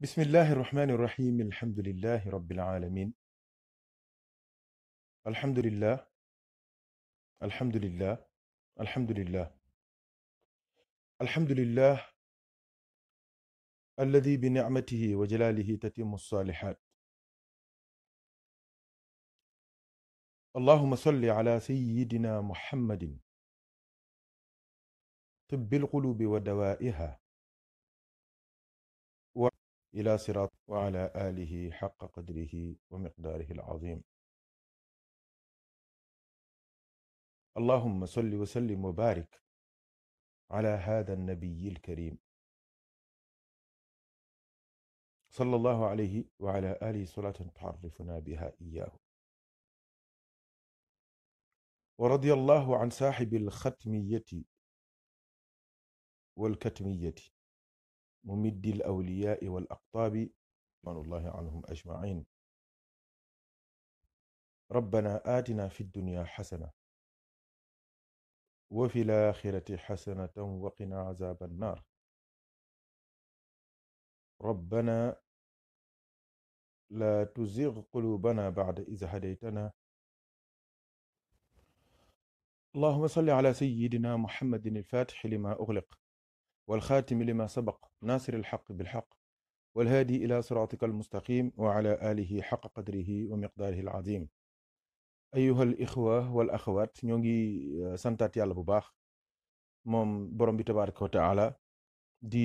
bismillahi irrahmani irrahim alhamdulilahi rabilalamin alhamdulilah alhamdulilah alhamdulilah alhamdulilah alladi bi nicmatihi wa jalaalihi tatimu alsalihat allahuma solli ala sayidina muhammadin tibbi alqulubi wa dawaa'iha ila siraat wa ala alihi xaqa qadrihi wa miqdaarihi alazim allahuma solli wa sallim wa baarik ala hada annabiyi alkarim sallallahu alayhi wa ala alihi salaatan tuarrifuna biha iyaahu wa radiya allahu an saaxibi alxatmiyati walkatmiyati mumiddi al awliyaai wal aqtaabi ridwaanullahi anhum ajmain rabbana aatina fi dunya xasana wa fi laaxirati xasanatan wa qina azaab annaar rabbana laa tuzig quluubana bacda iz hadaytana allahuma salli ala sayidina muhammadin alfaatixi lima uxliq والخاتم لما سبق ناصر الحق بالحق والهادي إلى صراطك المستقيم وعلى آله حق قدره ومقداره العظيم أيها الإخوة والأخوات ñoo ngi santaat yàlla bu baax moom borom bi tabaraka wa taala di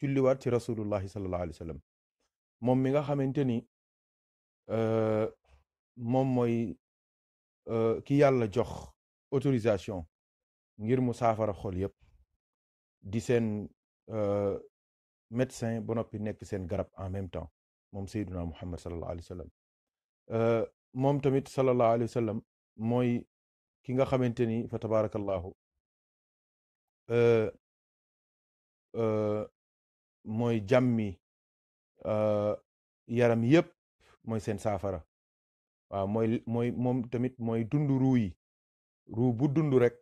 julliwaat ci rasulullahi sallallahu alayhi wa sallam moom mi nga xamante ni euh, moom mooy euh, ki yàlla jox autorisation ngir mu saafara xol yépp di seen euh, médecin ba noppi nekk seen garab en même temps moom sayduna muhammad salallahu alayhi wa sallam euh, moom tamit salallahu alayhi wa sallam mooy ki nga xamante ni fa tabaarakallahu euh, mooy jàmmi yaram yépp mooy seen saafara waaw mooy mooy moom tamit mooy dund ruu yi bu dund rek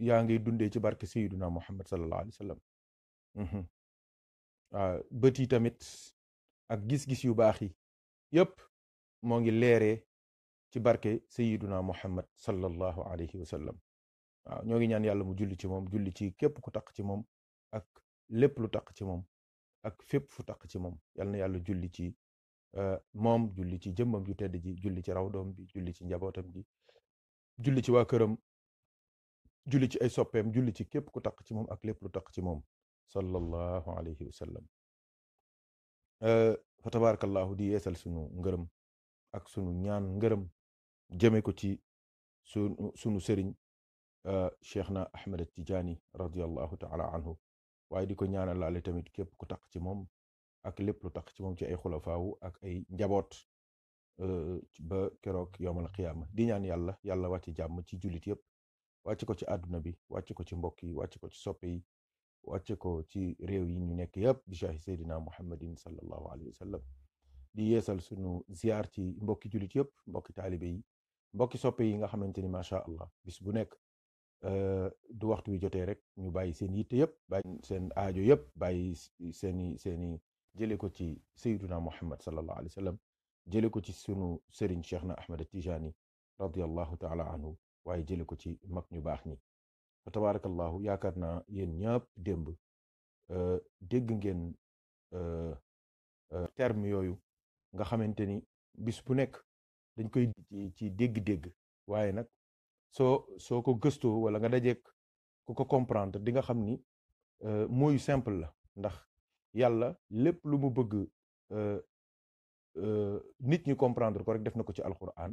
yaa ngi dundee ci barke Sayyiduna Muhammad sallallahu alayhi wa sallam mhm. bët yi tamit ak gis-gis yu baax yi yëpp moo ngi leere ci barke Sayyiduna Muhammad sallallahu alayhi wa sallam waaw ñoo ngi ñaan yàlla mu julli ci moom julli ci képp ku takk ci moom ak lépp lu taq ci moom ak fépp fu taq ci moom yal yàlla julli ci euh, moom julli ci jëmmam ju tedd ji julli ci raw doom bi julli ci njabootam gi julli ci waa këram julli ci ay soppeem julli ci képp ku taq ci moom ak lépp lu taq ci moom sallallahu alayhi wa sallam eh, fa tabarakallahu di yeesal sunu ngërëm sunu ñaan ngërëm jëme ko ci sunu sunu sëriñ eh, cheikhna Ahmed Tijaani radiallahu taala anhu waaye di ko ñaanal laale tamit képp ku taq ci moom ak lépp lu taq ci moom ci ay xulafaawu ak ay njaboot eh, ba keroog yowmal qiyaama di ñaan yàlla yàlla wàcce jàmm ci jullit yépp wàcc ko ci àdduna bi wàcc ko ci mbokk yi wàcc ko ci soppe yi ko ci réew yi ñu nekk yépp bi jaahi seydina muhammadin sallallahu alayhi wa sallam di yeesal sunu ziar ci mbokki jullit yépp mbokki taalibe yi mbokki soppe yi nga xamante ni macha allah bis bu nekk eh, du waxtu wi jotee rek ñu bàyyi seen yitte yépp bàyyi seen aajo yépp bàyyi seeni seeni jële ko ci seydina muhammad sallallahu alayhi wa sallam jële ko ci sunu sëriñ cheikh na ahmad tijani radiallahu taala anhu waaye jële ko ci mag ñu baax ñi fa tabarakallahu yaakaar naa yéen ñëpp démb euh, dégg ngeen euh, euh, terme yooyu nga xamante ni bis bu nekk dañ koy ci dégg-dégg waaye nag soo soo ko gëstoo wala nga dajeek ku ko comprendre di nga xam ni mooyu simple la ndax yàlla lépp lu mu bëgg nit ñi comprendre ko rek def na ko ci alquran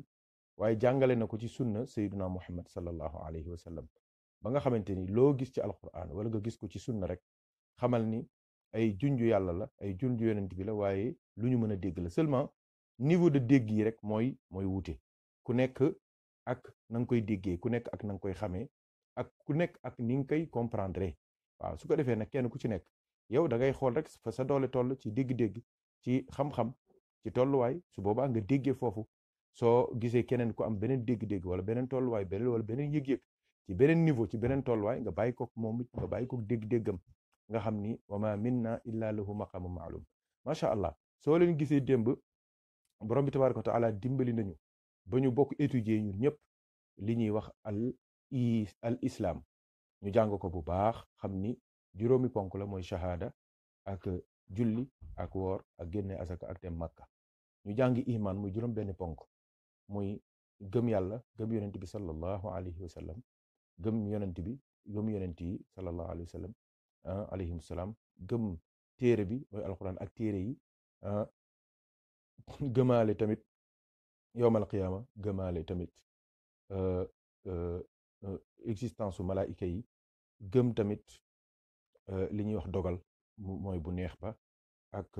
waaye jàngale na ko ci sunna sayyiduna muhammad sallallahu alayhi wa sallam ba nga xamante ni loo gis ci alquran wala nga gis ko ci sunna rek xamal ni ay junju yàlla la ay junju yonent bi la waaye lu ñu mën a dégg la seulement niveau de dégg yi rek mooy mooy wuute ku nekk ak na nga koy déggee ku nekk ak na nga koy xamee ak ku nekk ak ni nga koy comprendre waaw su ko defee nag kenn ku ci nekk yow da ngay xool rek fa sa doole toll ci dégg-dégg ci xam-xam ci tolluwaay su boobaa nga déggee foofu soo gisee keneen ku am beneen dégg-dégg wala beneen tolluwaay beneen wala beneen yëg-yëg ci beneen niveau ci beneen tolluwaay nga bàyyi kook moom nga bàyyi kook dégg-déggam nga xam ni wa ma minna illa lahu maqamu maalum macha allah soo leen gisee démb borom bi tabaraka wa taala dimbali nañu ba ñu bokk étudier ñun ñëpp li ñuy wax al islaam ñu jàng ko bu baax xam ni juróomi ponk la mooy shahada ak julli ak woor ak génne asaka ak dem màkka ñu jàng iman muy juróom benn ponk muy gëm yàlla gëm yonent bi sallallahu alayhi wa sallam gëm yonent bi gëm yonent yi sallallahu alayhi wa sallam ah, salaam gëm téere bi mooy alquran ak téere yi ah, gëmaale tamit yowmal qiyaama gëmaale tamit euh, euh, euh, existence su malaayika yi gëm tamit li ñuy wax dogal mooy bu neex ba ak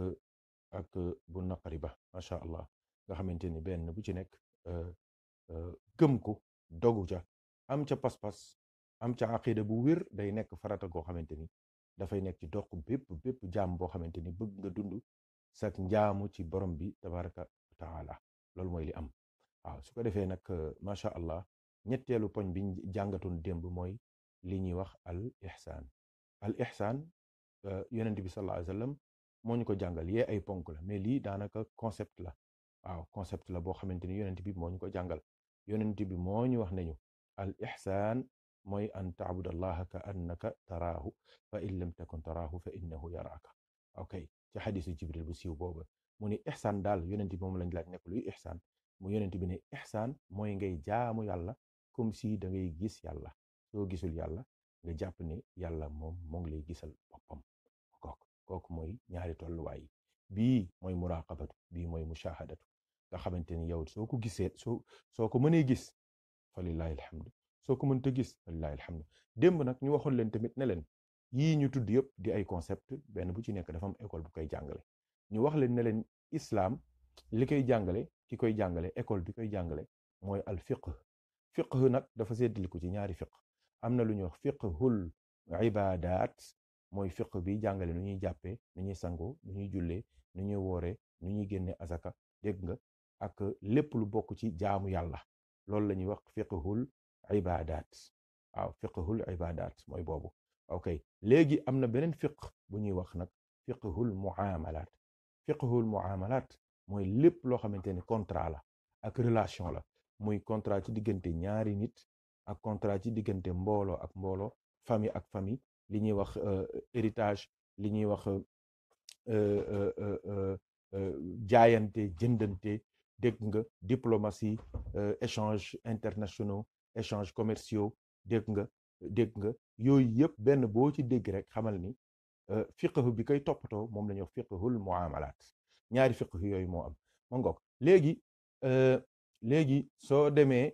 ak bu naqari ba macha allah nga xamante ni benn bu ci nekk gëm ko dogu ca am ca pas-pas am ca aqida bu wér day nekk farata goo xamante ni dafay nekk ci dox bépp bépp jaam boo xamante ni bëgg nga dund sak njaamu ci borom bi tabaraka wa taala loolu mooy li am waaw su ko defee nag macha allah ñetteelu poñ bi jàngatoon démb mooy li ñuy wax al ihsaan al ihsaan yonent bi sallallahu alayhi moo ñu ko jàngal yee ay ponk la mais lii daanaka concept la waaw concept la boo xamante ni yonent bi moo ñu ko jàngal yonent bi moo ñu wax nañu al ixsaan mooy an taabud allaha ka annaka taraahu fa in lam takun taraahu fa innahu yaraaka ok ci xadisu jibril bu siiw booba mu ni ixsaan daal yonent bi moom lañ laaj nekk luy ixsaan mu yonent bi ne ixsaan mooy ngay jaamu yàlla comme si dangay gis yàlla soo gisul yàlla nga jàpp ne yàlla moom moo lay gisal boppam kooku mooy ñaari tolluwaay yi bii mooy muraqabatu bii mooy mushahadatu nga xamante ni yow soo ko gisee soo soo ko mënee gis fa lillahi alhamdu soo ko mënta gis fa lillahi alhamdu démb nag ñu waxoon leen tamit ne leen yii ñu tudd yëpp di ay concept benn bu ci nekk dafa am école bu koy jàngale ñu wax leen ne leen islaam li koy jàngale ki koy jàngale école bi koy jàngale mooy al fiqh fiqh nag dafa séddaliku ci ñaari fiqh am na lu ñuy wax fiqhul ibadat mooy fiqh bi jàngale nu ñuy jàppee nu ñuy sangoo nu ñuy jullee nu ñuy wooree nu ñuy génnee azaka dégg nga ak euh, lépp lu bokk ci jaamu yàlla loolu la ñuy wax fiqhul ibadat waaw fiqhul ibadat mooy boobu ok léegi am na beneen fiq bu ñuy wax nag fiqhul muamalat fiqhul muamalat mooy lépp loo xamante ni contrat la ak relation la muy contrat ci diggante ñaari nit ak contrat ci diggante mboolo ak mbooloo famille ak famille li ñuy wax euh, héritage li ñuy wax euh, Euh, euh, euh, jaayante jëndante dégg nga diplomatie échange internationaux échange commerciaux dégg nga dégg nga yooyu yëpp benn boo ci dégg rek xamal ni fiqhu bi koy toppatoo moom la ñuy wax fiqhul muamalat ñaari fiqhu yooyu moo am ma ngoog léegi léegi soo demee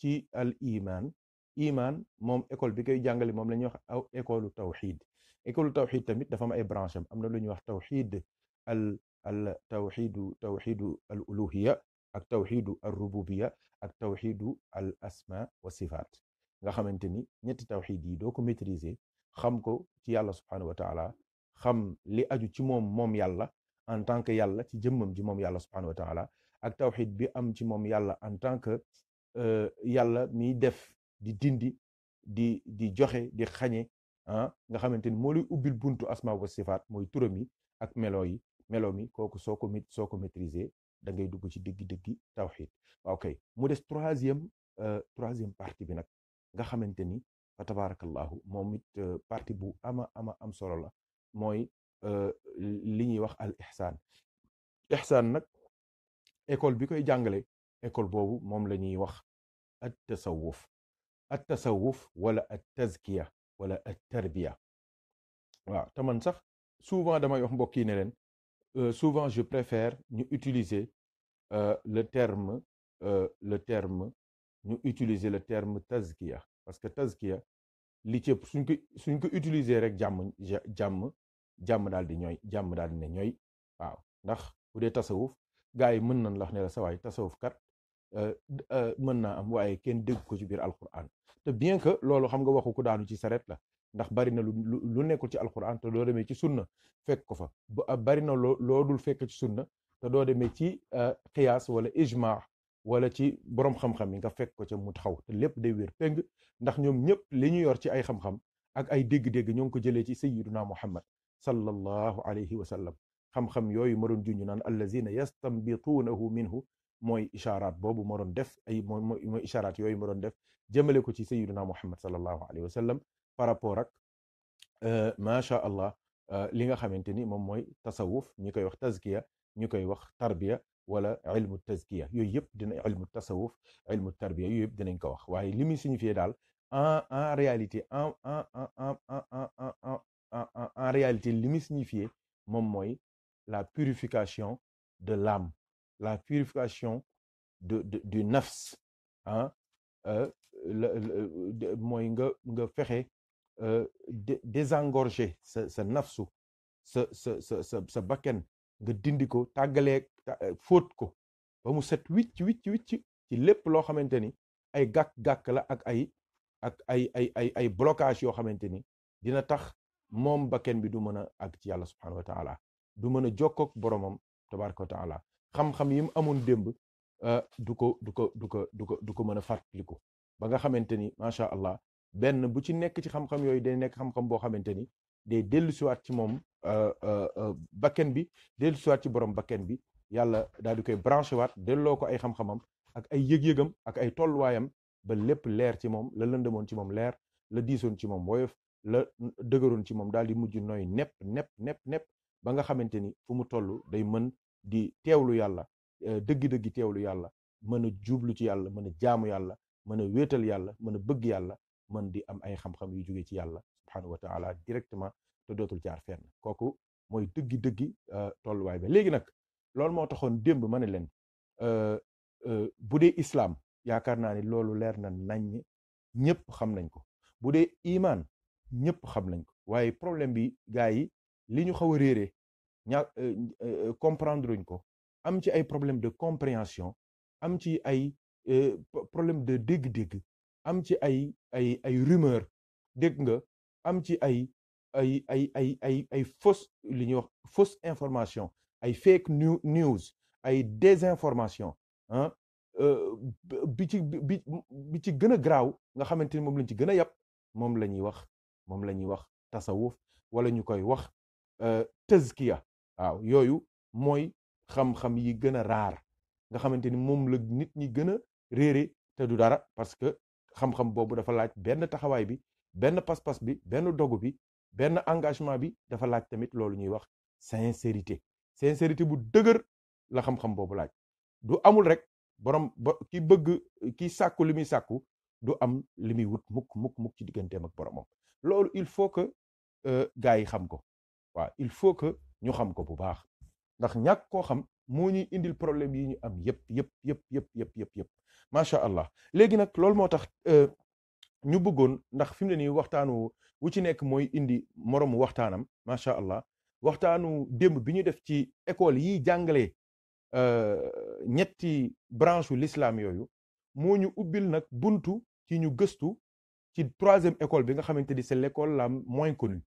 ci al iimaan iman moom école bi koy jàngale moom la ñuy wax aw école tawxid école tawxid tamit dafa am ay branche am na lu ñuy wax tawxid al al tawxidu tawxidu al uluhiya ak tawxidu al rububiya ak tawxidu al asma wa sifaat nga xamante ni ñetti tawxid yi doo ko maîtriser xam ko ci yàlla subhanahu wa taala xam li aju ci moom moom yàlla en tant que yàlla ci jëmmam ji moom yàlla subhanahu wa taala ak tawxid bi am ci moom yàlla en tant que euh, yàlla miy def di dindi di di joxe di xañe ah nga xamante ni moo lay ubbil buntu asma wa sifaat mooy turam ak melo yi melo mi kooku soo ko soo ko maîtriser da ngay dugg ci dëgg-dëgg tawxiid waaw kay mu des troisième euh, troisième partie bi nag nga xamante ni fa tabarakallahu moom it euh, partie bu ama ama am solo la mooy euh, li ñuy wax al ihsaan ihsaan nag école bi koy jàngale école boobu moom la ñuy wax at tasawuf at tasawuf wala at tazkiya wala ak tarbiya waaw te man sax souvent damay wax mbokk yi ne leen euh, souvent je préfère ñu utiliser euh, le terme euh, le terme ñu utiliser le terme tazkiya parce que tazkiya li ci ëpp suñ ko suñ ko utiliser rek jàmm jàmm jàmm daal di ñooy jàmm daal di ne ñooy waaw ndax bu dee tasawuf gars yi mën nañ la wax ne waay tasawuf kat Euh, euh, mën naa am waaye kenn dégg ko ci biir alquran te bien que loolu xam nga waxu ku daanu ci saret la ndax bari na lu lu nekkul ci alquran te doo demee ci sunna fekk ko fa ah, bari na loo loo dul fekk ci sunna te doo demee ci xiyaas euh, wala ijma wala ci borom xam-xam yi nga fekk ko ca mu taxaw te lépp day wér péng ndax ñoom ñëpp li ñu yor ci ay xam-xam ak ay dégg-dégg ñoo ngi ko jëlee ci sayyiduna muhammad sallallahu alayhi wa sallam xam-xam yooyu ma doon junj naan allazina yastambituunahu minhu mooy isharaat boobu ma def ay mooy isharaat yooyu ma doon def jëmale ko ci sayyiduna muhammad sallallahu alayhi wa sallam par rapport ak euh, macha allah euh, li nga xamante ni moom mooy tasawuf ñi koy wax tazkiya ñi koy wax tarbiya wala ilmu tazkiya yooyu yëpp dina ilmu tasawuf ilmu tarbiya yooyu yëpp dinañ ko wax waaye li muy signifié daal en en réalité en en en en en en réalité li muy signifié moom mooy la purification de lam la purification du nafs ah mooy nga nga fexe euh, désengorger sa sa nafsu sa sa sa sa sa bakken nga dindi ko tàggalee euh, fóot ko ba mu set wicc wicc ci lépp loo xamante ni ay gàkk-gàkk la ak ay ak ay ay ay ay blocage yoo xamante ni dina tax moom bakken bi du mën a àgg ci yàlla subhanahu wa du mën a jokkook boromam tabaraka wa xam-xam yi mu amoon démb euh, du ko du ko du ko du ko du ko mën a fàttaliku ba nga xamante ni macha allah benn bu ci nekk ci xam-xam yooyu day nekk xam-xam boo xamante ni day dellusiwaat ci moom euh, euh, bakken bi dellusiwaat ci borom bakken bi yàlla daal di koy branché delloo ko ay xam-xamam ak ay yëg-yëgam ak ay tolluwaayam ba lépp leer ci moom la lëndëmoon ci moom leer la diisoon ci moom woyof la dëgëroon ci moom daal di mujj nooy nepp nepp nepp nepp ba nga xamante ni fu mu toll day mën di teewlu yàlla eh, dëggi-dëggi teewlu yàlla mën a jublu ci yàlla mën a jaamu yàlla mën a wéetal yàlla mën a bëgg yàlla mën di am ay xam-xam yu jóge ci yàlla subhanahu wa taala directement te dootul jaar fenn kooku mooy dëggi-dëggi eh, tolluwaay bi léegi nag loolu moo taxoon démb ma ne leen eh, bu dee islaam yaakaar naa ni loolu leer na naññ ñëpp xam nañ ko bu dee imaan ñëpp xam nañ ko waaye problème bi gaa yi li ñu xaw a réeree ña euh, euh, euh, comprendre luñ ko am ci ay problème de compréhension am ci ay problème de dégg-dégg am ci ay ay ay rumeur dégg nga am ci ay ay ay ay ay ay fausse li ñuy wax fausse information ay fake news ay désinformation ah bi ci bi ci gën a graaw nga xamante ni moom lañ ci gën a yàpp moom la ñuy wax moom la ñuy wax tasawuf wala ñu koy wax tëzkiya waaw yooyu mooy xam-xam yi gën a raar nga xamante ni moom la nit ñi gën a réere te du dara parce que xam-xam boobu dafa laaj benn taxawaay bi benn pas-pas bi benn dogu bi benn engagement bi dafa laaj tamit loolu ñuy wax sincérité sincérité bu dëgër la xam-xam boobu laaj du amul rek borom ba ki bëgg ki sàkku li muy sàkku du am li muy wut mukk mukk mukk ci digganteem ak boromam loolu il faut que euh, gars yi xam ko waaw il faut que ñu xam ko bu baax ndax ñàkk koo xam moo ñuy indil problème yi ñu am yëpp yëpp yëpp yëpp yëpp yëpp yëpp macha allah léegi nag loolu moo tax euh, ñu bëggoon ndax fi ne nii waxtaanu wu ci nekk mooy indi moroomu waxtaanam macha allah waxtaanu démb bi ñu def ci école yi jàngalee euh, ñetti branche yu l'islam yooyu moo ñu ubbil nag buntu ci ñu gëstu ci troisième école bi nga xamante ni c'est l'école la moins connue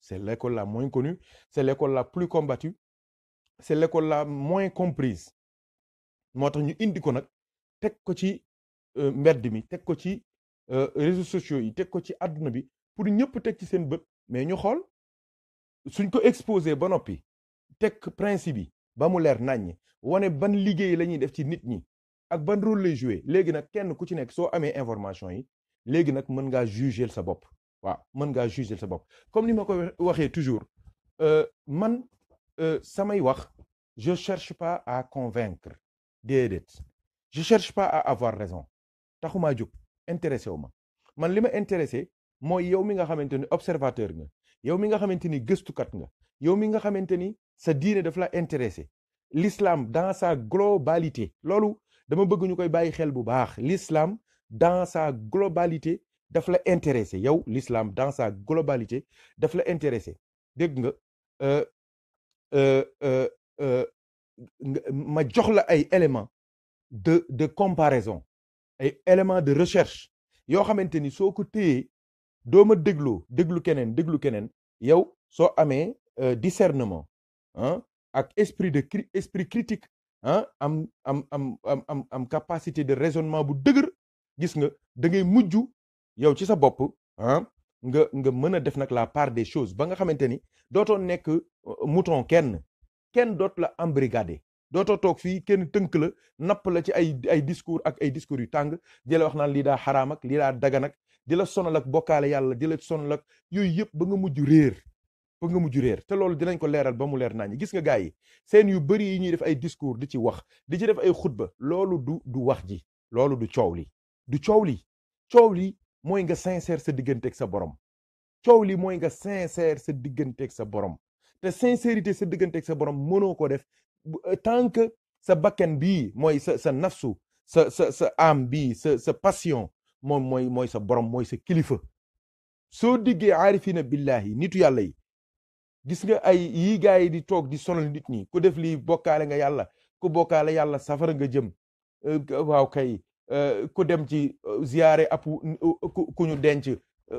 C'est l'école la moins connue, c'est l'école la plus combattue, c'est l'école la moins comprise moo tax ñu indi ko nag teg ko ci euh, mbedd mi teg ko ci euh, réseaux sociaux yi teg ko ci àdduna bi pour ñëpp teg ci seen bët mais ñu xool suñ ko exposé ba noppi teg principe yi ba mu leer naññ wane ban liggéey la ñuy def ci nit ñi ak ban rôle lay joué léegi nag kenn ku ci nekk soo amee information yi léegi nag mën ngaa juger sa bopp waaw mën ngaa juger sa bopp comme ni ma ko waxee toujours euh, man euh, samay wax je cherche pas à convaincre déedéet je cherche pas à avoir raison taxumaa jóg intéressé wu ma man li ma intéressé mooy yow mi nga xamante ni observateur nga yow mi nga xamante ni gëstukat nga yow mi nga xamante ni sa diine daf la intéressé l'islam dans sa globalité loolu dama bëgg koy bàyyi xel bu baax l'islam dans sa globalité daf la intéressé yow l'islam dans sa globalité daf la intéressé dégg euh, euh, euh, nga ma jox la ay éléments de de comparaison ay éléments de recherche yoo xamante ni soo ko téyee doo ma déglu déglu keneen déglu keneen yow soo amee discernement ah ak esprit de esprit critique am am am am am capacité de raisonnement bu dëgër gis nga da ngay mujj yow ci sa bopp ah nga nga mën a def nag la part des choses ba nga xamante ni dootoo nekk euh, mouton kenn kenn doot la embrigadé dootoo toog fii kenn tënk la napp la ci ay ay discours ak ay discours yu tàng di la wax naan lii daa xaraamak ak lii daa dagan ak di la sonal ak bokkaale yàlla di la sonal ak yooyu yëpp ba nga mujj réer ba nga mujj réer te loolu dinañ ko leeral ba mu leer naa ñi gis nga gars yi seen yu bëri yi ñuy def ay discours di ci wax di ci def ay xutba loolu du du wax ji loolu du coow li mooy nga sincère sa digganteek sa borom coow li mooy nga sincère sa digganteek sa borom te sincérité sa digganteek sa borom mënoo ko def euh, tant sa bakkan bii mooy sa sa nafsu sa sa bii sa sa moom mooy mooy sa borom mooy sa kilifa soo diggee aarifina billahi nitu yàlla yi gis nga ay yii di toog di sonal nit ñi ku def li bokkaale nga yàlla ku bokkaale yàlla safara nga jëm euh, waaw kay Euh, ku dem ci euh, ziyaare ab euh, ku ñu denc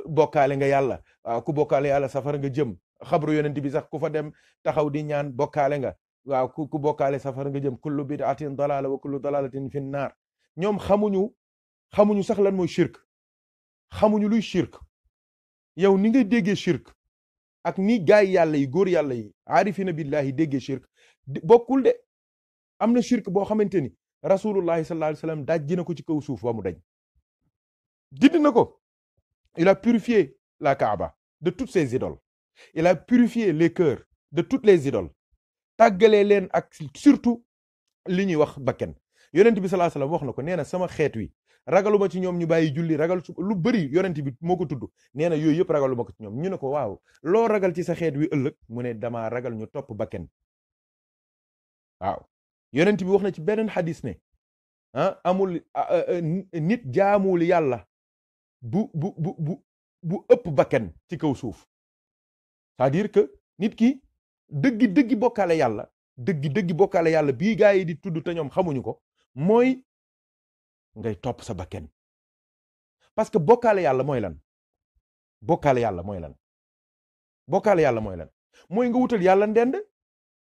bokkaale nga yàlla waaw ku bokkale yàlla safara nga jëm xabru yonent bi sax ku fa dem taxaw di ñaan bokkaale nga waaw ku ku bokkaale safara nga jëm kullu bid'atin dalala wa kullu dalalatin fi naar ñoom xamuñu xamuñu sax lan mooy shirk xamuñu luy shirk yow ni ngay shirk ak ni gaay yàlla yi góor yàlla yi aarifina billahi déggee shirk bokkul de am na shirk boo xamante ni rasulullahi sallallahu alayhi wa sallam dajji na ko ci kaw suuf ba mu dañ dindi na ko il a purifié la Kaaba de toutes ses idoles il a purifié les cœurs de toutes les idoles tàggalee leen ak surtout li ñuy wax bakken yonent bi sallallahu alayhi wa wax na ko nee na sama xeet wi ragaluma ci ñoom ñu bàyyi julli ragal lu bëri yonent bi moo ko tudd nee na yooyu yëpp ragaluma ko ci ñoom ñu ne ko waaw loo ragal ci sa xeet wi ëllëg mu ne damaa ragal ñu topp bakken waaw yonent bi wax na ci beneen xadis ah amul ah, ah, ah, nit jaamuwul yàlla bu bu bu bu ëpp bakken ci kaw suuf saa à dire que nit ki dëggi dëggi bokkaale yàlla dëggi dëggi bokkaale yàlla bii gaa yi di tudd te ñoom xamuñu ko mooy ngay topp sa bakken parce que bokkaale yàlla mooy lan bokkaale yàlla mooy lan yàlla mooy lan mooy nga wutal yàlla ndend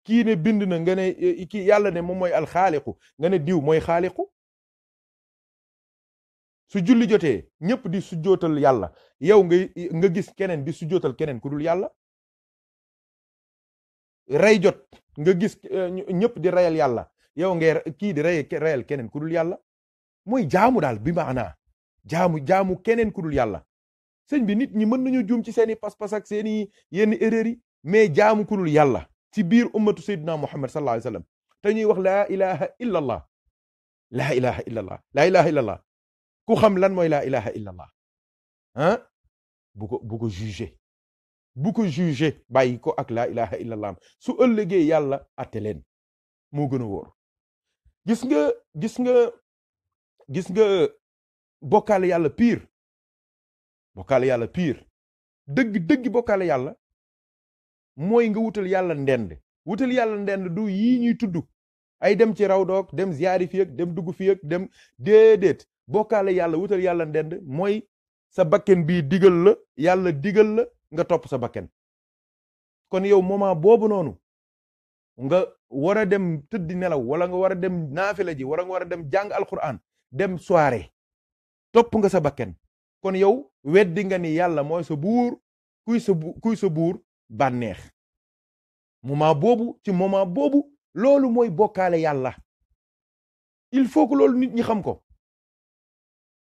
kii ne bind na nga ne eh, kii ne moom mooy alxaaliqu nga ne diw mooy xaaliqu su julli jotee ñëpp di sujjootal yàlla yow nga nga gis keneen di sujjootal keneen ku dul yàlla rey jot nga gis eh, di reyal yàlla yow nga kii di rey reyal keneen ku dul yàlla mooy jaamu daal bi maanaa jaamu jaamu keneen ku dul yàlla sëñ bi nit ñi mën nañu juum ci seeni pas-pas ak seeni yenn erreur yi mais jaamu ku dul yàlla ci biir ummatu sayyidina muhammad sallallahu alayhi wa ñuy wax laa ilaha illa allah laa ilaha illa ku xam lan mooy la ilaha illa allah ah bu ko bu ko jugé bu ko bàyyi ko ak laa ilaha illa su ëllëgee yàlla atte leen moo gën a wóor gis nga gis nga gis nga bokkaale yàlla pire bokkaale yàlla pire dëgg dëgg bokkaale yàlla mooy nga wutal yàlla ndend wutal yàlla ndend du yii ñuy tudd ay dem ci raw doog dem ziyaari fi ak dem dugg fi ak dem déedéet bokkaale yàlla wutal yàlla ndend mooy sa bakken bii digal la yàlla digal la nga topp sa bakken kon yow moment boobu noonu nga war a dem tëddi nelaw wala nga war a dem naafila ji wala nga war a dem jàng alquran dem soirée topp nga sa bakken kon yow weddi nga ni yàlla mooy sa buur kuy sa buur bànneex moment boobu ci moment boobu loolu mooy bokkaale yàlla il faut que loolu nit ñi xam ko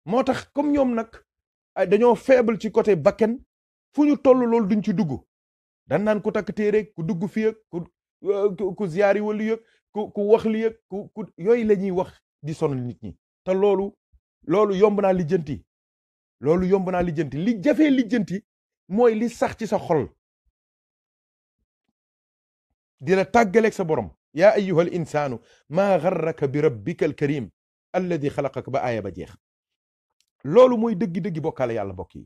moo tax comme ñoom nag dañoo faible ci côté bakken fu ñu toll loolu duñ ci dugg dan naan ku takk téere ku dugg fi ak ku ziyaari wala ku ku ku ku yooyu la ñuy wax di sonal nit ñi te loolu loolu yomb naa lijjanti loolu yomb naa lijjanti li jafee lijjanti mooy li sax ci sa xol di la tàggaleeg sa borom yaa ayyuha al insaanu maa garraka bi rabbika al karim alladi xalaqaka ba aaya ba jeex loolu mooy dëggi-dëggi bokkaale yàlla mbokk yi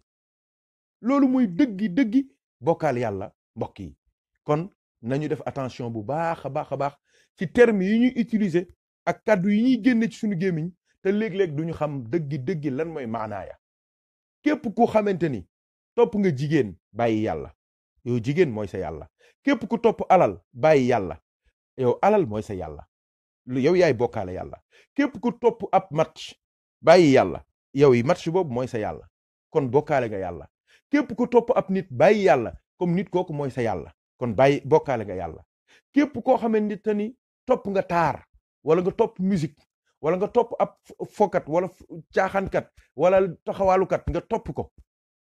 loolu mooy dëggi-dëggi bokkaale yàlla mbokk yi kon nañu def attention bu baax a baax a baax ci termes yi ñu utiliser ak kàddu yi ñuy génne ci suñu gémmiñ te léeg du ñu xam dëggi-dëggi lan mooy maanaaya képp ku xamante ni topp nga jigéen bàyyi yàlla yow jigéen mooy sa yàlla képp ku topp alal bàyyi yàlla yow alal mooy sa yàlla lu yow yaay bokkaale yàlla képp ku topp ab match bàyyi yàlla yow yi match boobu mooy sa yàlla kon bokkaale nga yàlla képp ku topp ab nit bàyyi yàlla comme nit kooku mooy sa yàlla kon bàyyi bokkaale nga yàlla képp koo xamante ni topp nga taar wala nga topp musique wala nga topp ab fokat wala caaxaankat wala taxawaalukat nga topp ko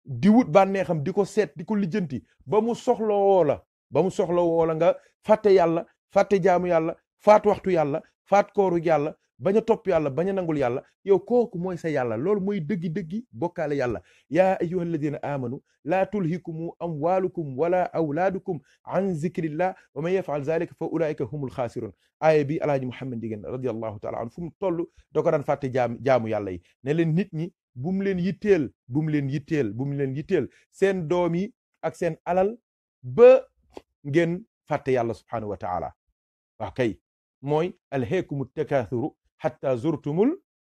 di wut bànneexam di ko seet di ko lijjanti ba mu soxla woo la ba mu soxla woo la nga fàtte yàlla fàtte jaamu yàlla faat waxtu yàlla faat kooru yàlla bañ a topp yàlla bañ a nangul yàlla yow kooku mooy sa yàlla lool mooy dëggi-dëggi bokkaale yàlla yaa ayuha alladina amanu laa tulhikumu amwalukum wala awlaadukum an zikrillah wa man yafaal zalika fa ulaika humul xaasirun aaya bi alaaji Muhammad Ndieguene radiallahu taala anhu fu mu toll da ko daan fàtte jaam jaamu yàlla yi ne nit ñi bu mu leen yitteel leen yitteel bu mu leen yitteel seen doom yi ak seen alal ba gen fàtte yàlla subhaanahu wa taala waaw kay mooy alheekumu zurtumul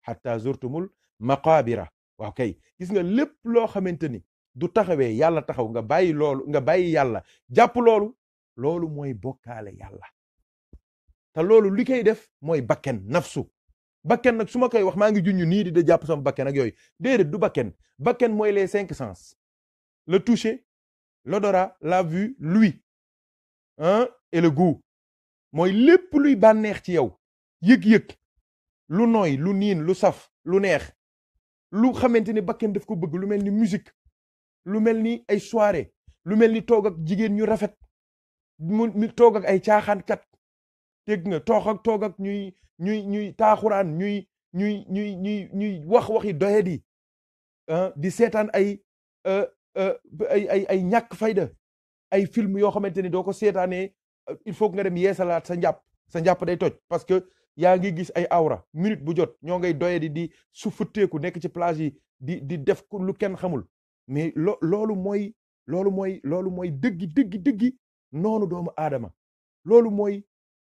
xatta zurtumul maqaabira waaw kay gis nga lépp loo xamante ni du taxawe yàlla taxaw nga bàyyi loolu nga bàyyi yàlla jàpp loolu loolu mooy bokkaale yàlla te loolu li def mooy bakken nafsu bakken nag su ma koy wax maa ngi junj nii di da jàpp sam bakken ak yooyu déedéet du bakken bakken mooy les cinq sens le toucher l'odorat la vue l'ouïe hein et le goût mooy lépp luy bànneex ci yow yëg-yëg lu nooy lu niin lu saf lu neex lu xamante ni bakken daf ko bëgg lu mel ni musique lu mel ni ay soirée lu mel ni toog ak jigéen ñu rafet mu toog ak ay caaxaankat dégg nga toog ak toog ak ñuy ñuy taaxuraan ñuy ñuy ñuy ñuy ñuy wax waxi doyadi ah, di seetaan ay eh, eh, ay ay ay ñàkk fayda ay film yoo xamante ni doo ko seetaanee il faut nga dem yeesalaat sa njàpp sa njàpp day toj parce que yaa ngi gis ay awra minute bu jot ñoo ngay doyadi di su futteeku nekk ci plage yi di di def lu kenn xamul mais loolu mooy loolu mooy loolu mooy dëggi dëggi dëggi noonu doomu aadama loolu mooy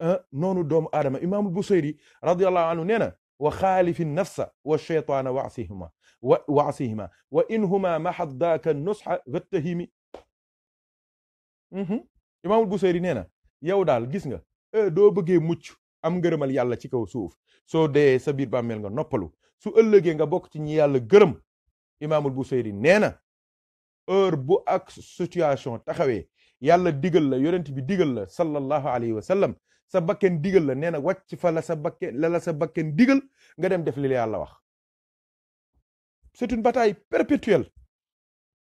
Ah, noonu doomu aadama imaamul busayri radiallahu anhu nee na wa xaalifi nafsa wa cheytaana wasihima wa waasihima wa inhuma maxad daaka nusxa wattahimi mhm. imaamul busayri nee na yow daal gis nga eh, doo bëggee mucc am ngërëmal yàlla ci kaw suuf soo dee sa biir bàmmeel nga noppalu su ëllëgee nga bokk ci ñi yàlla gërëm imaamul busayri nee na heure bu ak situation taxawee yàlla digal la yonent bi digal la sallallahu alayhi wa sallam sa bakken digal la nee na wàcc fa la sa bakken la sa bakken digal nga dem def li la yàlla wax c'est une bataille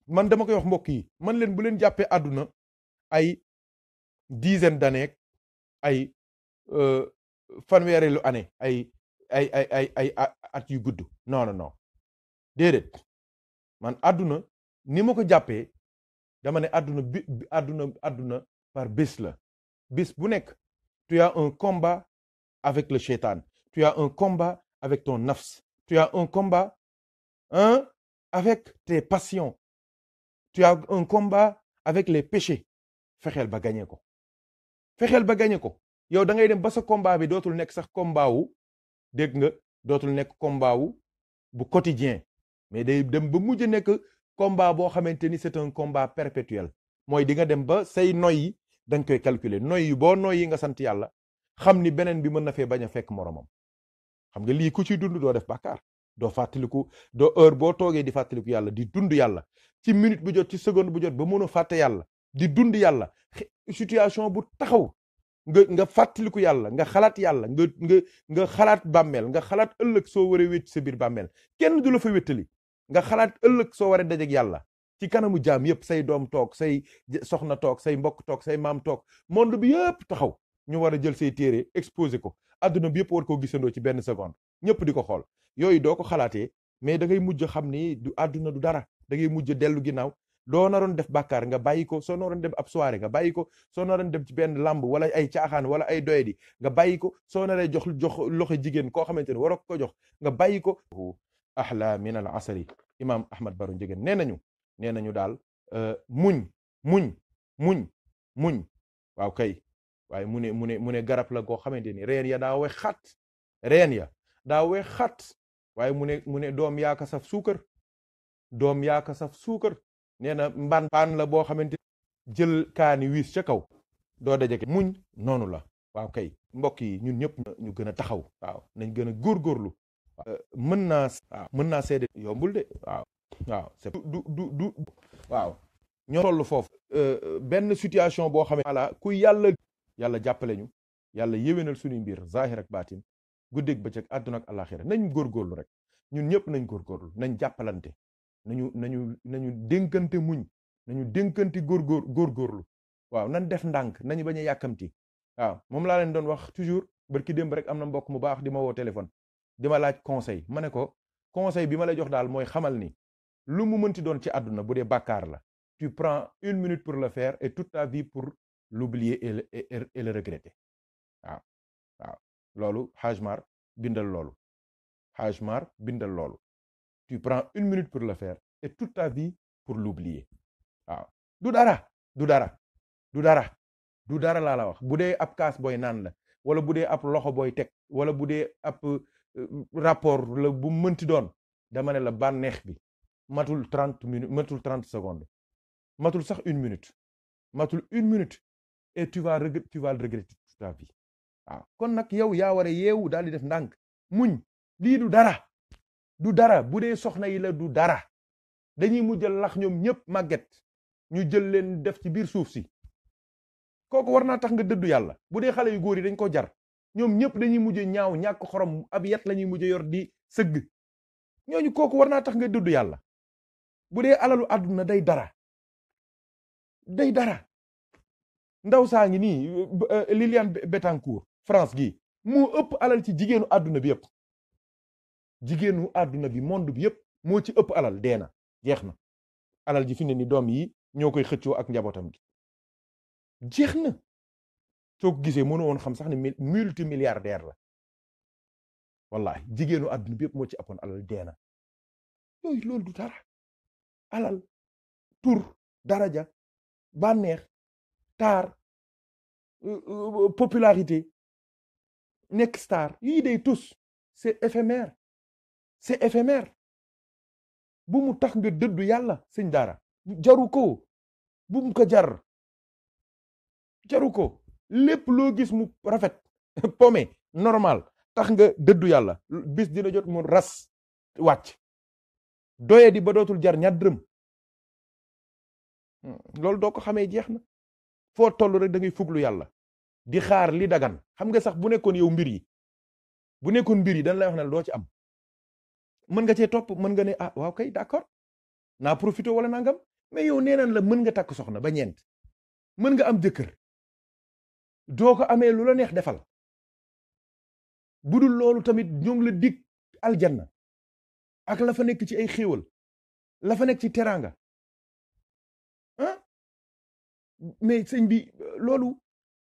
man dama koy wax mbokk yi man leen bu leen jàppee àdduna ay dizaine d'années ay euh, fanweereelu année ay ay ay at yu gudd non non non déedéet man àdduna ni ma ko jàppee dama ne àdduna bi àdduna par bés la bés bu nekk Tu as un combat avec le shaitan. Tu as un combat avec ton nafs. Tu as un combat hein, avec tes passions. Tu as un combat avec les péchés. fexeel ba gagné ko fexeel ba gagné ko yow da ngay dem ba sa combat bi dootul nekk sax combat wu dégg nga dootul nekk combat wu bu quotidien mais day dem ba mujj nekk combat boo xamante ni c'est un combat perpétuel mooy di nga dem ba say noyyi dañ koy calculer noyyi boo noyyi nga sant yàlla xam ni beneen bi mën na fee bañ a fekk moromam xam nga lii ku ciy dund doo def bàkkaar doo fàttaliku doo heure boo toogee di fàttaliku yàlla di dund yàlla ci minute bu jot ci seconde bu jot ba mën a fàtte yàlla di dund yàlla situation bu taxaw nga nga fàttaliku yàlla nga xalaat yàlla nga nga nga xalaat bàmmeel nga xalaat ëllëg soo waree wéet sa biir bàmmeel kenn du la fa wéttali nga xalaat ëllëg soo waree dajeeg yàlla ci kanamu jaam yëpp say doom toog say soxna toog say mbokk toog say maam toog monde bi yëpp taxaw ñu war a jël say téere exposé ko adduna bi yëpp war koo gisandoo ci benn seconde ñëpp di ko xool yooyu dooko ko xalaatee mais da ngay mujj xam ni du adduna du dara da ngay mujj dellu ginnaaw doo naroon def bàkkaar nga bàyyi ko soo naroon dem ab soirée nga bàyyi ko soo naroon dem ci benn lamb wala ay caaxaan wala ay doyadi nga bàyyi ko soo naree jox jox loxo jigéen koo xamante ne waroo ko jox nga bàyyi ko ahla min al asari imam ahmad baro njegéen nee nañu nee nañu daal euh, muñ muñ muñ muñ waaw kay waaye mu ne mu ne mu ne garab la goo xamante ni reen ya daa wex xat reen ya daa xat waaye mu ne mu ne doom yaaka saf suukar doom yaaka saf suukar nee na mbaan la boo xamante jël kaani wiis ca kaw doo dajeke muñ noonu la waaw kay mbokk yi ñun ñëpp ñu gën a taxaw waaw nañ gën a góorgóorlu euh, mën naa waaw mën naa seede yombul de waaw waaw c'est du du du waaw ñoo toll foofu euh, benn situation boo xamee voilà ku yàlla yàlla jàppale ñu yàlla yéwénal suñuy mbir zahir ak baatin guddeeg bëccëg àdduna ak àlaxira nañ góorgóorlu rek ñun ñëpp nañ góorgóorlu nañ jàppalante nañu nañu nañu dënkante muñ nañu dénkante góorgóor góorgóorlu waaw nan def ndànk nañu bañ a yàkkamti waaw moom laa leen doon wax toujours barki démb rek am na mbokk mu baax di ma woo téléphone di ma laaj conseil ma ne ko conseil bi ma la jox daal mooy xamal ni lu mu mënti doon ci àdduna bu dee bàkkaar la tu prends une minute pour la faire et toute ta vie pour l'oublier et le regretter waaw waaw loolu Hajmar bindal loolu Hajmar bindal loolu tu prends une minute pour la faire et toute ta vie pour l'oublier waaw du dara du dara du dara du laa la wax bu dee ab kaas booy naan la wala bu dee ab loxo booy teg wala bu dee ab euh, rapport la bu mënti doon dama ne la bànneex bi matul trente minutes matul trente secondes matul sax une minute matul une minute et tu vas regret tu vas kon nag yow yaa war a yeewu daal di def ndànk muñ lii du dara du dara bu dee soxna yi la du dara dañuy mujjal lax ñoom ñëpp màgget ñu jël leen def ci biir suuf si kooku war naa tax nga dëddu yàlla bu dee xale yu góor yi dañ ko jar ñoom ñëpp dañuy mujj ñaaw ñàkk xorom ab yat la ñuy mujj yor di sëgg ñooñu kooku war naa tax nga dëddu yàlla bu dee alalu àdduna day dara day dara ndaw saa ngi nii euh, Liliane Bettencourt France gi moo ëpp alal ci jigéenu àdduna bi yëpp jigéenu àdduna bi monde bi yëpp moo ci ëpp alal dee jeex na alal ji fi ni doom yi ñoo koy xëccoo ak njabootam gi jeex na soo ko gisee mënu woon xam sax ne multimilliardaire la wallahi jigéenu àdduna bi yëpp moo ci apoon alal deena yooyu loolu du dara alal tur daraja bànneex taar euh, euh, popularité nekk star yii day tus c'est éphémère c'est éphémère bu mu tax nga dëddu yàlla sëñ daara jaru ko bu mu ko jar jaru ko lépp loo gis mu rafet pome normal tax nga dëddu yàlla bis dina jot mu ras wàcc doye di ba dootul jar ñaar hmm, loolu doo ko xamee jeex na foo toll rek da ngay fuglu yàlla di xaar li dagan xam nga sax bu nekkoon yow mbir yi bu nekkoon mbir yi dañ lay wax ne doo ci am mën nga cee topp mën nga ne ah waaw kay naa profité wala nangam mais yow nee naan la mën nga takk soxna ba ñeent mën nga am jëkkër doo ko amee lu la neex defal budul loolu tamit ñoo ngi la dig aljanna ak la fa nekk ci ay xéewal la nekk ci teraanga ah? mais sëñ bi loolu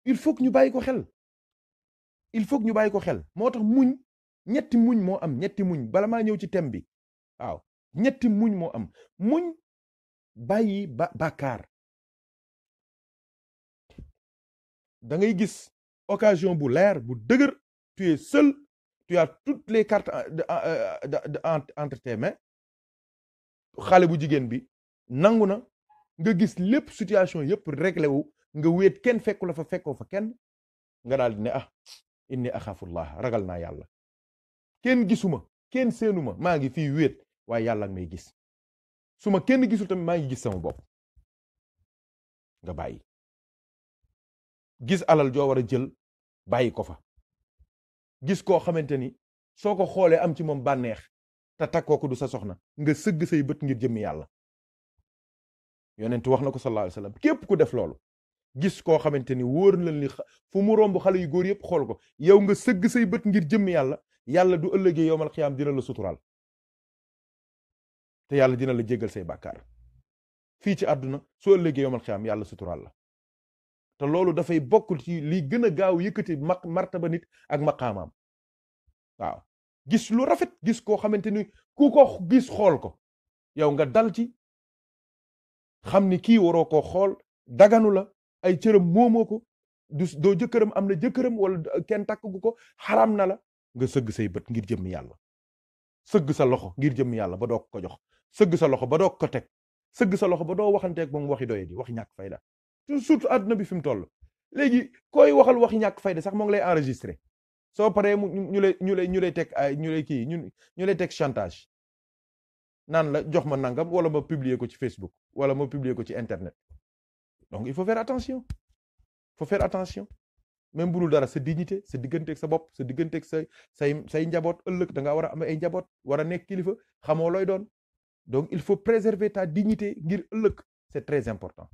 il faut ñu bàyyi ko xel il faut ñu bàyyi ko xel moo tax muñ ñetti muñ moo am ñetti muñ bala maa ñëw ci thème bi waaw ñetti muñ moo am muñ bàyyi bàkkaar da gis occasion bu leer bu dëgër tu es tu toutes les cartes euh, en euh, entre tes bu jigéen bi nangu na nga gis lépp situation yëpp réglé nga wéet kenn fekku la fa fekkoo fa kenn nga daal di ne ah inni axaafullah ragal naa yàlla kenn gisuma kenn seenuma maa ngi fii wéet waaye yàlla may gis suma kenn gisul tamit maa ngi gis sama bopp nga bàyyi gis alal joo war a jël bàyyi ko fa gis koo xamante ni soo ko xoolee am ci moom bànneex te takkoo ko du sa soxna nga sëgg say bët ngir jëmm yàlla yonent wax na ko sallallahu alayhi képp ku def loolu gis koo xamante ni wóor la li fu mu romb xale yu góor yëpp xool ko yow nga sëgg say bët ngir jëmm yàlla yàlla du ëllëgee yowmal xiyaam dina la suturaal te yàlla dina la jéggal say bàkkaar fii ci àdduna soo ëllëgee yowmal xiyaam yàlla suturaal la te loolu dafay bokkul ci liy gën a gaaw yëkkati ma martaba nit ak maqaamaam waaw gis lu rafet gis koo xamante ni ku ko gis xool ko yow nga dal ci xam ni kii waroo koo xool daganu la ay cëram moomoo ko du doo jëkkëram am na jëkkëram wala kenn takk gu ko xaram na la nga sëgg say bët ngir jëm yàlla sëgg sa loxo ngir jëmm yàlla ba doo ko jox sëgg sa loxo ba doo ko teg sëgg sa loxo ba doo waxanteeg moom waxi doye di wax ñàkk fayda surtout àdduna bi fi mu toll léegi koy waxal wax ñàkk fayda sax moo ngi lay enregistré soo paree mu ñu lay ñu lay ñu lay teg ñu lay kii ñu ñu lay teg chantage naan la jox ma nangam wala ma publier ko ci Facebook wala ma publier ko ci internet donc il faut faire attention il faire attention même bu dara sa dignité sa digganteeg sa bopp sa digganteeg sa say say njaboot ëllëg da ngaa war a am ay njaboot war nekk kilifa xamo looy doon donc il faut préserver ta dignité ngir ëllëg c'est très important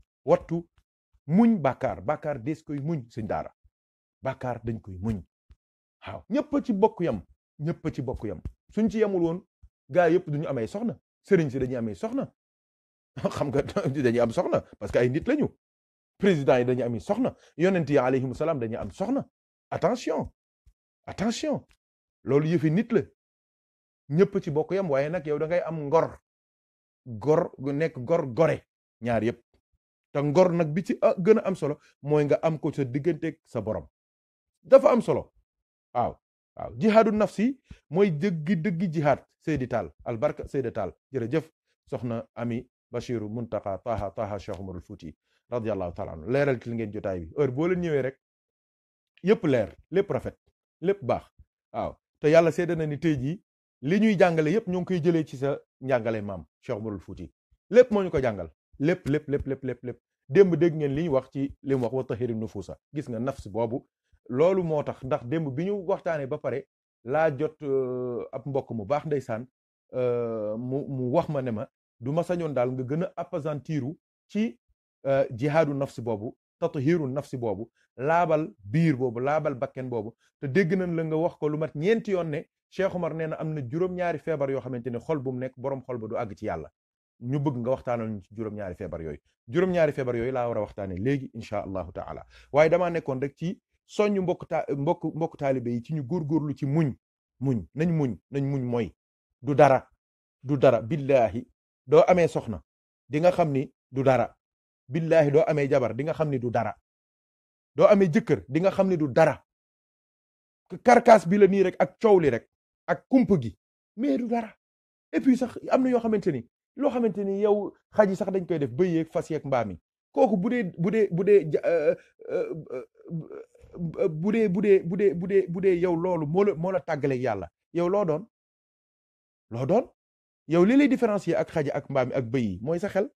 muñ bàkkaar bàkkaar des koy muñ sëñ daara bàkkaar dañ koy muñ waaw ñëpp ci bokku yam ñëpp ci bokk yam suñ ci yamul woon gaa yëpp duñu amee soxna sëriñ si dañuy amee soxna xam nga dañuy am soxna parce que ay nit lañu président yi dañuy am soxna yonent yi alayhimu salaam dañuy am soxna attention attention loolu yëfi nit la ñëpp ci bokku yam waaye nag yow da ngay am ngor gor gu nekk gor gore ñaar yëpp te ngor nag bi ci ah, gën a am solo mooy nga am ko sa digganteeg sa borom dafa am solo waaw waaw jihaadu nafsi mooy dëggi dëggi jihaad Seydi Tall albarka Seydi Tall jërëjëf soxna ami Bachiru Muntaka Taha Taha Cheikh Umarul Fouti radiyallahu taala anhu leeral ci li ngeen jotaay bi heure boo leen ñëwee rek yépp leer lépp rafet lépp baax waaw te yàlla seede na ni tey jii li ñuy jàngale yépp ñoo ngi koy jëlee ci sa njàngale maam Cheikh Umarul fuuti lépp moo ñu ko jàngal lépp lépp lépp lépp lépp lépp démb dégg ngeen li wax ci li mu wax wa tahiri nufusa gis nga nafs boobu loolu moo tax ndax démb bi ñu waxtaanee ba pare laa jot euh, ab mbokk mu baax ndeysaan euh, mu mu wax ma ne ma du ma sañoon daal nga gën a appesantiru ci euh, jihaadu nafs boobu tathiru nafsi boobu laabal biir boobu laabal bakken boobu te dégg nañ la nga wax ko lu mat ñeenti yoon ne Cheikh Omar na am na juróom-ñaari feebar yoo xamante ne xol bu mu nekk borom xol ba du àgg ci yàlla ñu bëgg nga waxtaanal ñu ci juróom-ñaari feebar yooyu juróom-ñaari feebar yooyu laa war a waxtaane léegi incha allahu taala waaye dama nekkoon rek ci soññ mbokk ta mbokk mbokk taalibe yi ci ñu góorgóorlu ci muñ muñ nañ muñ nañ muñ mooy du dara du dara billaahi doo amee soxna di nga xam ni du dara billaahi doo amee jabar di nga xam ni du dara doo amee jëkkër di nga xam ni du dara karkaas bi la nii rek ak coow li rek ak kump gi mais du dara et puis sax am na yoo xamante ni loo xamante ni yow xaj yi sax dañ koy def bëy fas yeeg mbaam yi kooku bu dee bu dee bu dee euh, euh, euh, bu dee bu dee bu dee bu dee bu dee yow loolu moo la moo la tàggaleeg yàlla yow loo doon loo doon yow lii lay yi ak xaj ak mbaam yi ak bëy yi mooy sa xel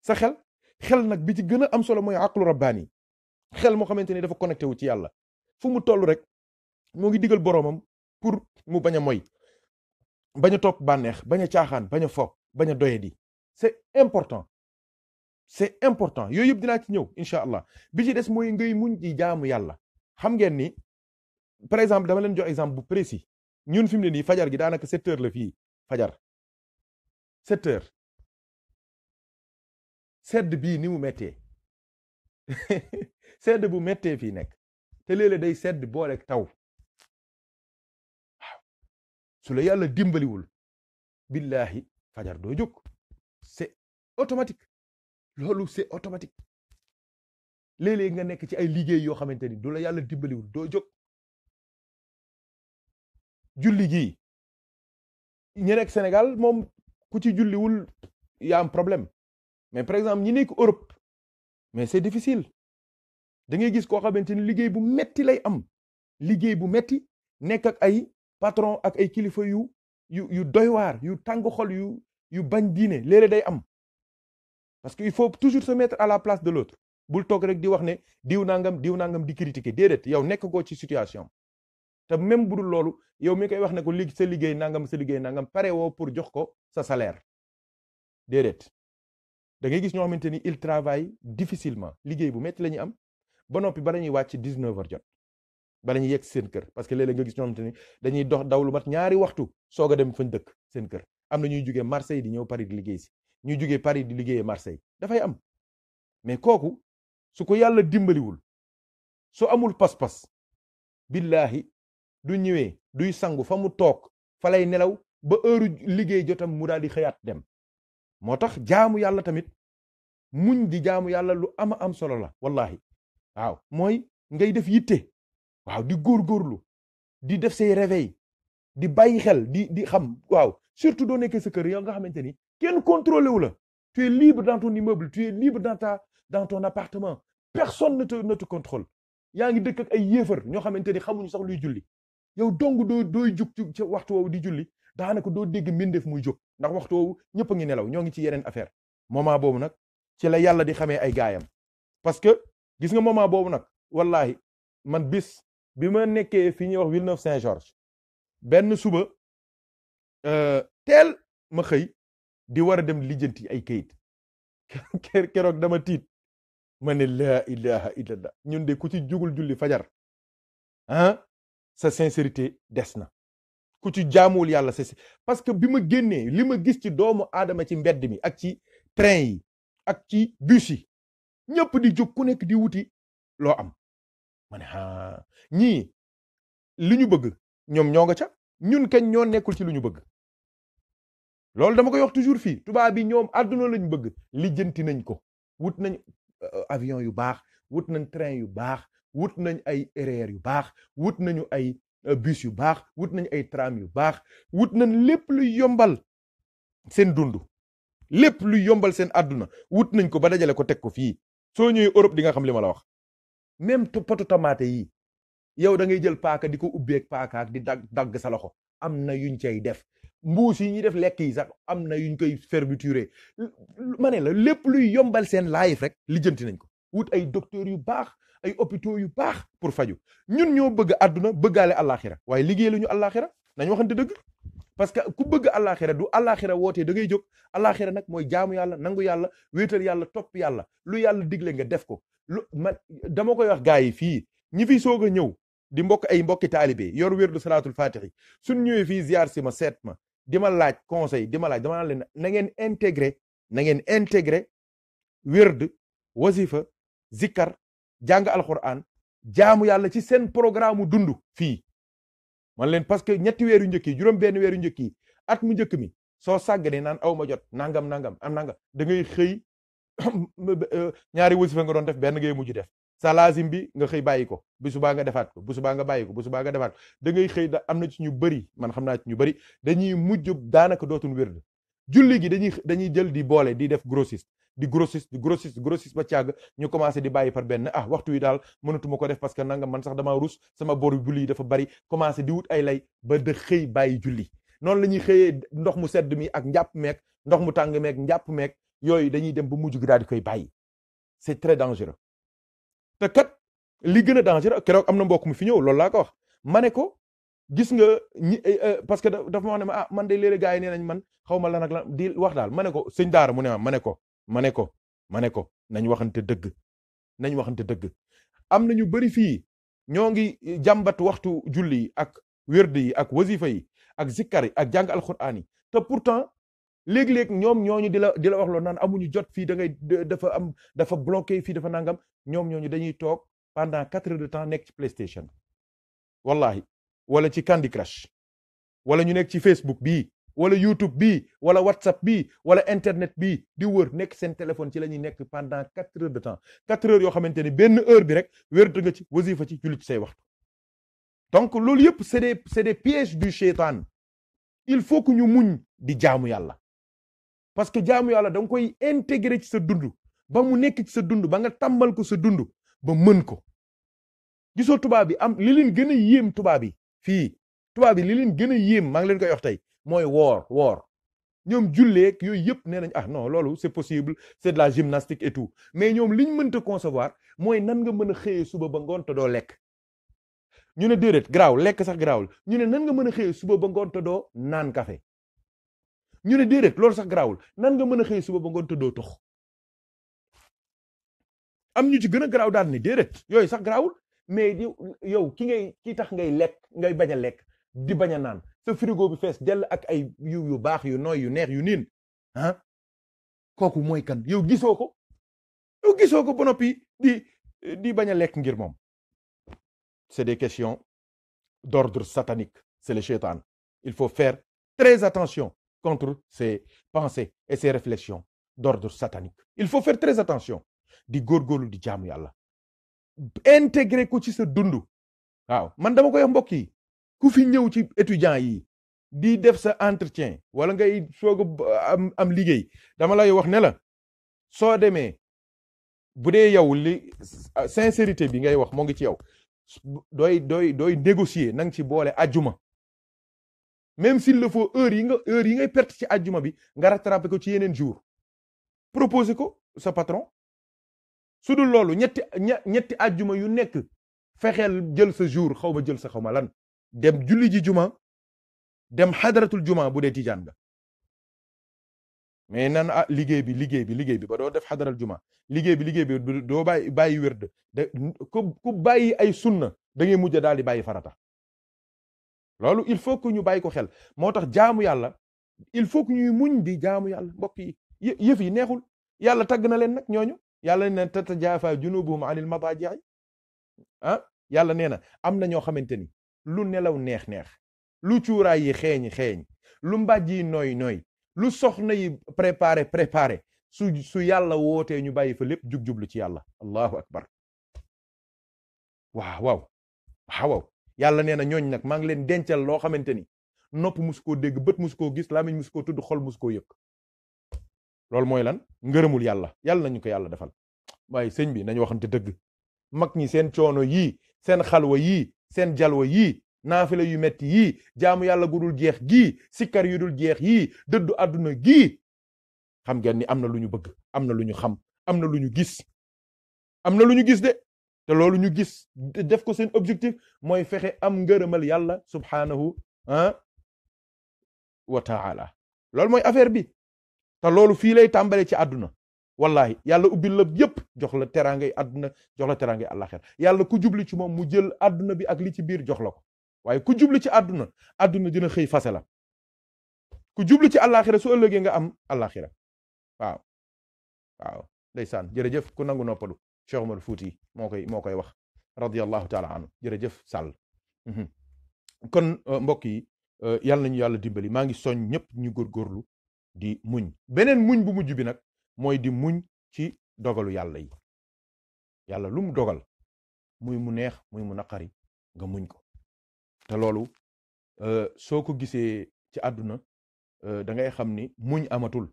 sa xel xel nag bi ci gën a am solo mooy aqlu rabbaani xel moo xamante ni dafa connecté wu ci yàlla fu mu toll rek moo ngi digal boroomam pour mu bañ a moy bañ a topp bànneex bañ caaxaan bañ a foog bañ a doyadi c'est important c'est important yooyu yëpp dinaa ci ñëw incha allah bi ci des mooy ngay mu di jaamu yàlla xam ngeen ni par exemple dama leen jox exemple bu précis ñun fi mu ne nii fajar gi daanaka sept heures la fii fajar sept sedd bii ni mu méttee sedd bu méttee fii nekk te léeg day sedd boolek taw su la yàlla dimbaliwul billahi fajar doo jóg c'est automatique loolu c'est automatique léeg-léeg nga nekk ci ay liggéey yoo xamante ni du la yàlla dimbaliwul doo jóg julli gii ñi nekk moom ku ci julliwul yaa am problème mais par exemple ñi nekk Europe mais c'est difficile da gis koo xamante ni liggéey bu metti lay am liggéey bu metti nekkak ay patron ak ay kilifa yu yu yu doy yu tàng xol yu yu bañ diine léeg-léeg day am parce que il faut toujours se mettre à la place de l'autre bul toog rek di wax ne diw nangam diw nangam di critiquer déedéet yow nekk koo ci situation te même budul loolu yow mi koy wax ne ko li sa liggéey nangam sa liggéey nangam pare woo pour jox ko sa salaire déedéet da ngay gis ñoo xamante ni il travaille difficilement liggéey bu métti la ñuy am ba noppi ba la ñuy wàcc 19 heures jot bala ñu yegg seen kër parce que léeg-léeg nga gis ñoo xamante dañuy dox daw lu mat ñaari waxtu soog a dem fañ dëkk seen kër am na ñuy jugee Marseille di ñëw Paris di liggéey si ñuy jóge Paris di liggéeyee Marseille dafay am mais kooku su ko yàlla dimbaliwul su amul pas-pas billaahi du ñëwee duy sangu fa mu toog fa lay nelaw ba heure liggéey jotam mu daal di xëyaat dem moo tax jaamu yàlla tamit muñ di jaamu yàlla lu ama am solo la wallahi waaw mooy ngay def yitte waaw di góorgóorlu di def say réveil di bàyyi xel di di xam waaw surtout doo nekkee sa kër yow nga xamante ni kenn contrôlé wu la tu es libre dans ton immeuble tu es libre dans ta dans ton appartement personne ne te ne te contrôle yaa ngi dëkk ay yéefar ñoo xamante ni xamuñu sax luy julli yow dong doo dooy jug ci waxtu woowu di julli daanaka doo dégg mbindeef muy jóg ndax waxtu woowu ñëpp ngi nelaw ñoo ngi ci yeneen affaire moment boobu nag ci la yàlla di xamee ay gaayam parce que gis nga moment boobu nag wallahi man bis bi ma nekkee fii ñi wax Villeneuve Saint-Georges benn suba euh, teel ma xëy di war a dem lijjanti ay kayit keroog dama tiit ma ne laa ilaha illallah ñun de ku ci jugul julli fajar ah sa sincérité des na ku ci jaamuwul yàlla sa parce que bi ma génnee li ma gis ci doomu aadama ci mbedd mi ak ci train yi ak ci bus ñëpp di jóg ku nekk di wuti loo am ma ne ah, ñii li ñu bëgg ñoom ñoo nga ca ñun kañ ñoo nekkul ci lu ñu bëgg loolu dama koy wax toujours fii tubaab bi ñoom àdduna lañ bëgg lijjanti nañ ko wut nañ euh, avion yu baax wut nañ train yu baax wut nañ ay RER yu baax wut nañu ay euh, bus yu baax wut nañ ay tram yu baax wut nañ lépp luy yombal seen dund lépp luy yombal seen adduna wut nañ ko ba dajale ko teg ko fii soo ñëwee Europe di nga xam li ma la wax même potu tomate yi yow da ngay jël paaka di ko ubbeeg paakaak di dag dagg sa loxo am na yuñ cay def mbuus yi ñuy def lekk yi sax am na yuñ koy fermeture ma ne la lépp luy yombal seen life rek lijjanti nañ ko wut ay docteurs yu baax ay hôpitaux yu baax pour faju ñun ñoo bëgg adduna bëggaale àllaaxira waaye liggéey lu ñu àllaaxira nañ waxante dëgg parce que ku bëgg àllaaxira du àllaaxira wootee da ngay jóg àllaaxira nag mooy jaamu yàlla nangu yàlla wéetal yàlla topp yàlla lu yàlla digle nga def ko lu man dama koy wax gars yi fii ñi fi soog a ñëw di mbokk ay mbokki taalibe yor wér du salaatul fatixi suñ ñëwee fii ziar si ma seet ma di laaj conseil di ma leen na ngeen intégré na ngeen intégré wérd wasifa zikkar jàng alquran jaamu yàlla ci seen programme dund fii man leen parce que ñetti weeru njëkk yi juróom benn weeru njëkk yi at mu njëkk mi soo sàgganee naan aw ma jot nangam nangam am nangam da xëy Eh, ñaari wasifa nga doon def benn ngay mujj def sa lazim bi nga xëy bàyyi ko bu subaa nga defaat ko bu subaa nga bàyyi ko bu subaa nga defaat ko da xëy da am na ci ñu bëri man xam naa ci ñu bëri dañuy mujj daanaka dootuñ wérd julli gi dañuy dañuy jël di boole di def grossiste di grossiste di grossiste ba càgg ñu commencé di bàyyi par benn ah waxtu wi daal mënatuma ko def parce que nanga man sax dama rus sama boru julli dafa bari commencé di wut ay lay ba da bàyyi julli noonu la ñuy xëyee ndox mu sedd mi ak njàpp meek ndox mu tàng meek njàpp meek yooyu dañuy dem ba mujj gi daal di koy bàyyi c'est très dangereux te kat li gën a keroog am na mbokk mu fi ñëw loolu laa ko wax ma ne ko gis nga ñi eh, eh, parce que dafa ma wax ne ma ah man de léeg-léeg yi nee nañ man xaw ma lan ak di wax daal ma ne ko sëñ daara mu ne ma ne ko ma ne ko ma ne ko nañ waxante dëgg nañ waxante dëgg am na ñu bëri fii ñoo ngi jàmbat waxtu julli ak wérdi yi ak wasifa yi ak zikkar ak jàng alxuraan yi pourtant léeg-léeg ñoom ñooñu di la di la wax loolu naan amuñu jot fii da ngay dafa am dafa bloqué fii dafa nangam ñoom ñooñu dañuy toog pendant quatre heures de temps nekk ci PlayStation wallahi wala ci Candy wala ñu nekk ci Facebook bii wala YouTube bii wala WhatsApp bii wala internet bi di wër nekk seen téléphone ci la ñuy nekk pendant quatre heures de temps quatre heures yoo xamante ni benn heure bi rek wérte nga ci wasifa ci julli ci say waxtu donc loolu yëpp c'est des c'est des pièges il faut que ñu muñ di jaamu yàlla parce que jaamu yàlla danga koy intégrer ci sa dundu ba mu nekk ci sa dund ba nga tàmbal ko sa dundu ba mën ko gisoo tubaab bi am li leen gën a yéem tubaab bi fii tubaab bi li leen gën a yéem maa ngi leen koy wax tey mooy woor woor ñoom julleeg yooyu yëpp nee nañ ah no loolu c'est possible c'est de la gymnastique et tout mais ñoom liñ mënta concevoir mooy nan nga mën a xëyee suba ba ngoon te doo lekk ñu ne déedéet garaaw lekk sax garaawul ñu ne nan nga mën a xëyee suba ba ngoon doo naan café ñu ne déedéet loolu sax garaawul nan nga mën a xëy suba ba ngoon tëddoo tox am ñu ci gën a garaaw daal ni déedéet yooyu sax garaawul mais di yow ki ngay ki tax ngay lekk ngay bañ a lekk di bañ a naan sa frigo bi fees dell ak ay yu yu baax yu nooy yu neex yu niin ah kooku mooy kan yow gisoo ko yow gisoo ko ba noppi di di bañ a lekk ngir moom c'est des question d'ordre satanique c'est le shaitan il faut faire très attention contre ses pensées et ses réflexions d'ordre satanique il faut faire très attention di góorgóorlu di jaamu yàlla intégrer ko ci sa dund waaw man dama koy mbokk yi ku fi ñëw ci étudiant yi di def sa entretien wala ngay soog a am liggéey dama lay wax ne la soo demee bu dee yow li bi ngay wax moo ngi ci yow dooy doy dooy négocier na nga ci boole ajuma même s'il le faut yi nga heure yi ngay perte ci àjjuma bi nga rattrapé ko ci yeneen jour proposé ko sa patron su dul loolu ñetti ñetti àjjuma yu nekk fexeel jël sa jour xaw ma jël sa xaw ma lan dem julli ji juma dem xadaratul juma bu dee tijaan nga mais nan ah liggéey bi liggéey bi liggéey bi ba doo def xadaral juma liggéey bi liggéey bi doo bàyyi bàyyi wérd ku bàyyi ay sunna da ngay mujj daal di bàyyi farata loolu il faut que ñu bàyyi ko xel moo tax jaamu yàlla il faut ñuy muñ di jaamu yàlla mbokk yi yëf yi neexul yàlla tagg na leen nag ñooñu yàlla nee na tatajaafa junubuhum anil madaaji'i ah yàlla nee na am na ñoo xamante ni lu nelaw neex-neex lu cuuraay yi xeeñ xeeñ lu mbàjj yi nooy nooy lu soxna yi préparé préparé su su yàlla wootee ñu bàyyi fa lépp jub jublu ci yàlla allahu akbar waaw waaw yàlla nee na ñooñ nag maa ngi leen dencal loo xamante ni nopp musu koo dégg bët musu koo gis lamiñ musu koo tudd xol musu koo yëg mooy lan ngërëmul yàlla yàlla nañu ko yàlla defal waaye sëñ bi nañu waxante dëgg mag ñi seen coono yii seen xalwa yii seen jalwa yii naafila yu metti yii jaamu yàlla gu dul jeex gii sikkar yu jeex yii dëddu àdduna gii xam ngeen ni am na lu ñu bëgg am na lu ñu xam am na lu ñu gis am na lu ñu gis de te loolu ñu gis def ko seen objectif mooy fexe am ngërëmal yàlla subhaanahu ah wa taala loolu mooy affaire bi te loolu fii lay tàmbale ci àdduna wallahi yàlla ubbil la yépp jox la teraangay àdduna jox la teraangay yàlla ku jubli ci moom mu jël àdduna bi ak li ci biir jox la ko waaye ku jubli ci àdduna àdduna dina xëy fase ku jubli ci àllaxira su ëllëgee nga am àllaxira waaw waaw ndeysaan jërëjëf ku nangu noppalu Cheikh Omar Fouti moo koy moo koy wax radiyallahu taala anhu jërëjëf Sall mhm. kon euh, mbokk yi euh, yàlla nañu yàlla dimbali maa ngi soñ ñëpp ñu góorgóorlu di muñ beneen muñ bu mujj bi nag mooy di muñ ci dogalu yàlla yi yàlla lu mu dogal muy mu neex muy mu naqari nga muñ ko te loolu euh, soo ko gisee ci àdduna da ngay xam ni muñ amatul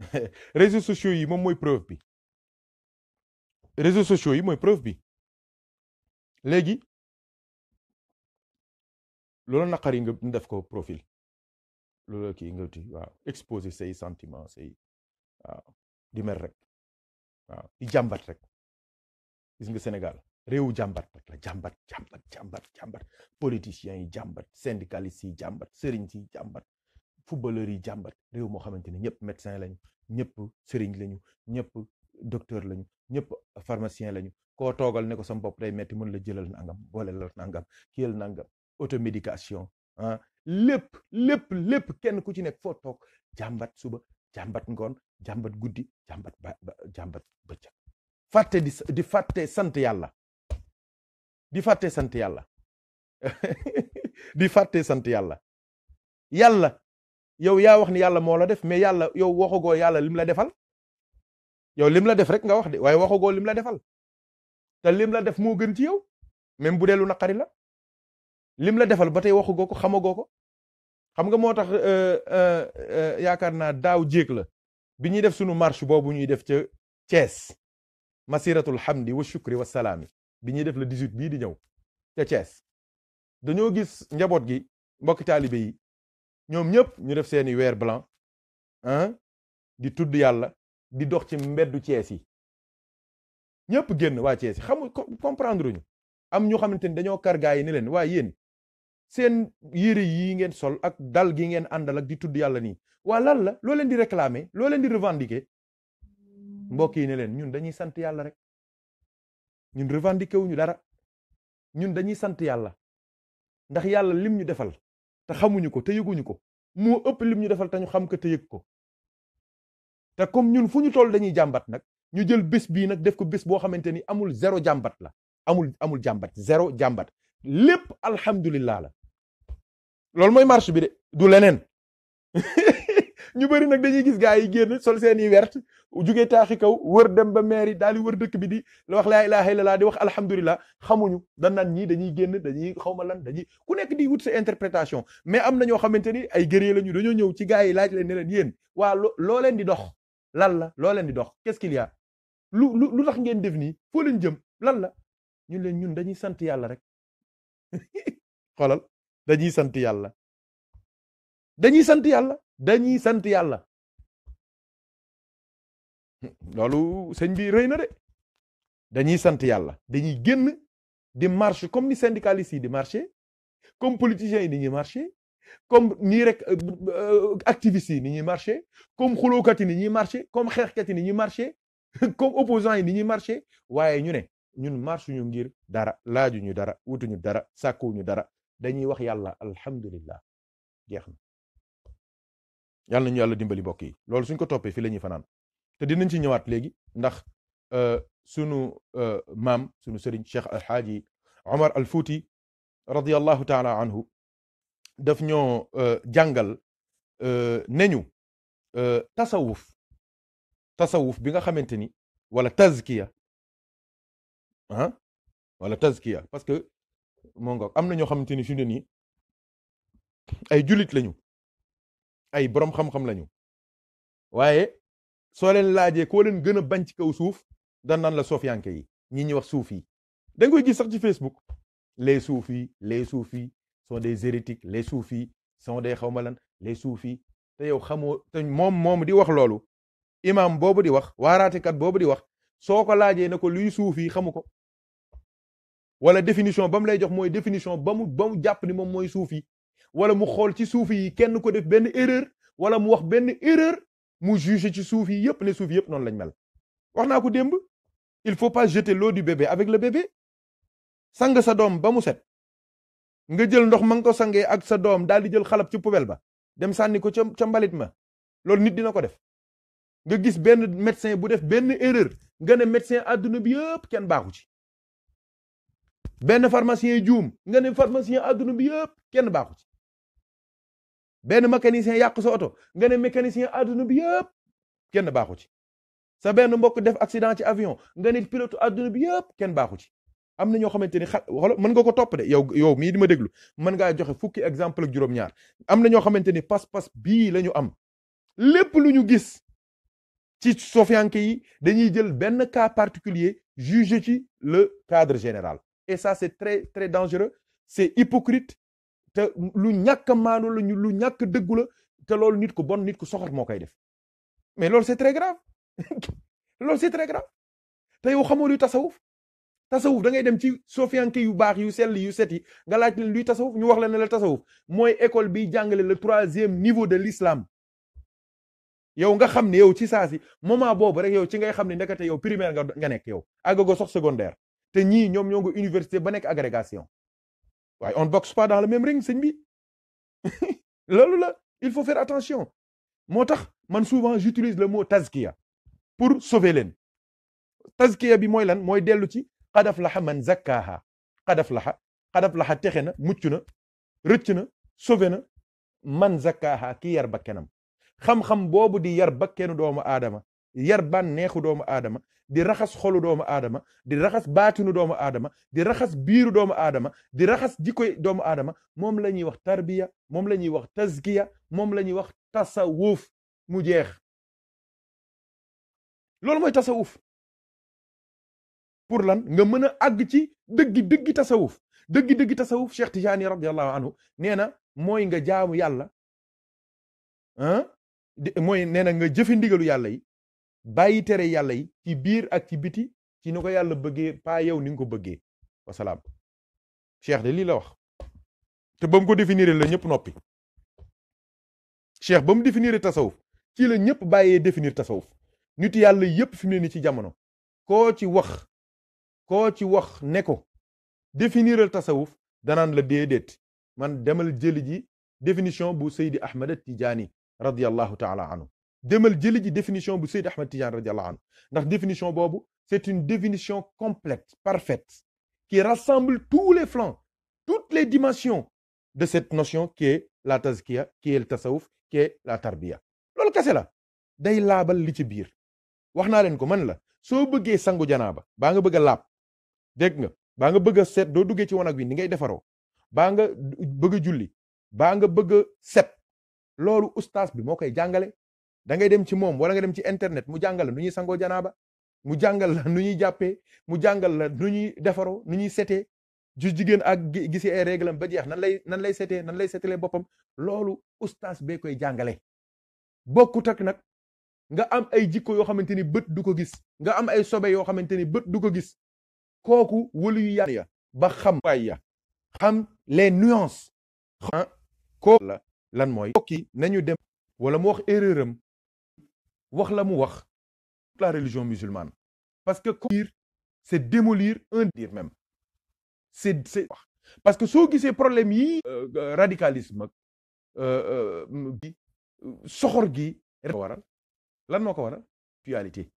réseaux sociaux yi moom mooy preuve bi réseaux sociaux yi mooy preuve bi léegi loolu naqar yi nga def ko profile loolu kii nga ti waaw exposer say sentiments say di mer rek waaw jàmbat rek gis nga Sénégal réewu jàmbat la jàmbat jàmbat jàmbat jàmbat yi jàmbat syndicalistes yi jàmbat sëriñ si jàmbat footballeurs yi jàmbat réew moo xamante ne ñëpp médecin lañu ñëpp sëriñ lañu ñëpp docteur lañu ñëpp pharmacien lañu koo toogal ne ko sam bopp day metti mën la jëlal nangam boole la nangam kiyal nangam automédication ah lépp lépp lépp kenn ku ci nekk foo toog jàmbat suba jàmbat ngoon jàmbat guddi jàmbat ba jàmbat bëccëg fàtte di di fàtte sant yàlla di fàtte sant yàlla di fàtte sant yàlla yàlla yow yaa wax ni yàlla moo la def mais yàlla yow waxagoo yàlla lim la defal yow lim la def rek nga wax de waaye waxagoo lim la defal te lim la def moo gën ci yow même bu dellu lu naqari la lim la defal ba tey waxu goo ko xamagoo ko xam nga moo tax euh, euh, euh, yaakaar naa daaw jéeg la bi ñuy def sunu marche boobu ñuy def ca Thiès masiratul hamdi wa shukri wa salaami bi ñuy def le 18 bii di ñëw ca Thiès dañoo gis njaboot gi mbokki taalibe yi ñoom ñëpp ñu def seeni weer blanc di tudd yàlla di dox ci mbeddu Cees yi ñëpp génn waa Cees yi xamu comprendre ñu am ñu xamante ni dañoo kar gaa yi ne leen waa yéen seen yére yi ngeen sol ak dal gi ngeen àndal ak di tudd yàlla nii waa lan la loo leen di réclamer loo leen di revendiquer mbokk yi ne leen ñun dañuy sant yàlla rek ñun revendiquer wuñu dara ñun dañuy sant yàlla ndax yàlla lim ñu defal te xamuñu ko te yëguñu ko moo ëpp lim ñu defal te ñu ko te yëg ko te comme ñun fu ñu toll dañuy jàmbat nag ñu jël bés bii nag def ko bés boo xamante ni amul zéro jàmbat la amul amul jàmbat zéro jàmbat lépp alhamdulillah la loolu mooy marche bi de du leneen ñu bëri nag dañuy gis gaa yi génn sol seen i wert jugee taaxi kaw wër dem ba maire yi daal di wër dëkk bi di la wax laa ilaha illallah di wax alhamdulilah xamuñu dan naan ñii dañuy génn dañuy xawma lan dañuy ku nekk di wut sa interprétation mais am na ñoo xamante ni ay la lañu dañoo ñëw ci gaa yi laaj leen ne leen yéen waa loo leen di dox lan la loo leen di dox qu'est-ce qu'il lu lu lu tax ngeen def nii foo leen jëm lan la ñu leen ñun dañuy sant yàlla rek xoolal dañuy sant yàlla dañuy sant yàlla dañuy sant yàlla loolu sëñ bi rëy na de dañuy sant yàlla dañuy génn di marche comme ni syndicalistes yi di marché comme politiciens yi dañuy marché comme nii rek euh, euh, activistes yi ni ñuy marché comme xulookat yi ni ñuy marché comme xeexkat yi ni ñuy marché comme opposants yi ni ñuy marché waaye ñu ne ñun marche ñu ngir dara laaju ñu dara wutuñu dara sàkkuwuñu dara dañuy wax yàlla alhamdulillah jeex na yàlla nañu yàlla dimbali mbokk yi loolu suñ ko toppee fii la ñuy fanaan te dinañ ci ñëwaat léegi ndax euh, sunu maam sunu sëriñ cheikh alxaaji omar al fuuti radiallahu taala anhu def ñoo euh, jàngal euh, ne ñu euh, tasawuf tasawuf bi nga xamante ni wala tazkiya ah wala tazkiya parce que moo nga am na ñoo xamante ni fi ne nii ay julit lañu ay borom xam-xam lañu waaye soo leen laajee koo leen gën a bañ ci kaw suuf dan naan la soofiyanke yi ñi ñuy wax suuf yi da koy gis sax ci Facebook les suufi yi les sont des hérétiques les soufis sont des xawma lan les soufis te yow xamoo te moom moom di wax loolu imam boobu di wax waaraatekat boobu di wax soo ko laajee na ko luy suufi xamu ko wala définition ba mu lay jox mooy définition ba mu ba mu jàpp ni moom mooy suufi wala mu xool ci suufi yi kenn ko def benn erreur wala mu wax benn erreur mu juger ci suufi yi yëpp ne suufi yëpp noonu lañ mel. wax naa ko démb il faut pas jeter l'eau du bébé avec le bébé sang sa doom ba mu set nga jël ndox ma nga ko sangee ak sa doom daal di jël xalab ci poubelle ba dem sànni ko ca ca mbalit ma loolu nit dina ko def nga gis benn médecin bu def benn erreur nga ne médecin àdduna bi yëpp kenn baaxu ci benn pharmacien juum nga ne pharmacien àdduna bi yëpp kenn baaxu ci benn mécanicien yàq sa oto nga ne mécanicien àdduna bi yëpp kenn baaxu ci sa benn mbokk def accident ci avion nga ne pilote àdduna bi yëpp kenn baaxu ci am na ñoo xamante ni xa xolo nga ko topp de yow yow mii di ma déglu mën ngaa joxe fukki exemple ak juróom-ñaar am na ñoo xamante ni pas-pas bii la ñu am lépp lu ñu gis ci sofianke yi dañuy jël benn cas particulier jugé ci le cadre général et ça c'est très très dangereux c'est hypocrite ta lu ñàkk a maanu ñu lu ñàkk dëggu la te loolu nit ko bon nit ku soxor moo koy def mais loolu c'est très grave loolu c'est très grave te yow xamoo tasawuf tasawuf da ngay dem ci sofiyanke yu baax yu sell yu set yi nga laaj leen luy tasawuf ñu wax leen ne la tasawuf mooy école bi jàngale le troisième niveau de l'islam yow nga xam ne yow ci saa si boobu rek yow ci ngay xam ne ndekete yow primaire nga nga nekk yow àggago sox secondaire te ñii ñoom ñoo nga université ba nekk agrégation waaye on boxe pas dans la même ring sëñ bi loolu la il faut faire attention moo tax man souvent j'utilise la moo tazkiya pour sauver leen bi mooy lan mooy dellu ci qad aflaha man zakkaaha qad aflaha qad aflaha texe na mucc na rëcc na sauvé na man zakkaaha ki yar bakkenam xam-xam boobu di yar bakkenu doomu aadama yar banneexu doomu aadama di raxas xolu doomu aadama di raxas baatinu doomu aadama di raxas biiru doomu aadama di raxas jikkoy doomu aadama moom la wax tarbiya moom la ñuy wax tazkiya moom la wax tasawuf mu jeex loolu mooy tasawuf pour lan nga mën a àgg ci dëggi dëggi tasawuf dëggi dëggi tasawuf Cheikh Tijani radiallahu anhu nee na mooy nga jaamu yàlla ah mooy nee na nga jëfe ndigalu yàlla yi bàyyi tere yàlla yi ci biir ak ci biti ci ni ko yàlla bëggee pas yow ni nga ko bëggee wasalaam cheikh de lii la wax te ba mu ko définir la ñëpp noppi cheikh ba mu définir tasawuf ci la ñëpp bàyyee définir tasawuf nit yàlla yëpp fi mu ci jamono koo ci wax koo ci wax ne ko définiral tasawuf danaan la déedéet man demal jëli ji définition bu Seydi Ahmed Tidiane radiallahu taala anhu demal jëli ji définition bu Seydi Ahmed Tidiane radiallahu anhu ndax définition boobu c'est une définition complète parfaite qui rassemble tous les flancs toutes les dimensions de cette notion qui est la tazkiya qui est le tasawuf qui la tarbiya loolu kese la day laabal ci biir wax naa leen ko man la soo bëggee sangu janaaba baa nga bëgg a laab dégg nga baa nga bëgg a seet doo duggee ci wanag wi ni ngay defaroo baa nga bëgg julli baa nga bëgg a set loolu ustaas bi moo koy jàngale da ngay dem ci moom wala nga dem ci internet mu jàngal la nu ñuy sangoo janaaba mu jàngal la nu ñuy jàppee mu jàngal la nu ñuy defaroo nu ñuy setee ju jigéen ak gisi ay réglam ba jeex nan lay nan lay setee nan lay setalee boppam loolu ustaas bee koy jàngale bokkut ak nag nga am ay jikko yoo xamante ni bët du ko gis nga am ay sobe yoo xamante ni bët du ko gis kooku wëlu yu ba xam waay ya xam les nuances xam kooku la lan mooy kooki nañu dem wala mu wax erreur wax la mu wax la religion musulmane parce que conir c'est démolir un dire même c'est c'est parce que soo gisee problème yi euh, euh, radicalisme euh, gi soxor gi waral lan moo ko waral actualité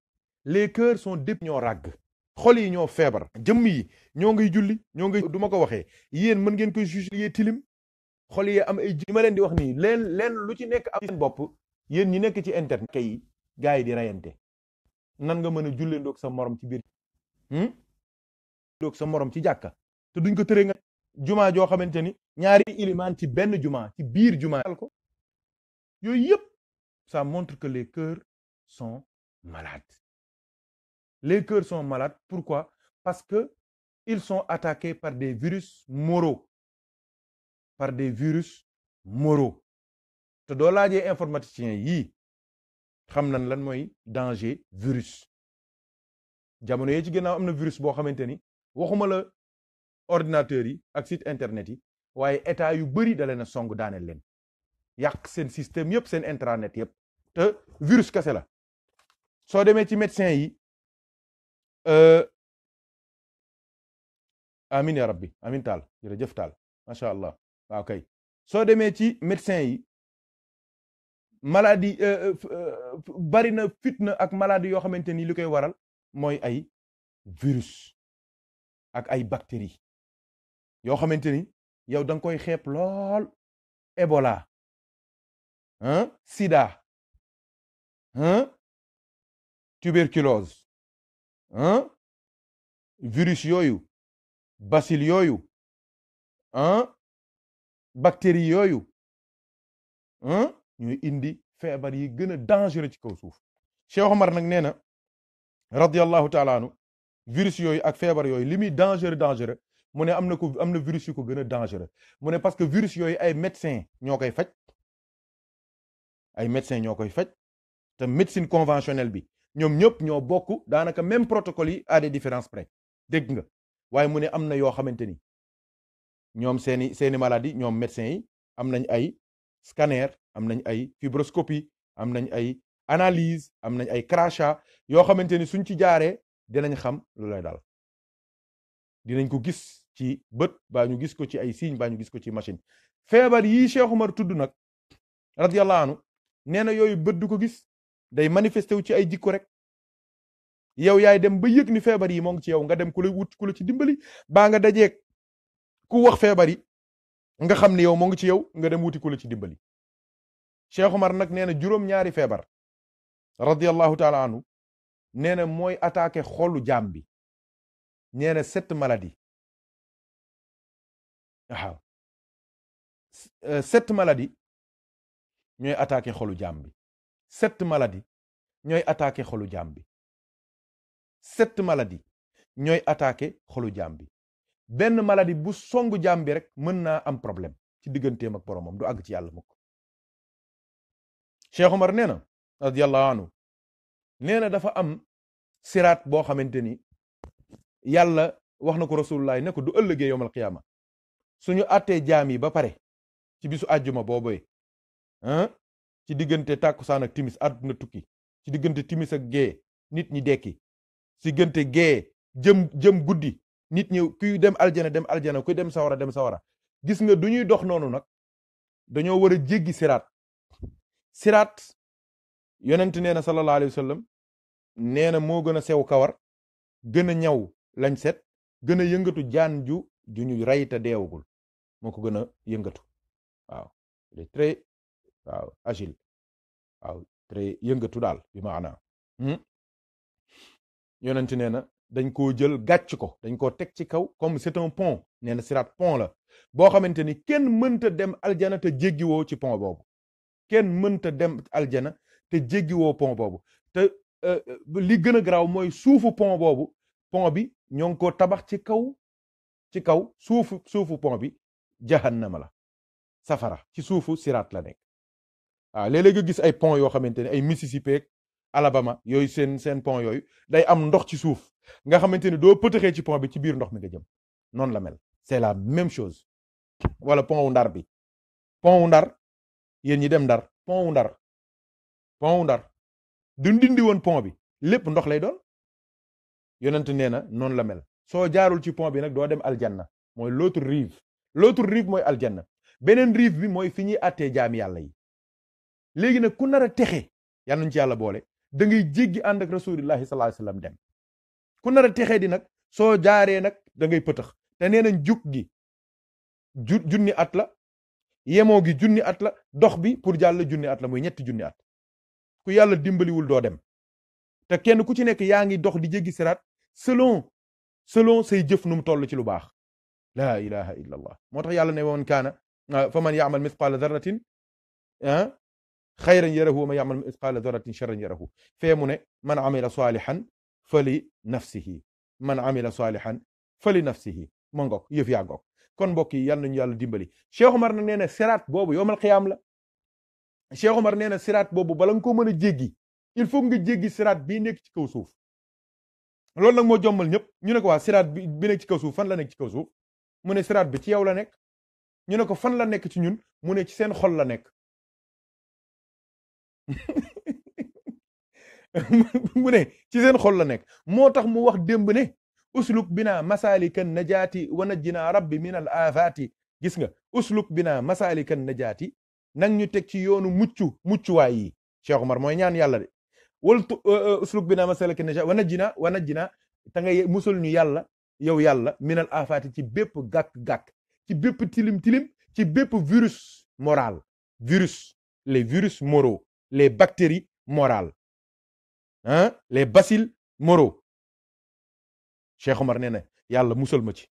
les cœurs sont dép ñoo ràgg xol yi ñoo feebar jëmm yi ñoo ngay julli ñoo ngay du ma ko waxee yéen mën ngeen koy juge yee tilim xol yi am ay ji di wax nii leen leen lu ci nekk am seen bopp yéen ñi nekk ci internet kay gars yi di rayante nan nga mën a jullendoog sa morom ci biir hmm? doog sa morom ci jàkka te duñ ko tëree nga jumaa joo xamante ni ñaari ilimaan ci benn juma ci biir jumaa ko yooyu yëpp ça montre que les cœurs sont malades Les son sont malades. Pourquoi Parce que qu'ils son attaqués par des virus moraux. Par des virus moraux. te doo laajee informaticien yii xam nan lan mooy danger virus jamono yee ci ginnaaw am na virus boo xamante ni waxuma la ordinateur yi ak site internet yi waaye état yu bëri da leen song daaneel leen yàq seen système yëpp seen intranet yëpp te virus kese la soo demee ci médecin yi amin ya rabbi amin taal jërëjëf taal macha allah waaw kay soo demee ci médecin yi maladie euh, euh, euh, bari na fitna ak maladie yoo xamante ni li koy waral mooy ay virus ak ay bactéries yoo xamante ni yow da koy xeeb lool Ebola ah sida ah tuberculose ah virus yooyu bacille yooyu ah bactérie yooyu ah ñuy indi feebar yi gën a dangereux ci kaw suuf Cheikh Omar nag nee na radiallahu taala anu virus yooyu ak feebar yooyu li muy dangereux dangereux mu ne am na ko am na virus yu ko gën a dangereux mu ne parce que virus yooyu ay médecin ñoo koy faj ay médecin ñoo koy faj te médecine conventionnelle bi ñoom ñëpp ñoo bokk daanaka même protocole yi à des différences près dégg nga waaye mu ne am na yoo xamante ni ñoom seeni seeni maladie ñoom médecins yi am nañ ay scanner am nañ ay fibroscopie am nañ ay analyse am nañ ay crachat yoo xamante ni suñ ci jaaree dinañ xam lu lay daal dinañ ko gis ci bët baa ñu gis ko ci ay signe baa ñu gis ko ci machine feebar yii Cheikh Omar tudd nag radiyallahu anhu nee na yooyu bët du ko gis day manifesté wu ci ay jikko rek yow yaay dem ba yëg ni feebar yi moo ngi ci yow nga dem ku la wut ku ci dimbali baa nga dajeeg ku wax feebar yi nga xam ne yow moo ngi ci yow nga dem wuti ku la ci dimbali Cheikh Omar nag nee na juróom-ñaari feebar radiyallahu taala anhu nee na mooy attaqué xolu jaam bi nee na sept maladie waaw euh, sept maladie ñooy attaqué xolu jaam bi sept maladies ñooy attaqué xolu jaam bi sept maladies ñooy attaqué xolu jaam bi benn maladie bu songu jaam bi rek mën naa am problème ci digganteem ak boromam du àgg ci yàlla mukk Cheikh Omar nee na radiyallahu anhu nee na dafa am siraat boo xamante ni yàlla wax na ko rasulullah ne ko du ëllëgee yowmal qiyaama suñu àttee jaam yi ba pare ci bisu àjjuma boobee ci diggante tàkkusaan ak timis adduna tukki ci diggante timisa ak nit ñi dekki ci diggante gée jëm jëm guddi nit ñi kuy dem aljana dem aljana kuy dem sawara dem sawara gis nga du ñuy dox noonu nag dañoo war a jéggi siraat siraat yonent nee na sallallahu alayhi wa sallam nee na moo gën a sew kawar gën a ñaw lañ set gën a yëngatu jaan ju ju ñu rey te deewagul moo ko gën a yëngatu waaw agile waaw yëngatu daal bi maanaam hmm. yonent nee na dañ ko jël gàcc ko dañ koo teg ci kaw comme seton un pont nee na siraat pont la boo xamante ni kenn mënta dem aljana te jéggiwoo ci pont boobu kenn mënta dem aljana te jéggiwoo pont boobu te euh, li gën a garaaw mooy suufu pont boobu pont bi ñoo ngi koo tabax ci kaw ci kaw suufu suufu pont bi jahannama la safara ci suufu siraat la nekk waaw léeg gis ay pont yoo xamante ne ay Mississippi ak Alabama yooyu seen seen pont yooyu day am ndox ci suuf nga xamante ne doo pëtëxee ci pont bi ci biir ndox mi nga jëm noonu la mel c'est la même chose wala pont wu ndar bi pont wu ndar yéen ñi dem ndar pont wu ndar pont wu ndar du dindi woon pont bi lépp ndox lay doon yonent nee na noonu la mel soo jaarul ci pont bi nag doo dem aljanna mooy l'autre rive l'autre rive mooy aljanna beneen rive bi mooy fi ñuy àttee jaami yàlla yi léegi nag ku nar a texe yal yàlla boole dangay ngay jéggi ànd ak rasulillahi sallallahu alayhi dem ku nar a texe di nag soo jaaree nag dangay pëtëx te nee nañ jug gi ju junni at la yemoo gi junni at la dox bi pour jàll junni at la muy ñetti junni at ku yàlla dimbaliwul doo dem te kenn ku ci nekk yaa ngi dox di jéggi siraat selon selon say jëf nu mu toll ci lu baax laa ilaha illa moo tax yàlla ne woon kaana fa man yaamal mithqaala darratin ah xayran yarahu wa man yaamal misqaala daratin charran yarahu fee mu ne man amila saalihan fali nafsihi man amila saalihan fali nafsihi ma ngoog yëf yaa ngoog kon mbokk yi yal nañu yàlla dimbali Cheikh Omar na nee na siraat boobu yowmal xiyaam la Cheikh Omar nee na siraat boobu bala nga ko mën a jéggi il faut nga jéggi siraat bii nekk ci kaw suuf loolu nag moo jommal ñëpp ñu ne ko waa siraat bi bi nekk ci kaw suuf fan la nekk ci kaw suuf mu ne siraat bi ci yow la nekk ñu ne ko fan la nekk ci ñun mu ne ci seen xol la nekk mu ci seen xol la nekk moo tax mu wax démb ne usluk bina masalikan najaati wa najjina rabbi min al aafaati gis nga usluk bina masalikan najaati nang ñu teg ci yoonu muccu muccuwaay yi Cheikh Omar mooy ñaan yàlla de wal tu uh, uh, usluk bina masalikan najaati wa najjina wa najjina ta nga musul ñu yàlla yow yàlla min al ci bépp gàkk-gàkk ci bépp tilim tilim ci bépp virus moral virus les virus moraux les bactéries morales ah les bacilles moraux Cheikh Omar nee na yàlla musal ma ci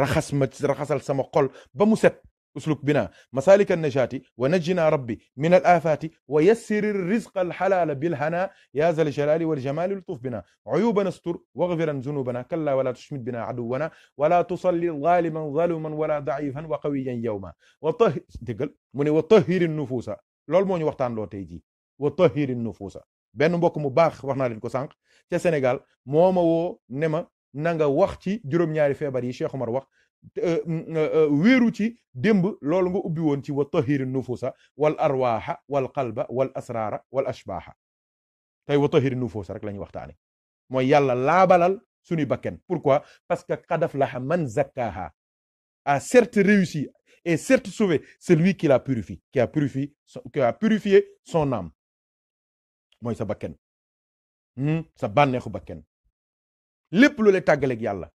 raxas ma ci raxasal sama xol ba mu set usluk bina masaalika najaati wa najjina rabbi min al aafaati wa yassir rizqa al xalaala bil hanaa yaa zal jalaali wal jamaali lutuf bina uyuubana stur wagfiran zunubana kalla wala tushmit bina aduwana wala tusalli zaaliman zaluman wala daciifan wa qawiyan yawma wa tahir déggal mu ne wa tahiri nufuusa loolu moo ñu waxtaan loo tey jii wa tahirin nufuusa benn mbokk mu baax wax naa leen ko sànq ca senegal moo ma woo ne ma nanga wax ci juróom-ñaari feebar yi Cheikh Omar wax euh, euh, wéeru ci démb loolu nga ubbi woon ci wa tahirin nufuusa wal arwaaxa wal qalba wal asraara wal ashbaaxa tey wa tahirin nufuusa rek la ñuy waxtaane mooy yàlla laabalal suñuy bakken pourquoi parce que kadaf aflaha man zakkaaha a certes réussi et certes sauvé celui qui l'a purifié qui a purifié qui son âme mooy sa bakken hmm? sa bànneexu bakken lépp lu lay tàggaleeg yàlla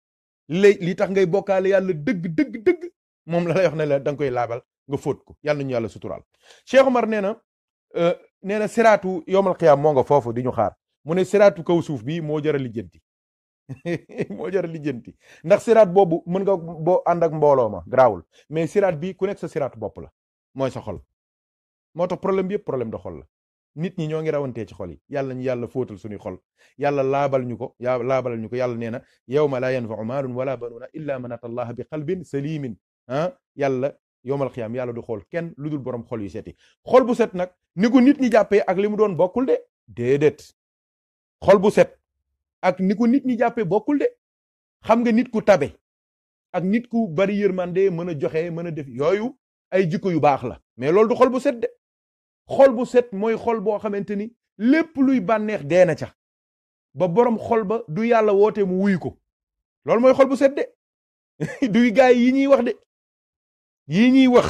li li tax ngay bokkaale yàlla dëgg dëgg dëgg moom la lay wax ne la danga koy laabal nga fóot ko yàlla ñu yàlla suturaal Cheikh mar nee na euh, nee na siraatu yowmal xiyaam moo nga foofu di ñu xaar mu ne seraatu kaw suuf bi moo jar a lijjanti moo jar lijjanti ndax siraat boobu mën nga boo ànd ak mbooloo ma garaawul mais siraat bi ku nekk sa siraatu bopp la mooy sa xol moo tax problème bi yëpp problème de xol la nit ñi ñoo ngi rawantee ci xol yi yàlla ñu yàlla fóotal suñuy xol yàlla laabal ñu ko ya laabal ñu ko yàlla nee na yawma laa yanfau maalun wala banuuna illa man ata allaha bi qalbin salimin ah yàlla yowmal xiyaam yàlla du xool kenn lu dul borom xol yu set yi xol bu set nag ni nit ñi jàppee ak li mu doon bokkul de déedéet xol bu set ak ni ko nit ñi jàppee bokkul de xam nga nit ku tabe ak nit ku bari yërmande mën a joxe mën a def yooyu ay jikko yu baax la mais loolu du xol bu set de xol bu set mooy xol boo xamante ni lépp luy bànneex dee na ca ba boroom xol ba du yàlla woote mu wuyu ko loolu mooy xol bu set de duy gaay yi ñuy wax de yi ñuy wax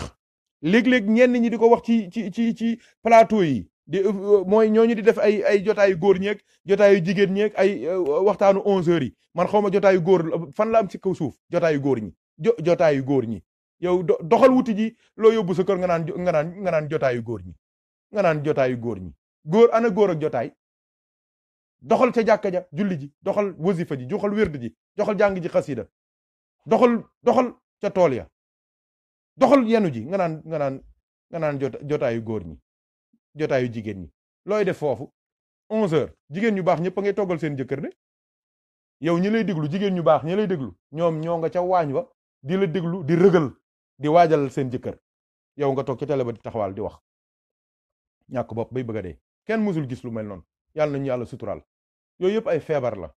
léeg-léeg ñenn ñi di ko wax ci ci ci ci plateau yi di euh, mooy ñooñu di def ay ay jotaayu góor ñeek jotaayu jigéen ñeeg ay euh, waxtaanu 11h man xawma ma jotaayu góor fan la am ci kaw suuf jotaayu góor ñi jo jotaayu góor ñi yow doxal wuti ji loo yóbbu sa kër nga naan nga naan nga naan jotaayu góor ñi nga naan jotaayu góor ñi góor ana góor ak jotaay doxal ca jàkka ja julli ji doxal wasifa ji joxal wérd ji doxal jàng ji xasida doxal doxal ca tool ya doxal yenu ji nga naan nga naan nga naan jotaayu góor ñi. jotaayu jigéen ñi looy def foofu 11 jigéen ñu baax ñëpp a ngay toggal seen jëkkër de yow ñi lay déglu jigéen ñu baax ñi lay déglu ñoom ñoo nga ca waañ wa di la déglu di rëgal di waajal seen jëkkër yow nga toog ca télé ba di taxawaal di wax ñàkk bopp bay bëgg a kenn mësul gis lu mel noon yàlla ñu yàlla suturaal yooyu yëpp ay feebar la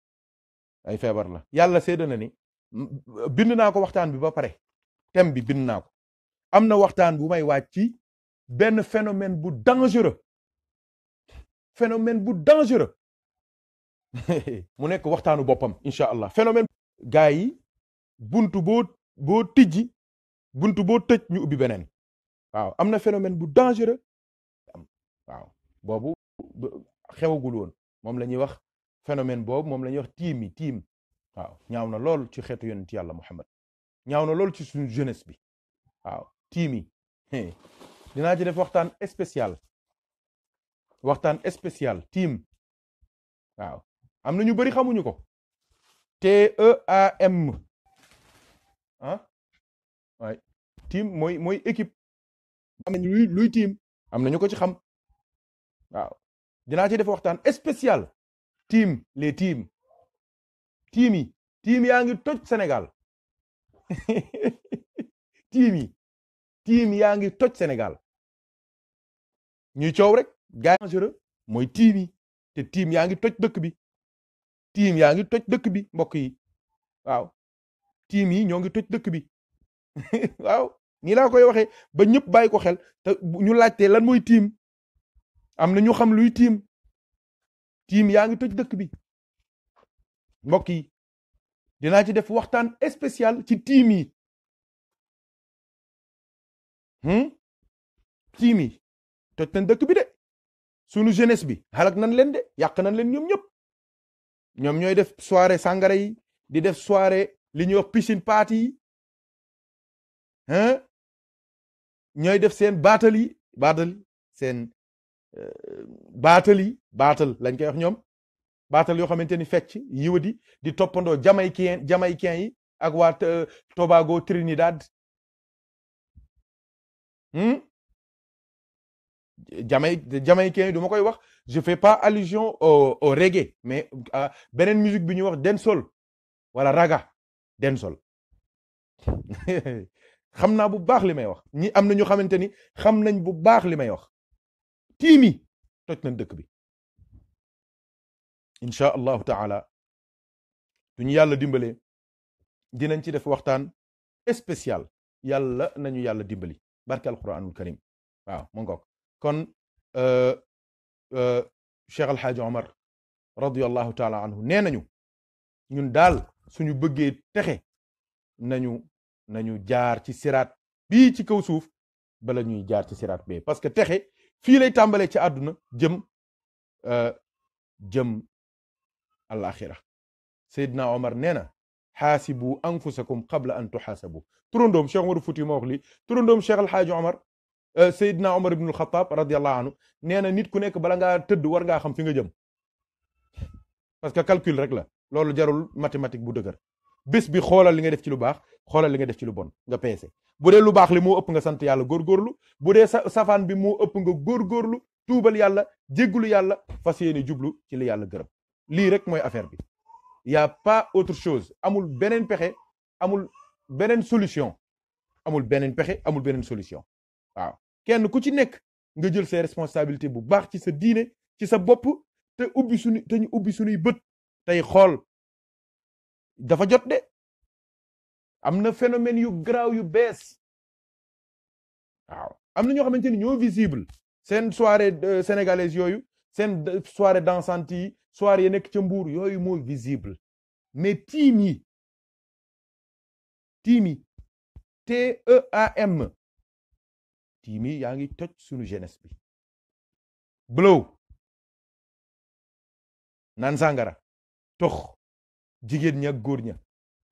ay feebar la yàlla seede na ni bind naa ko waxtaan bi ba pare thème bi bind naa ko am na waxtaan bu may wàcc ci benn phénomène bu dangereux phénomène bu dangereux mu nekk waxtaanu boppam incha allah phénomène. gaa yi buntu boo boo tijji buntu boo tëj ñu ubbi beneen waaw am na phénomène bu dangereux waaw boobu xewagul woon moom la ñuy wax phénomène boobu moom la ñuy wax tiim yi tiim waaw ñaaw na lool ci xeetu yonent yàlla Muhammad ñaaw na lool ci suñu jeunesse bi waaw tiim dinaa ci def waxtaan spécial waxtaan spécial team waaw am na ñu bëri xamuñu ko TEAM ah waay team mooy mooy équipe am nañu luy luy team am na ñu ko ci xam waaw dinaa ci def waxtaan spécial tiim les team team yi team yaa ngi toj Sénégal team yi team yaa ngi toj Sénégal ñuy coow rek gars yi dangereux mooy tiim te tiim yaa ngi toj dëkk bi tiim yaa ngi toj dëkk bi mbokk yi waaw tiim yi ñoo ngi toj dëkk bi waaw nii koy waxe ba ñëpp bàyyi ko xel te ñu laajtee lan mooy tiim am na ñu xam luy tiim tiim yaa ngi toj dëkk bi mbokk yi dinaa ci def waxtaan spécial ci tiim yi tiim hmm, toj nañ dëkk bi de sunu jeunesse bi xalak nañ leen de yàq nañ leen ñoom ñëpp ñoom ñooy def soire sangara yi di def soire li ñuy wax piscine party yi ñooy def seen baatal yi baatal seen euh, baatal yi baatal lañ koy wax ñoom baatal yoo xamante ni fecc yiwadi di toppandoo jamaïcain jamaïcain yi ak waa euh, Tobago Trinidad hmm? Jamaï jamaïcain du ma koy wax je fais pas allusion au au reggae mais ah, beneen musique bi ñuy wax dancehall wala raga dancehall xam naa bu baax li may wax ñi am na ñu xamante ni xam nañ bu baax li may wax tiimi toj nañ dëkk bi incha allahu taala du ñu yàlla dimbale dinañ ci def waxtaan spécial yàlla nañu yàlla dimbali barke alquranul karim waaw mu ngoog kon euh, euh, Cheikh El Hadj r radiyallahu taala anhu nee nañu ñun daal suñu bëggee texe nañu nañu jaar ci siraat bii ci kaw suuf bala ñuy jaar ci siraat bee parce que texe fii lay tàmbalee ci àdduna jëm euh, jëm alaxira Seydina Omar nee na xaasibu anfusakum qabla an tuxaasabu turandoom Cheikh Omar Fouti ma wax lii Euh, Seydina Omar ibnul Xataab radiyallahu anhu nee na nit ku nekk bala nga tëdd war ngaa xam fi nga jëm parce que calcul rek la loolu jarul mathématique bu dëgër bés bi xoolal li nga def ci lu baax xoolal li nga def ci lu bon nga peese bu dee lu baax li moo ëpp nga sant yàlla góorgóorlu bu dee sa safaan bi moo ëpp nga góorgóorlu tuubal yàlla jéggulu yàlla fas yéene jublu ci li yàlla gërëm lii rek mooy affaire bi y a pas autre chose amul beneen pexe amul beneen solution amul beneen pexe amul beneen solution waaw kenn ku ci nekk nga jël say responsabilité bu baax ci sa diine ci sa bopp te ubbi suñu ubbi suñuy bët tey xool dafa jot de am na phénomène yu graaw yu bees waaw am na ñoo xamante ni ñoo visible seen soirée sénégalaise yooyu seen soirée dansante yi soirée yi nekk ci Mbuur yooyu moo visible mais tiim yi tiim yi T e A M tiimi yaa ngi toj sunu jeunesse bi blow naan sàngara tox jigéen ña ak góor ña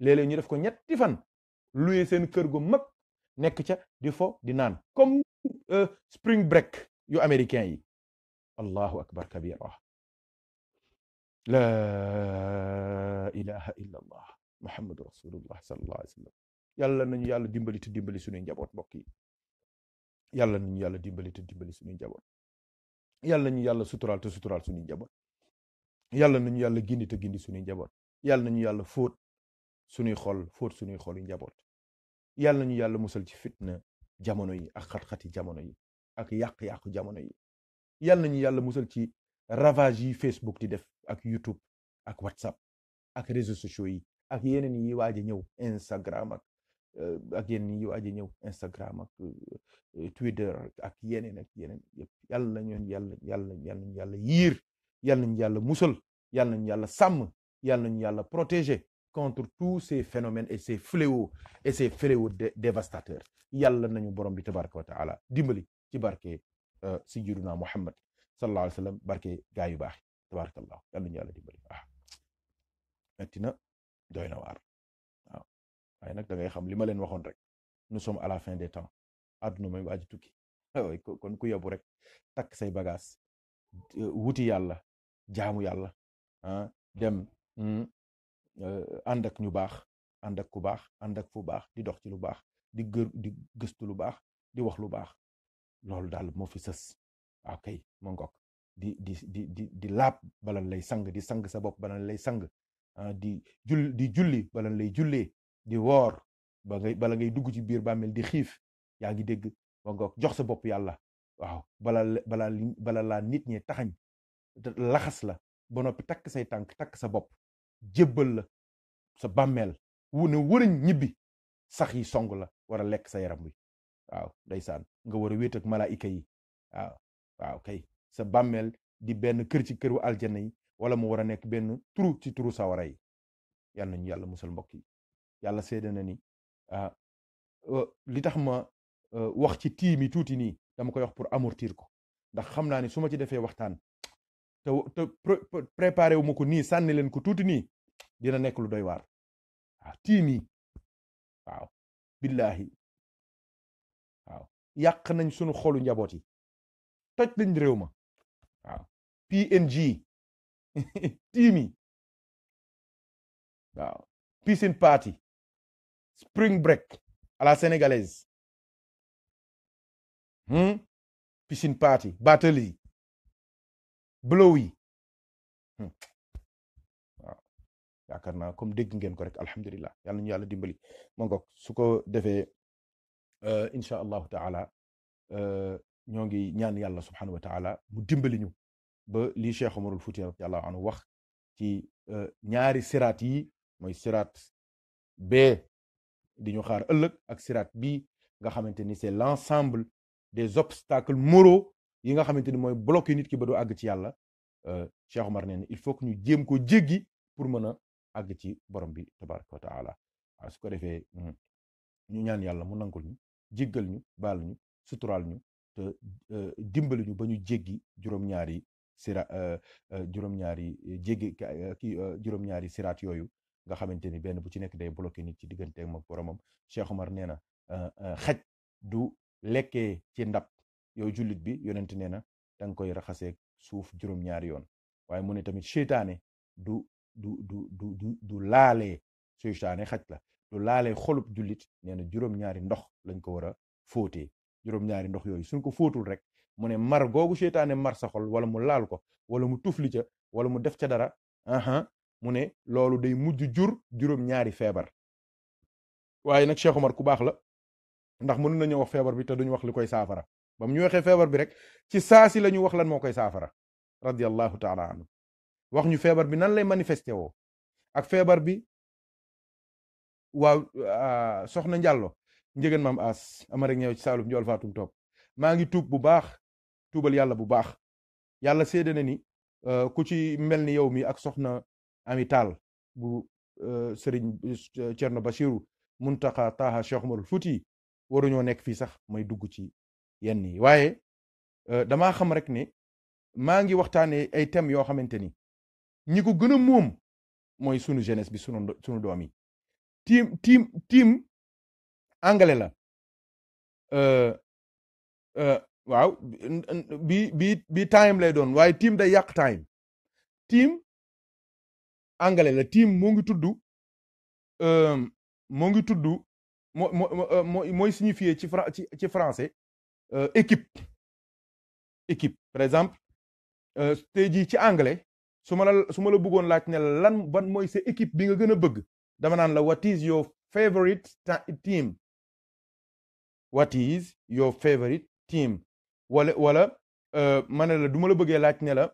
léeg-léeg ñu def ko ñetti fan luye seen kër gu mag nekk ca di fo di naan comme euh, spring yu américain yi allahu akbar kabira la ilaha illa allah muhammadu rasulullah sallallahu alayhi wa sallam yàlla nañu dimbali te dimbali sunuy njaboot mbokk yi yàlla nañu yàlla dimbali te dimbali suñuy njaboot yàlla nañu yàlla suturaal te suturaal suñuy njaboot yàlla nañu yàlla gindi te gindi suñuy njaboot yàlla nañu yàlla fóot suñuy xol fóot suñuy xol yi njaboot yàlla nañu yàlla musal ci fitna jamono yi ak xat-xati jamono yi ak yàq-yàqu jamono yi yàlla nañu yàlla musal ci ravage yi Facebook di def ak YouTube ak WhatsApp ak réseaux sociaux yi ak yeneen yi waaj a ñëw Instagram ak ak yenn yu aji ñëw Instagram ak Twitter ak yeneen ak yeneen yëpp yàlla yàlla yàlla yàlla nañu yàlla yiir yàlla nañu yàlla musal yàlla nañu yàlla sàmm yàlla nañu yàlla protéger contre tous ces phénomènes et ces fléaux et ces fléaux dévastateurs yàlla nañu borom bi tabaraka wa taala dimbali ci barke sayyiduna Muhammad na alayhi wa sallam barke gaa yu baax yi tabaraka Allah yàlla nañu yàlla dimbali ah metti na na waar waaye nag da ngay xam li ma leen waxoon rek nu sommes à la fin des temps àdduna mooy waaj tukki kon ku yóbbu rek takk say bagaas euh, wuti yàlla jaamu yàlla ah dem hmm, euh, ànd ñu baax ànd ak ku baax ànd ak fu baax di dox ci lu baax di gër di gëstu lu baax di wax lu baax loolu daal moo fi sës waaw ah, kay ma di di di di di laab balan lay sang di sang sa bopp balan lay sang ah, di jul di julli balan lay jullee di woor ba ngay bala ngay dugg ci biir bàmmeel di xiif yaa ngi dégg ba nga jox sa bopp yàlla waaw bala bala nit ñi taxañ laxas la ba noppi takk say tànk takk sa bopp jébbal la sa bàmmeel wu ne wërëñ ñibbi sax yi song la war a lekk sa yaram wi waaw ndeysaan nga war a wéet ak malaayika yi waaw kay sa bàmmeel di benn kër ci këru aljana yi wala mu war a nekk benn turu ci turu sawara yi yal nañu yàlla musal mbokk yi yàlla seede na ni ah, li tax ma ah, wax ci tiimi tuuti nii dama koy wax pour amortir ko ndax xam naa ni su ma ci defee waxtaan te te préparé wu ma ko nii sànni leen ko tuuti nii dina nekk lu doy waar waaw tiim yi nañ sunu xolu njaboot yi nañ réew ma waaw PNG tiim yi party spring break à la hmm? party battle yi blow yi hmm. waaw yaakaar naa comme dégg ngeen ko rek alhamdulilah yàlla nañu yàlla dimbali moo ko su ko defee uh, incha allahu taala euh, ñoo ngi ñaan yàlla subhanahu wa taala mu dimbali ñu ba li Cheikh Omarul Fouti radiyallahu anhu wax ci euh, ñaari uh, siraat yi mooy siraat bee di ñu xaar ëllëg ak siraat bi nga xamante ni c'est l'ensemble des obstacles moro yi nga xamante ni mooy bloqué nit ki ba doo àgg ci yàlla euh, Cheikh Omar nee na il faut que ñu jéem ko jéggi pour mën a àgg ci borom bi tabaraka wa taala su ko defee hmm, ñu ñaan yàlla mu nangul ñu jéggal ñu baal ñu suturaal ñu te euh, dimbali ñu ba ñu jéggi juróom-ñaari sira euh, juróom-ñaari jéggi ki juróom-ñaari siraat yooyu nga xamante ni benn bu ci nekk day bloqué nit ci digganteeg mag boromam Cheikh mar nee na euh, euh, xaj du lekke ci ndab yow julit bi yonent nee na da nga koy raxaseek suuf juróom-ñaari yoon waaye mu ne tamit seytaane du du du du du du laalee la du laale xolub julit nee na juróom-ñaari ndox lañ ko war a fóotee juróom-ñaari ndox yooyu suñ ko fóotul rek mu ne mar googu seytaane mar sa xol wala mu laal ko wala mu tufli ca wala mu def ca dara aha uh-huh, mu ne loolu day mujj jur juróom-ñaari feebar waaye nag Cheikh Omar ku baax la ndax mënu nañu wax feebar bi te duñu wax li koy saafara bam mu ñu waxee feebar bi rek ci saasi la ñu wax lan moo koy saafara ta taala anhu wax ñu feebar bi nan lay manifesté woo ak feebar bi waaw ah, soxna Njàllo njëgën maam as amarek ñëw ci Saalum Njool Faatum toog maa ngi tuub bu baax tuubal yàlla bu baax yàlla séede na ni ah, ku ci mel ni yow mi ak soxna amital bu euh, Serigne Thierno euh, Bachirou Muntaqa Taha Cheikh Umarul Fouti waruñoo nekk fii sax may dugg ci yenn yi waaye euh, damaa xam rek ne maa ngi waxtaanee ay thèmes yoo xamante ni ñi ko gën a moom mooy sunu jeunesse bi sunu sunu doom yi. tiim tiim tiim angale la waaw bi bi bi time lay doon waaye tiim day yàq time anglais la team moo ngi tudd euh, moo ngi tudd moo moo euh, mooy signifier ci fra ci ci euh, par exemple te jii ci anglais su ma la su ma la bëggoon laaj ne lan ban mooy sa équipe bi nga gën a bëgg dama naan la what is your favorite team what is your favorite team wala wala ma la du ma la bëggee laaj ne la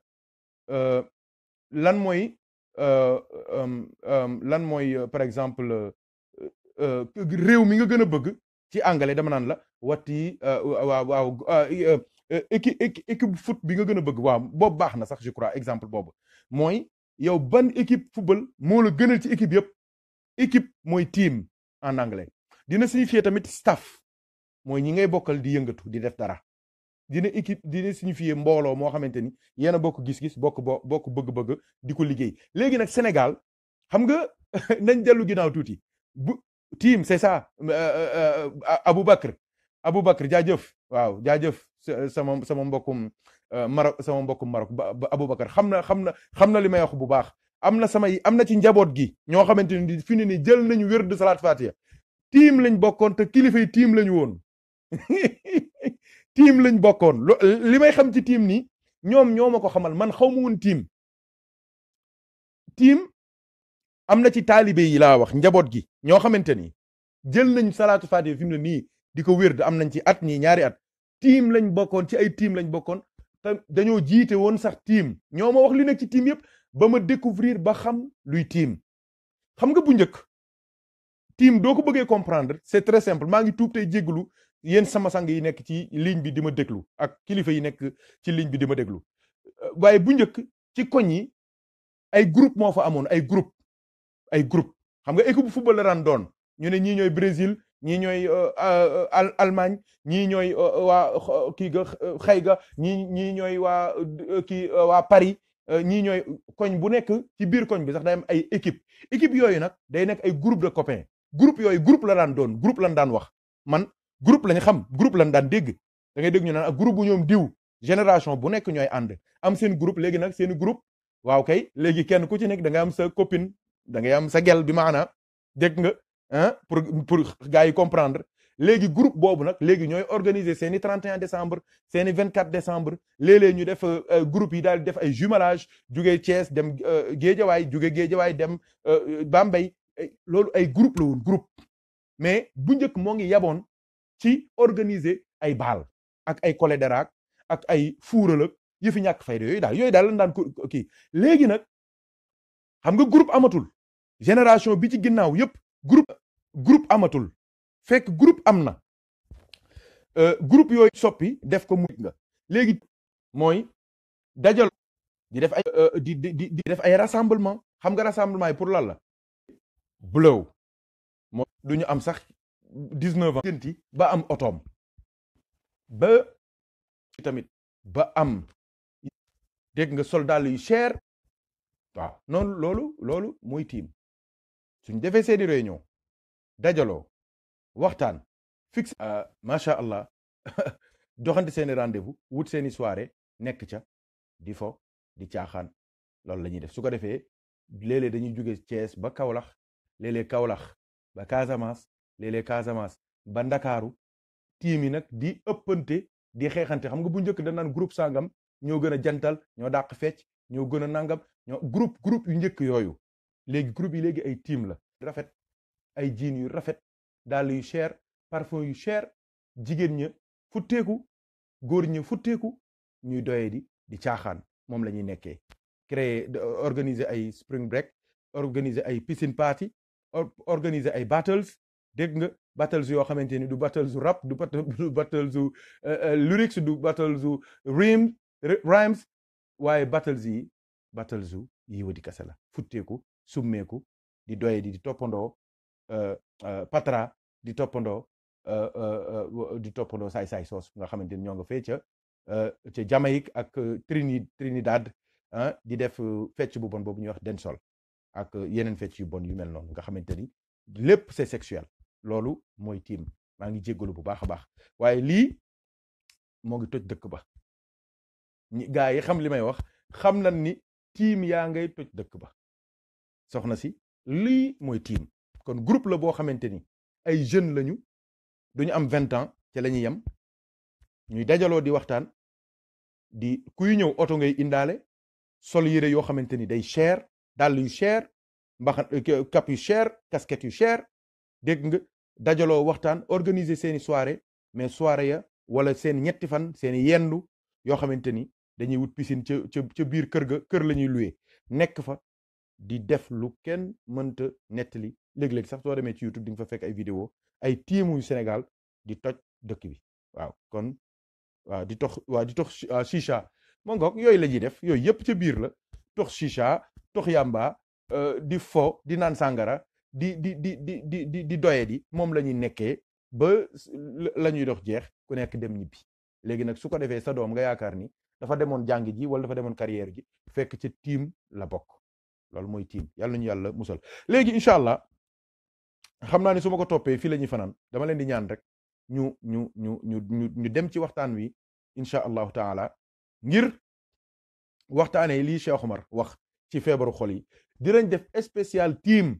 lan mooy Euh, euh, euh, lan mooy par exemple réew mi nga gën a bëgg ci anglais dama naan la wati waaw waaw équipe équipe foot bi nga gën a bëgg waaw boobu baax na sax je crois exemple boobu mooy yow ban équipe football moo la gënal ci équipe yëpp équipe mooy team en anglais dina signifier tamit staff mooy ñi ngay bokkal di yëngatu di def dara dina équipe dina signifier mbooloo moo xamante ni yéen a bokk gis-gis bokk bo bokk bëgg-bëgg di ko liggéey léegi nag Sénégal xam nga nañ dellu ginnaaw tuuti bu team c'est ça Aboubacar euh, euh, euh, Aboubacar jaajëf waaw jaajëf sama sama mbokkum Maroc sama mbokkum Maroc ba Aboubacar xam na xam na xam na li may wax bu baax am na samay am na ci njaboot gi ñoo xamante ni fi ne ni jël nañu wér de salaat fatiha tiim lañ bokkoon te kilifay tiim lañu woon tiim lañ bokkoon limay xam ci tiim nii ñoom ñoo ma ko xamal man xawma woon tiim tiim am na ci taalibe yi laa wax njaboot gi ñoo xamante ni jël nañ salaatu faatiha fi mu nii di ko wér am nañ ci at ñii ñaari at tiim lañ bokkoon ci ay tiim lañ bokkoon te dañoo jiite woon sax tiim ñoo ma wax li nekk ci tiim yépp ba ma découvrir ba xam luy tiim xam nga bu njëkk tiim doo ko bëggee comprendre c'est très simple maa ngi tuub tey jégglu yéen sama sang yi nekk ci ligne bi di ma déglu ak kilifa yi nekk ci ligne bi di ma déglu euh, waaye bu njëkk ci koñ yi ay groupe moo fa amoon ay groupe ay groupe xam nga équipe football la daan doon ñu ne ñii ñooy Brésil ñii ñooy euh, euh, Allemagne ñii ñooy waa kii ga xëy ga ñii ñii ñooy waa kii waa Paris ñii ñooy koñ bu nekk ci biir koñ bi sax day am ay équipe équipe yooyu nag day nekk ay groupe de copains groupe yooyu groupe la daan doon groupe lan daan wax groupe lañ xam groupe lañ daan dégg da ngay dégg ñu naan ak groupe bu ñoom diw génération bu nekk ñooy ànd am seen groupe léegi nag seen groupe waaw kay léegi kenn ku ci nekk da am sa copine da ngay am sa gel bi maana dégg nga ah pour pour gars yi comprendre léegi groupe boobu nag léegi ñooy organiser seen i 31 décembre seen vingt 24 décembre léeg-léeg ñu def euh, groupe yi daal di def ay jumelage juge Thiès dem euh, Géejawaay jugee Géejawaay dem euh, Bambey loolu ay groupe la groupe mais bu njëkk moo ngi yaboon ci organiser ay baal ak ay kolederaak ak ay fuuralak yëfi ñàkk fayda yooyu daal yooyu daal lan daan ko kii léegi nag xam nga groupe amatul génération bi ci ginnaaw yëpp groupe groupe amatul fekk groupe am na euh, groupe yooyu soppi def ko mu nga léegi mooy dajal di def ay euh, di di di def ay rassemblement xam nga rassemblement yi pour lan la blow moo duñu am sax 19 ans jënti ba am otoom ba tamit ba am dégg nga soldat yu cher waaw noonu loolu loolu mooy tiim suñ defee seeni réunion dajaloo waxtaan fix euh, macha allah joxante seeni rendez-vous wut seeni soirée nekk ca di fo di caaxaan loolu la def su ko defee léeg-léeg dañuy jóge Thiès ba kawlax léeg-léeg ba Casamance léeg-léeg Casamance ba Ndakaaru tiim yi nag di ëppante di xeexante xam nga bu njëkk da naan groupe sangam ñoo gën a jantal ñoo dàq fecc ñoo gën a nangam ñoo groupe groupe yu njëkk yooyu léegi groupe yi léegi ay tiim la. rafet ay jiin yu rafet dàll yu cher parfum yu cher jigéen ñi futteeku góor ña futteeku ñuy doye di di caaxaan moom la ñuy nekkee. créer organiser ay spring break organiser ay piscine party organiser ay battles. dégg nga battles yoo xamante ni du battles u rap du battles u du battles euh, euh, u rim waaye battles yi battles u yi wadi kase la futteeku summeeku di doye di di toppandoo euh, patra di toppandoo di toppandoo saay saay soos nga xamante ni ñoo nga fee ca ca Jamaïque ak Trinidad Trinidad di def fecc bu bon boobu ñuy wax den sol ak yeneen fecc yu bon yu mel noonu nga xamante ni lépp c'est sexuel loolu mooy tiim maa ngi jéggalu bu baax a baax waaye lii moo ngi toj dëkk ba ñi gaa yi xam li may wax xam nañ ni tiim yaa ngay toj dëkk ba soxna si lii mooy tiim kon groupe la boo xamante ni ay jeunes lañu duñu am vingt ans ca la ñuy yem ñuy dajaloo di waxtaan di kuy ñëw oto ngay indaale sol yére yoo xamante ni day cher dàll yu cher mbaxan euh, yu cher casquette yu cher dégg nga dajaloo waxtaan organiser seeni soirée mais soirée ya wala seen ñetti fan seeni yendu yoo xamante ni dañuy wut piscine ca ca ca biir kër ga kër lañuy ñuy nekk fa di def lu kenn mënta nettali léeg-léeg sax soo demee ci YouTube di fa fekk ay vidéo ay tiimu senegal di toj dëkk bi waaw kon waaw di tox waaw di tox ah, chicha moo yooyu la ñuy def yooyu yëpp ca biir la tox chicha tox yamba euh, di fo di naan sàngara di di di di di di di doye di moom la ñuy nekkee ba la ñuy dox jeex ku nekk dem ñibbi léegi nag su ko defee sa doom nga yaakaar ni dafa demoon jàng ji wala dafa demoon carrière ji fekk ci tiim la bokk loolu mooy tiim yàlla ñu yàlla musal léegi incha allah xam naa ni su ma ko toppee fii la ñuy fanaan dama leen di ñaan rek ñu ñu ñu ñu ñu dem ci waxtaan wi incha allahu taala ngir waxtaanee lii Cheikh Omar wax ci feebaru xol yi dinañ def spécial tiim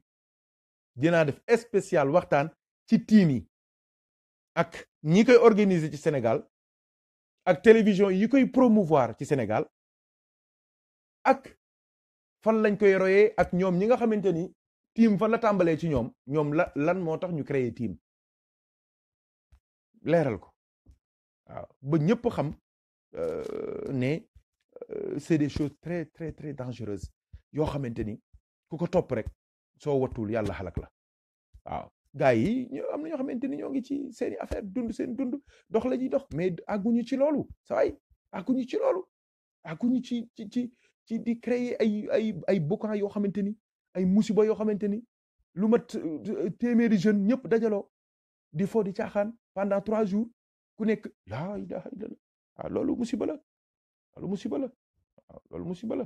dinaa def spécial waxtaan ci team yi ak ñi koy organiser ci senegal ak télévision yi koy promouvoir ci Sénégal ak fan lañ koy royee ak ñoom ñi nga xamante ni team fan la tàmbalee ci ñoom ñoom la lan moo tax ñu créer team leeral ko waaw ba ñëpp xam euh, ne euh, c'est des choses très très très dangereuses yoo xamante ni ku ko topp rek soo watul yàlla xalak la waaw gaa yi ñoo am na ñoo xamante ni ñoo ngi ci seeni i affaire dund seen dund dox la ñuy dox mais àgguñu ci loolu saay àgguñu ci loolu àgguñu ci ci ci ci di créer ay ay ay bokan yoo xamante ni ay musiba yoo xamante ni lu mat euh, euh, téeméeri jeune ñëpp dajaloo di fo di caaxaan pendant trois jours ku nekk laa ilaha illallah waaw loolu la loolu musiba la waaw loolu musiba la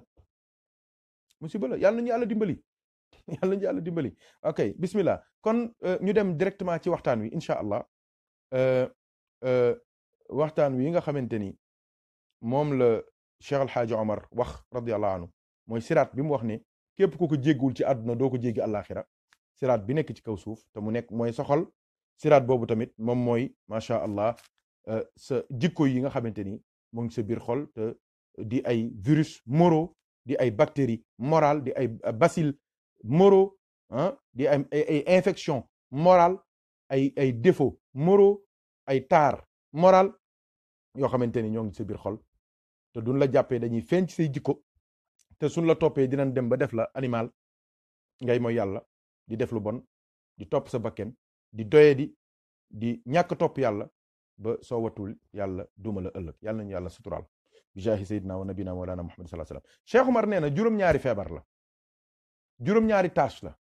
musiba la yàlla nañu yàlla dimbali yàlla ñu yàlla dimbali ok bismillah kon euh, ñu dem directement ci waxtaan wi incha allah euh, euh, waxtaan wi nga xamante ni moom la Cheikh El Hadj Omar wax radiyallahu mooy siraat bi mu wax ne képp ku ko jéggul ci àdduna doo ko jéggi àllaaxira siraat bi nekk ci kaw suuf te mu nekk mooy soxal siraat boobu tamit moom mooy macha allah sa jikko yi nga xamante ni mu ngi sa biir xol te di ay virus moro di ay bactéries moral di ay bacille moro ah di am ay infection morale ay ay défaut moraux ay taar moral yoo xamante ni ñoo ngi sa biir xol te duñ la jàppee dañuy feeñ ci say jikko te suñ la toppee dinañ dem ba def la animal ngay mooy yàlla di def lu bon di topp sa bakken di doye di di ñàkk topp yàlla ba soo watul yàlla duma a ëllëg yàlla nañu yàlla suturaal bi jaahi sayyidina wa nabina wa lana muhammad sallallahu alayhi wasallam Cheikh Umar nee na juróom-ñaari feebar la juróom-ñaari tâche la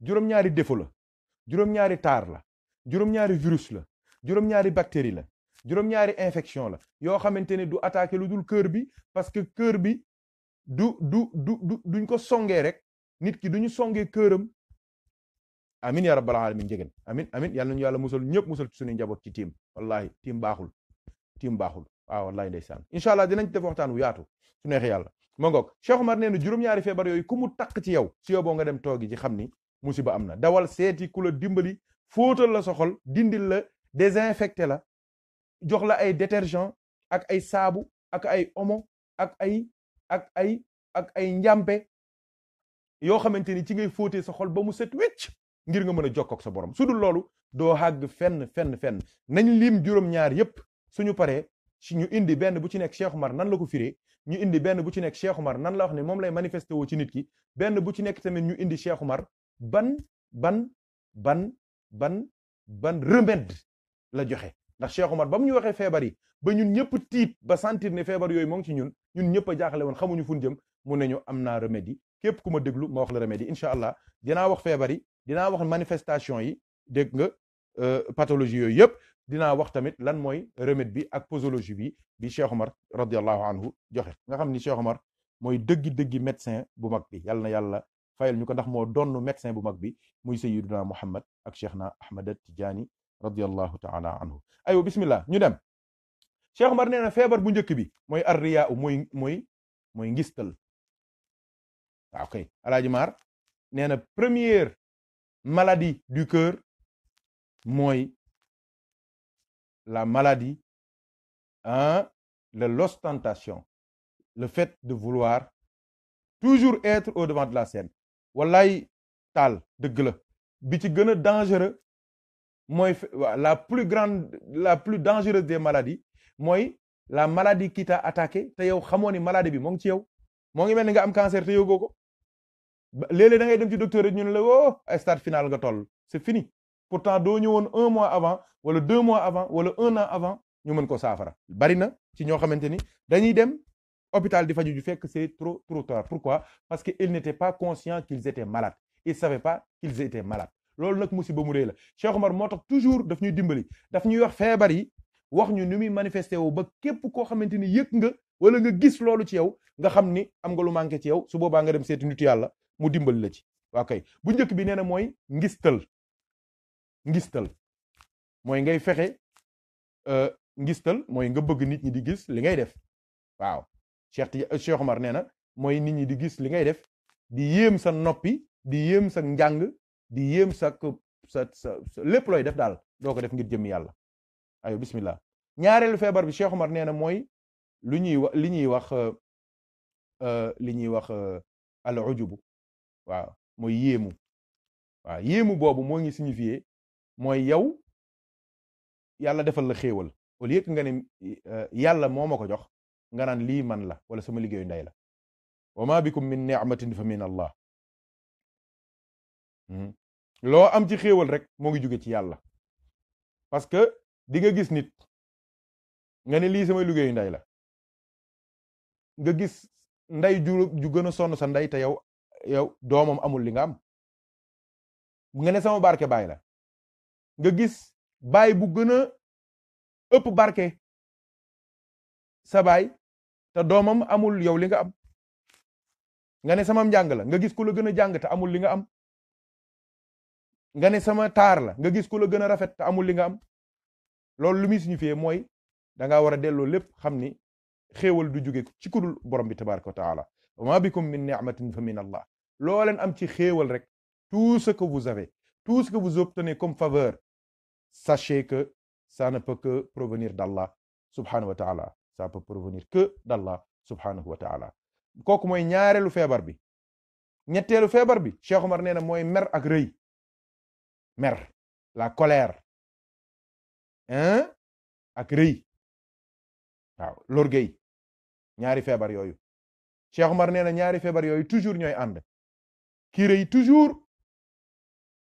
juróom-ñaari défaut la juróom-ñaari taar la juróom-ñaari virus la juróom-ñaari bactérie la juróom-ñaari infection la yoo xamante ne du attaqué lu dul kër bi parce que kër bi du du du duñ ko songee rek nit ki duñu songee cœuram amin ya rabbal alamin njegéen amin amin yàlla nañu yàlla musal ñëpp musal ci suñu njaboot ci tiim wallahi tiim baaxul tiim baaxul waaw wallahi ndeysaan incha allah dinañ def waxtaan wu yaatu su neexee yàlla ma ngoog Cheikh nee na juróom-ñaari feebar yooyu ku mu takk ci yow si yow boo nga dem toogi ji xam ni musiba am na dawal seeti ku dimbali fóotal la soxol dindil la désinfecté la jox la ay détergent ak ay saabu ak ay omo ak ay ak ay ak ay njàmpe yoo xamante ni ci ngay foote soxol ba mu set wecc ngir nga mën a jokkook sa borom su loolu doo xàgg fenn fenn fenn nañ lim juróom-ñaar yépp suñu paree si ñu indi benn bu ci nekk Cheikh Omar nan la ko firee ñu indi benn bu ci nekk Cheikh mar nan la wax ne moom lay manifesté woo ci nit ki benn bu ci nekk tamit ñu indi Cheikh mar ban ban ban ban ban remède la joxe ndax Cheikh Umar ba mu ñu waxee feebar yi ba ñun ñëpp tiit ba santir ne feebar yooyu moo ngi ci ñun ñun ñëpp a jaaxle woon xamuñu fu ñu jëm mu ne ñu am naa remède képp ku ma déglu ma wax la remède yi incha allah dinaa wax feebar yi dinaa wax manifestation yi dégg nga Euh, pathologie yooyu yëpp dinaa wax tamit lan mooy remède bi ak posologie bi bi Cheikh Omar radiallahu anhu joxe nga xam ni Cheikh Omar mooy dëggi-dëggi médecin bu mag bi yàlla na yàlla fayal ñu ko ndax moo donn médecin bu mag bi muy sayiduna Muhammad ak Cheikh na Ahmad Tijaani radiallahu taala anhu aywa bismillah ñu dem Cheikh Omar nee feebar bu njëkk bi mooy arriyaa mooy mooy mooy ngistal ah, alaaji maar nee na première du cœur mooy la maladie hein, l'ostentation le fait de vouloir toujours être au devant de la scène wallaay taal dëgg la bi ci gën a dangereux mooy la plus grande la plus dangereuse des maladies mooy la maladie qui t'a te yow xamoo ni maladie bi moo ngi ci yow moo ngi mel ni nga am cancer te yëgoo ko léeg-léeg da ngay dem ci docteur ñu ne la woo oh, stade final nga toll c'est fini pourtant doo ñëwoon un mois avant wala deux mois avant wala un an avant ñu mën ko saafara bari na ci ñoo xamante ni dañuy dem hôpital di faju ju fekk c'est trop trop tard pourquoi parce que ils n'étaient pas conscients qu'ils étaient malades ils savaient pas qu'ils étaient malades loolu nag musiba mu rëy la Cheikh Omar moo tax toujours daf ñuy dimbali daf ñuy wax feebar yi wax ñu ni muy manifesté wu ba képp koo xamante ni yëg nga wala nga gis loolu ci yow nga xam ni am nga lu manqué ci yow su boobaa nga dem seeti mu dimbali la ci. waa kay bu njëkk bi nee na mooy ngistal ngistal mooy ngay fexe euh, ngistal mooy nga bëgg nit ñi di gis li ngay def waaw Cheikh Cheikh Omar nee na mooy nit ñi di gis li ngay def di yéem sa noppi di yéem sa njàng di yéem sa lépp looy def daal doo ko def ngir jëmm yàlla ayo bismillah ñaareelu feebar bi Cheikh Omar na mooy lu ñuy li ñuy wax euh, euh, li ñuy wax al ujubu waaw mooy yéemu waaw yéemu boobu moo ngi signifié mooy yow yàlla defal la xéewal au lieu que nga e, yàlla moo ma ko jox nga naan lii man la wala sama liggéeyu ndey la wa ma bikum min ni'matin fa min allah hmm. loo am ci xéewal rek moo ngi jóge ci yàlla parce que di nga gis nit nga ne lii samay liggéeyu ndey la nga gis ndey ju ju gën a sonn sa ndey te yow yow doomam amul li nga am nga ne sama barke baay la nga gis baay bu gën a ëpp barke sa baay te doomam amul yow li nga am nga ne sama njàng la nga gis ku la gën a jàng amul li nga am nga ne sama taar la nga gis ku la gën a rafet te amul li nga am loolu lu muy signifié mooy da ngaa war a delloo lépp xam ni xéewal du jóge ci kudul borom bi tabaraka wa taala wa ma bikum min ni'matin fa min allah loo leen am ci xéewal rek tu ce que vous avez tout ce vous obtenez sachez que ça ne peut que provenir d'Allah subhanahu wa ta'ala ça provenir que d'Allah subhanahu wa kooku mooy ñaareelu feebar bi ñetteelu feebar bi Cheikh Omar nee na mooy mer ak rëy mer la colère hein ak rëy waaw ñaari feebar yooyu Cheikh Omar nee na ñaari feebar yooyu toujours ñooy ànd ki rëy toujours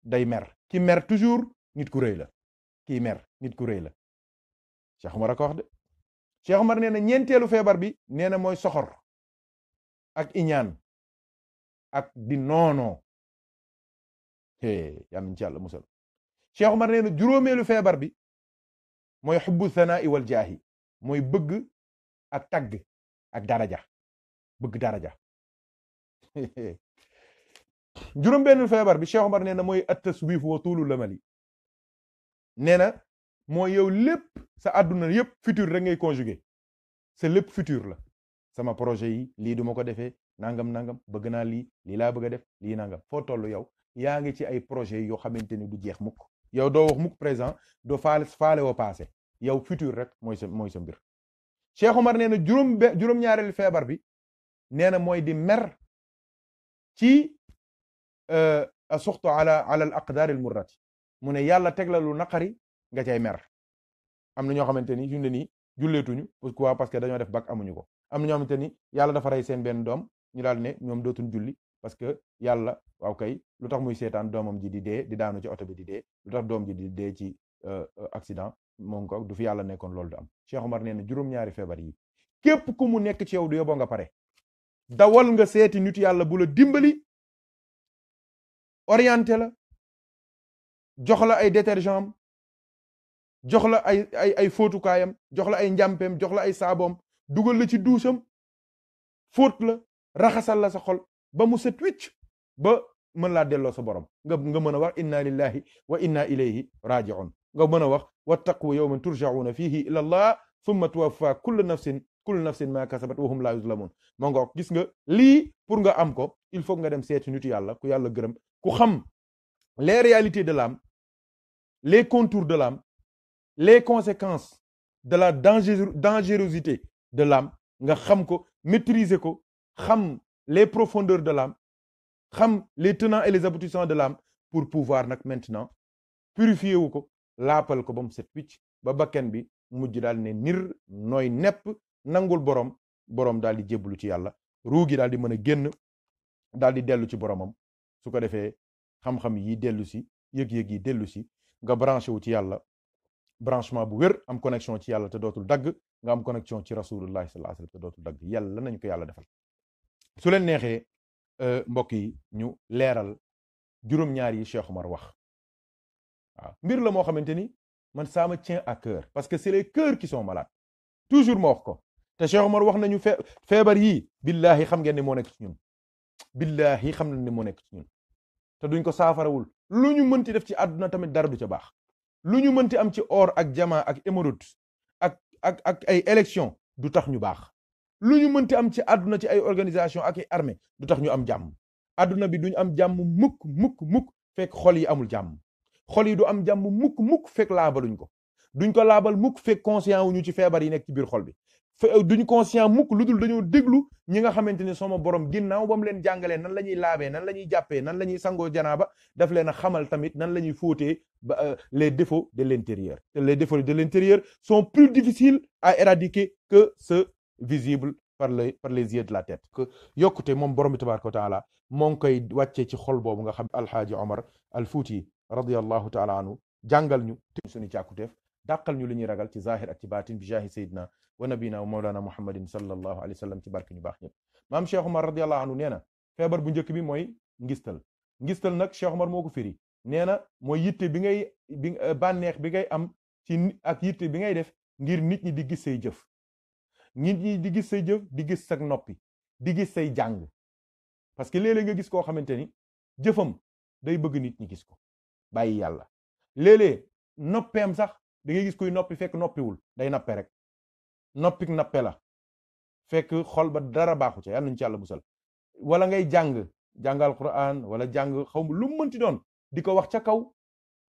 day mer ki mer toujours nit ku rëy la kii nit ku rëy la Cheikh Omar a ko wax de Cheikh Omar nee na ñeenteelu feebar bi nee na mooy soxor ak iñaan ak di noonoo yal nañu ci yàlla musal Cheikh Omar nee na juróomeelu feebar bi mooy xubbu sanaa'i iwal jaahi mooy bëgg ak tagg ak daraja bëgg daraja juróom feebar bi Cheikh Omar nee na mooy at taswiif wa tuulu lamali nee na mooy yow lépp sa adduna yépp futur rek ngay conjuguer sa lépp futur la sama projet yi lii du ma ko defee nangam nangam bëgg naa li lii laa bëgg a def lii nangam foo toll yow yaa ngi ci ay projets yoo xamante ni du jeex mukk yow doo wax mukk présent doo faale faale woo passé yow futur rek mooy sa mooy sa mbir Cheikh Omar nee na juróom be juróom-ñaareelu feebar bi nee na mooy di mer ci euh, suxtu ala ala al aqdaar al mu ne yàlla teg la lu naqari nga cay mer am na ñoo xamante ni fi mu ne nii julleetuñu pourquoi parce que dañoo def bak amuñu ko am ñoo xamante ni yàlla dafa seen benn doom ñu daal ne ñoom dootuñ julli parce que yàlla waaw kay lu tax muy seetaan doomam ji di dee di daanu ci oto bi di dee lu doom ji di dee ci euh, accident moom ko du yàlla nekkoon loolu du am Cheikh nee na juróom feebar yi képp ku mu nekk ci yow du yóbboo nga pare dawal nga yàlla bula dimbali orienté jox la ay détergent am jox la ay ay ay fóotukaayam jox la ay njàmpeem jox la ay saaboom dugal la ci duusam fóot la raxasal la sa xol ba mu set wicc ba mën laa delloo sa borom nga nga mën a wax inna lillahi wa inna ilayhi rajiun nga mën a wax wattaqu yawman turjauna fihi ila allah thumma tuwaffa kullu nafsin kullu nafsin ma kasabat wa hum la yuzlamun ma ngoog gis nga lii pour nga am ko il faut nga dem seeti nitu yàlla ku yàlla gërëm ku xam les réalités de l'âme les contours de l'âme les conséquences de la dangerosité de l'âme nga xam ko maîtriser ko xam les profondeurs de l'âme xam les tenants et les aboutissants de l'âme pour pouvoir nag maintenant purifier wu ko laapal ko ba mu set wicc ba bakken bi mujj daal ne nir nooy nepp nangul borom borom daal di jébbalu ci yàlla ruu gi daal di mën a génn daal di dellu ci boromam su ko defee xam-xam yi dellu si yëg-yëg yi dellu si nga branché wu ci yàlla branchement bu wér am connexion ci yàlla te dootul dagg nga am connexion ci rasulullah sallallahu alayhi wasallam te dootul dagg yàlla nañ ko yàlla defal su leen neexee euh, mbokk yi ñu leeral juróom-ñaar yi Cheikh wax waaw mbir la moo xamante ni man ça me tient à parce que c'est les cœurs qui sont malades toujours ma wax ko te Cheikh Omar wax nañu fee feebar yii billaahi xam ngeen ne moo nekk ci ñun billaahi xam nañ ni moo nekk ci ñun te duñ ko saafarawul lu ñu mënti def ci àdduna tamit dara du ca baax lu ñu mënti am ci or ak jamaa ak émeraude ak ak ak ay élection du tax ñu baax lu ñu mënti am ci àdduna ci ay organisation ak ay armée du tax ñu am jàmm àdduna bi duñ am jàmm muk mukk mukk fekk xol yi amul jàmm xol yi du am jàmm mukk mukk fekk laabaluñ ko duñ ko laabal mukk fekk conscient wuñu ci feebar yi nekk ci biir xol bi Euh, duñu conscient mukk lu dul dañoo déglu ñi nga xamante ne sama borom ginnaaw moom leen jàngalee nan la ñuy laabee nan la ñuy jàppee nan la ñuy sangoo janaaba daf leen a xamal tamit nan la ñuy fóotee ba euh, les défauts de l'intérieur les défauts de l'intérieur son plus difficiles à éradiquer que ceux visibles par les par les yeux de la tête que yokkute moom borom bi tabaraka wa taala moo ngi koy wàccee ci xol boobu nga xam alxaaji Omar al Fuuti radiyallahu taala anhu jàngal ñu te suñu càkkuteef dàqal ñu lu ñuy ragal ci zahir ak ci baatin bi jaahi sayidina wa nabina wa maulana muhammadin sallallahu alayhi wa sallam ci barke ñu baax ñëpp maam Cheikh Omar radiallahu anhu nee na feebar bu njëkk bi mooy ngistal ngistal nag Cheikh Omar moo ko firi nee na mooy yitte bi ngay bi eh, bànneex bi ngay am ci ak yitte bi ngay def ngir nit ñi di gis say jëf nit ñi di gis say jëf di gis sa noppi di gis say jàng parce que léeg nga gis koo xamante ni jëfam day bëgg nit ñi gis ko bàyyi yàlla sax da ngay gis kuy noppi fekk noppiwul day nappe rek noppik nappe la fekk xol ba dara baaxu ca yàlla nañu ci yàlla musal wala ngay jàng jàng alquran wala jàng xaw ma lu mu mënti doon di ko wax ca kaw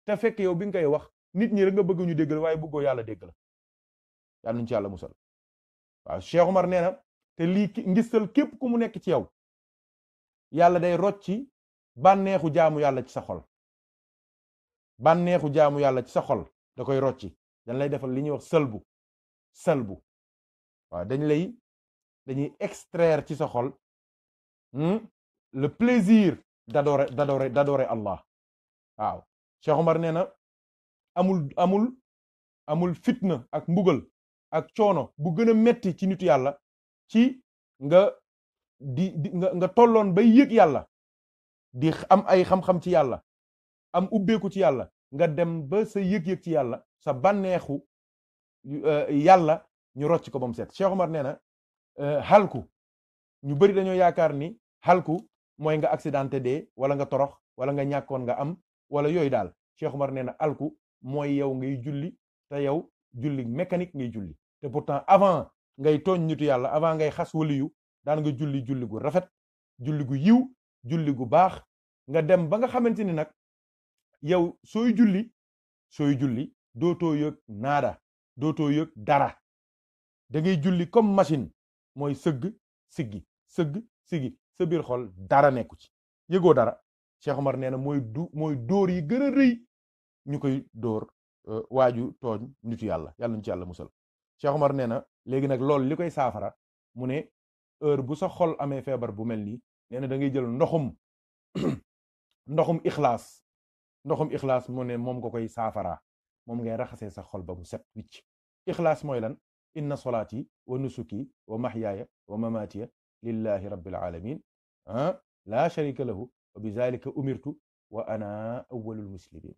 te fekk yow bi nga koy wax nit ñi rek nga bëgguñu dégg la waaye bëggoo yàlla dégg la yàlla nañu ci yàlla musal waaw Cheikh Omar nee na te lii ngistal képp ku mu nekk ci yow yàlla day rocci bànneexu jaamu yàlla ci sa xol bànneexu jaamu yàlla ci sa xol da koy rocci dañ defal li ñuy wax sëlbu salbu waaw dañ lay dañuy extraire ci sa xol hmm, le plaisir d'adorer d'adorer d'adorer Allah waaw Cheikh Omar na amul amul amul fitna ak mbugal ak coono bu gën a metti ci nitu yàlla ci nga di nga nga tolloon ba yëg yàlla di am ay xam-xam ci yàlla am ubbeeku ci yàlla nga dem ba sa yëg-yëg ci yàlla sa bànneexu euh, yàlla ñu rocc ko ba mu set Cheikh Omar nee na euh, halku ñu bëri dañoo yaakaar ni halku mooy nga accidenté dee wala nga torox wala nga ñàkkoon nga am wala yooyu daal Cheikh Omar na halku mooy yow ngay julli te yow julli mécanique ngay julli te pourtant avant ngay tooñ nitu yàlla avant ngay xas waliyu daan nga julli julli gu rafet julli gu yiw julli gu baax nga dem ba nga xamante ni nag yow sooy julli sooy julli dootoo yëg naada dootoo yëg dara da julli comme machine mooy sëgg siggi sëgg siggi sa biir xol dara nekku ci yëgoo dara Cheikh Omar nee na mooy du mooy dóor yi gën a rëy ñu koy dóor euh, waaju tooñ nitu yàlla yàlla ñu ci yàlla musal Cheikh Omar nee na léegi nag loolu li koy saafara mu ne heure bu sa xol amee feebar bu mel nii nee na da ngay jël ndoxum ndoxum ndoxum ixlaas mu ne moom nga koy saafaraa moom ngay raxasee sa xol ba mu set wicc ixlaas mooy lan inna solaati wa nusuki wa maxyaaya wa mamaatiya lillahi rabbil alamin ah laa sharika lahu wa bizalika umirtu wa ana awwalul muslimin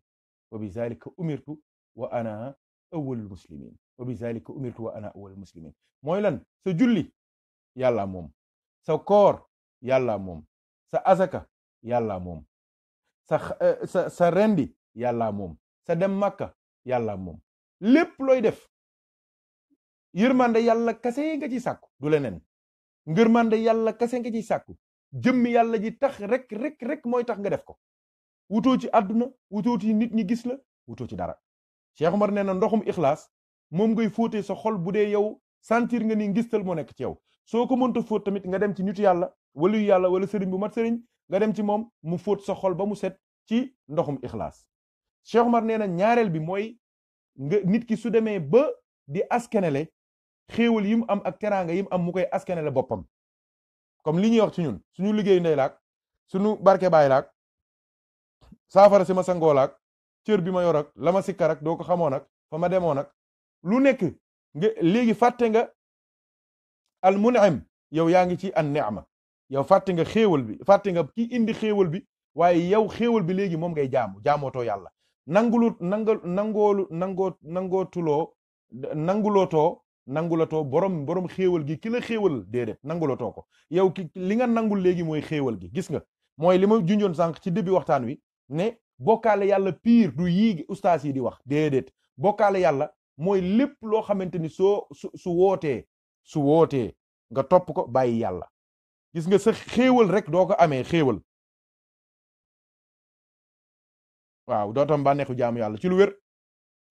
wa bizalika umirtu wa ana awwalul muslimin wa bizalika umirtu wa ana awwalul muslimin mooy lan sa julli yàllaa moom sa koor yàllaa moom sa azaka yàllaa moom sa eh, sa sa rendi yàlla moom sa dem màkka yàlla moom lépp looy def yërmande yàlla kase nga ci sàkku du leneen ngërmande yàlla kase nga ci sàkku jëmmi yàlla ji tax rek rek rek mooy tax nga def ko wutoo ci àdduna wutoo ci nit ñi gis la wutoo ci dara Cheikh Omar nee na ndoxum ixlaas moom ngay fóotee sa xol bu dee yow sentir nga ni ngistal moo nekk ci yow soo ko mënta fóot tamit nga dem ci nitu yàlla waluyu yàlla wala sëriñ bu mat sëriñ nga dem ci moom mu fóot sa xol ba mu set ci ndoxum ixlaas Cheikh Omar nee na ñaareel bi mooy nga nit ki su demee ba di askanele xéewal yi mu am ak teraanga yi mu am mu koy askanele boppam comme li ñuy wax ci ñun suñu liggéey ndey laak sunu barke baay laak saafara si ma sangoo laak cër bi ma yor la ma sikkar doo ko xamoon nag fa ma demoon nag lu nekk nga léegi fàtte nga al munim yow yaa ngi ci an neema yow fàtte nga xéewal bi fàtte nga ki indi xéewal bi waaye yow xéewal bi léegi moom ngay jaamu jaamootoo yàlla nangulut nanga nangoolu nangoo nangootuloo nangulootoo nangulatoo borom borom xéewal gi kila la xéewal déedéet nangulatoo ko yow ki li nga nangul léegi mooy xéewal gi gis nga mooy li ma junjoon sànq ci début waxtaan wi ne bokkaale yàlla piir du yii ustaas yi di wax déedéet bokkaale yàlla mooy lépp loo xamante ni soo su su wootee su wootee nga topp ko bàyyi yàlla gis nga sa xéewal rek doo ko amee xéewal waaw dootam bànneexu jaamu yàlla ci lu wér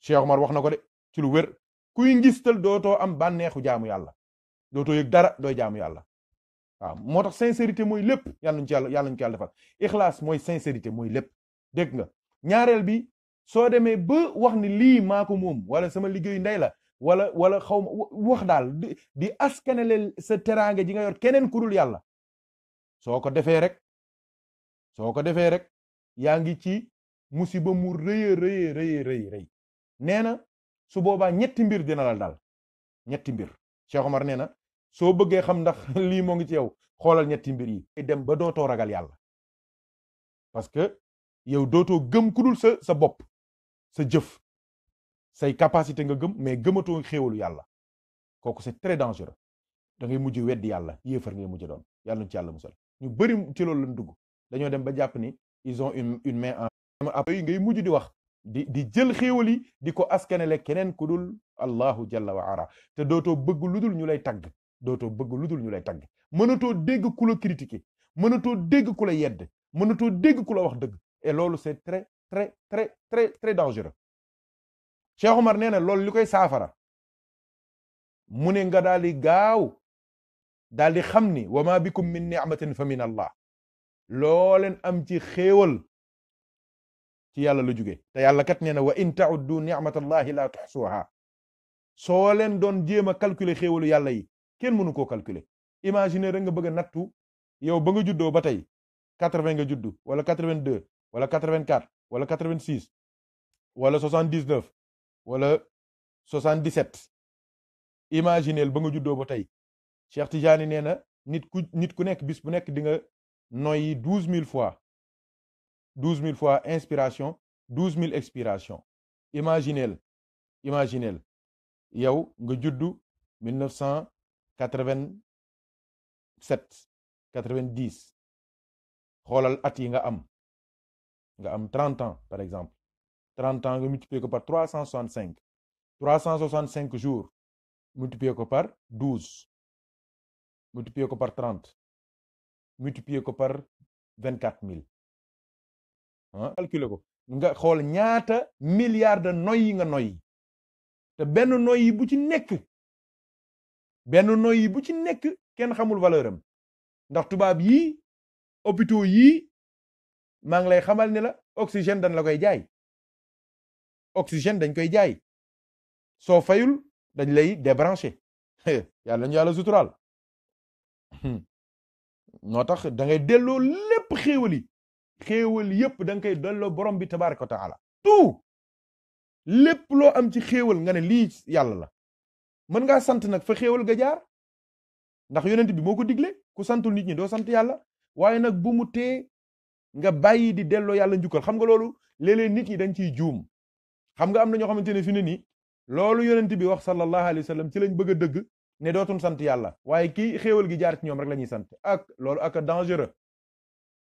Cheikh Omar wax na ko de ci lu wér kuy ngistal dootoo am bànneexu jaamu yàlla dootoo yëg dara dooy jaamu yàlla waaw moo tax sincérité mooy lépp yàlla nañu ci yàlla yàlla nañu ci yàlla defal ixlaas mooy sincérité mooy lépp dégg nga ñaareel bi soo demee ba wax ni lii maa ko moom wala sama liggéeyu ndey la wala wala xaw ma wax daal di di askanale sa teraange ji nga keneen ku yàlla soo ko defee rek soo ko defee rek yaa ngi ci musiba mu rëya rëya rëya rëy rëy nee na su boobaa ñetti mbir dina la daal ñetti mbir Cheikh Omar nee na soo bëggee xam ndax lii moo ngi ci yow xoolal ñetti mbir yi dem ba dootoo ragal yàlla parce que yow dootoo gëm ku sa sa bopp sa jëf say capacité nga gëm mais gëmatoo xéewalu yàlla kooku c'est très dangereux da ngay mujj weddi yàlla yéefar ngay mujj doon yàlla ñu ci yàlla musal ñu bëri ci loolu lañ dugg dañoo dem ba jàpp ni ils ont une une main en après ngay mujj di wax di di jël xéewal yi di ko askanele keneen ku dul allahu jalla wa ara te dootoo bëgg lu dul ñu lay tagg dootoo bëgg lu ñu lay tagg mënatoo dégg ku la critiquer mënatoo dégg kula la yedd mënatoo dégg ku wax dëgg e loolu c'est très très très très très dangereux Cheikh mar nee na loolu li koy saafara mu ne nga daal di gaaw daal di xam ni wa ma bikum min ni'matin fa min allah loo leen am ci xéewal ci yàlla lu jóge te yàlla kat nee na wa in ta'uddu ni'matallahi la tuhsuha soo leen doon jéem a calculer xéewalu yàlla yi kenn mënu koo calculer imagine rek nga bëgg a nattu yow bëgga nga juddoo ba tey 80 nga juddu wala 82 wala 84 wala 86 wala 79 wala 77 imagineel ba nga juddoo ba tey Cheikh Tidiane nee na nit ku nekk bis bu nekk di nga noyyi 12000 fois 12000 fois inspiration 12000 expiration imagineel imagineel yow nga juddu 1987 90 xoolal at yi nga am nga am 30 ans par exemple. 30 ans nga multiplier ko par 365 365 jours multiplier ko par 12 multiplier ko par 30 multiplier ko par 24000 ah calculer ko nga xool ñaata milliards de noyyi nga noyyi te benn noyyi bu ci nekk benn noyyi bu ci nekk kenn xamul valeur ndax tubaab yii hôpitaux yii maa ngi lay xamal ni la oxygène dañ la koy jaay. oxygène dañ koy jaay soo fayul dañ lay débranché yàlla ñu yàlla suturaal noo tax da ngay delloo lépp xéewal yi xéewal yépp danga nga koy delloo borom bi tabaraka wa taala tout lépp loo am ci xéewal nga ne lii yàlla la mën nga sant nag fa xéewal ga ndax yonent bi moo ko digle ku santul nit ñi doo sant yàlla waaye nag bu mu tee nga bàyyi di delloo yàlla njukkal xam nga loolu léeg nit ñi dañ ciy juum xam nga am na ñoo xamante ne fi ne nii loolu yonent bi wax sallallahu alayhi wa sallam ci lañ bëgg a dëgg ne dootum sant yàlla waaye kii xéewal gi jaar ci ñoom rek la ñuy sant ak loolu ak dangereux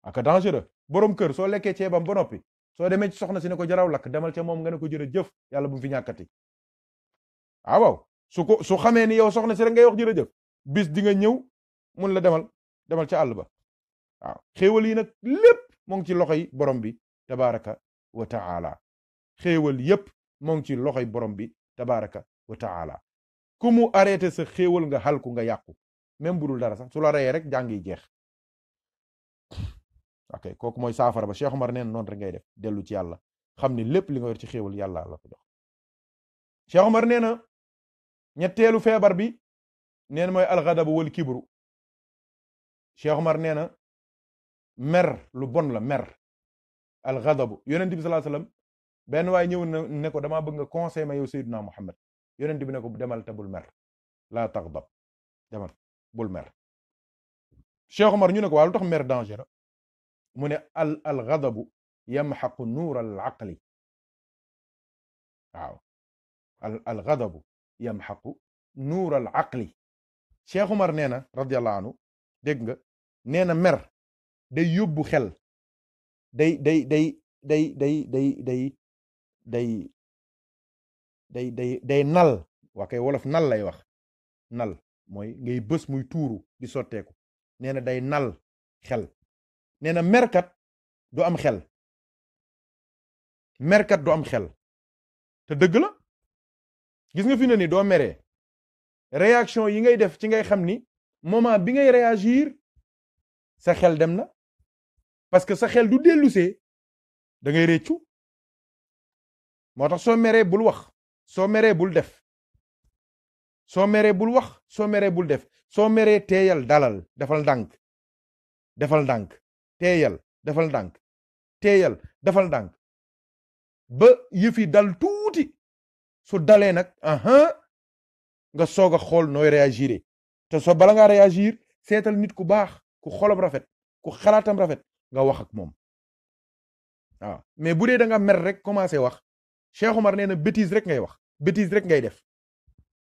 ak dangereux borom kër soo lekkee ceebam ba noppi soo demee ci soxna si ne ko jaraw lakk demal ca moom nga ne ko jëf yàlla bu fi ñàkkati ah su ko su xamee ni yow soxna si rek ngay wax jërëjëf bis di nga ñëw mun la demal demal ca àll ba waaw xéewal yi nag ngi ci loxoy borom bi tabaraka wa taala xéewal yépp moo ngi ci loxoy borom bi tabaraka wa taala ku mu arrêté sa xéewal nga xalku nga yàqu même budul dara sax su la reyee rek jàngi jeex ok kooku mooy saafara ba Cheikh Omar neen noonu rek ngay def dellu ci yàlla xam ni lépp li nga yor ci xéewal yàlla la jox Cheikh Omar nee na ñetteelu feebar bi neen mooy alxadabu wal kibru Cheikh Omar nee na mer lu bon la mer alxadabu yonent bi sallallahu alayhi benn waay ñëw na ne damaa bëgg nga conseil ma yow Seydina Muhammad yonent bi ne ko demal te mer laa taghdab demal mer Cheikh Omar ñu ne waa lu tax mer dangereux mu ne al al ghadabu yamxaqu nuur al aqli waaw al al ghadabu nuur al aqli Cheikh Omar nee na radiyallahu anhu dégg nga nee na mer day yóbbu xel day day day day day day day day day day day nal waa kay wolof nal lay wax nal mooy ngay bës muy tuuru di sotteeku nee na day nal xel neena na merkat du am xel merkat du am xel te dëgg la gis nga fi ne ni doo meree réaction yi ngay def ci ngay xam ni moment bi ngay réagir sa xel dem na parce que sa xel du dellusee da ngay réccu moo tax soo meree bul wax soo meree bul def soo meree bul wax soo meree bul def soo meree teeyal dalal defal ndànk defal ndànk teeyal defal ndànk teeyal defal ndànk ba yëfi dal tuuti su dalee nag aha nga soog a xool nooy réagir te soo bala nga réagir seetal nit ku baax ku xolam rafet ku xalaatam rafet nga wax ak moom waaw mais bu dee da nga mer rek commencé wax Cheikh Omar nee na bêtise rek ngay wax bêtise rek ngay def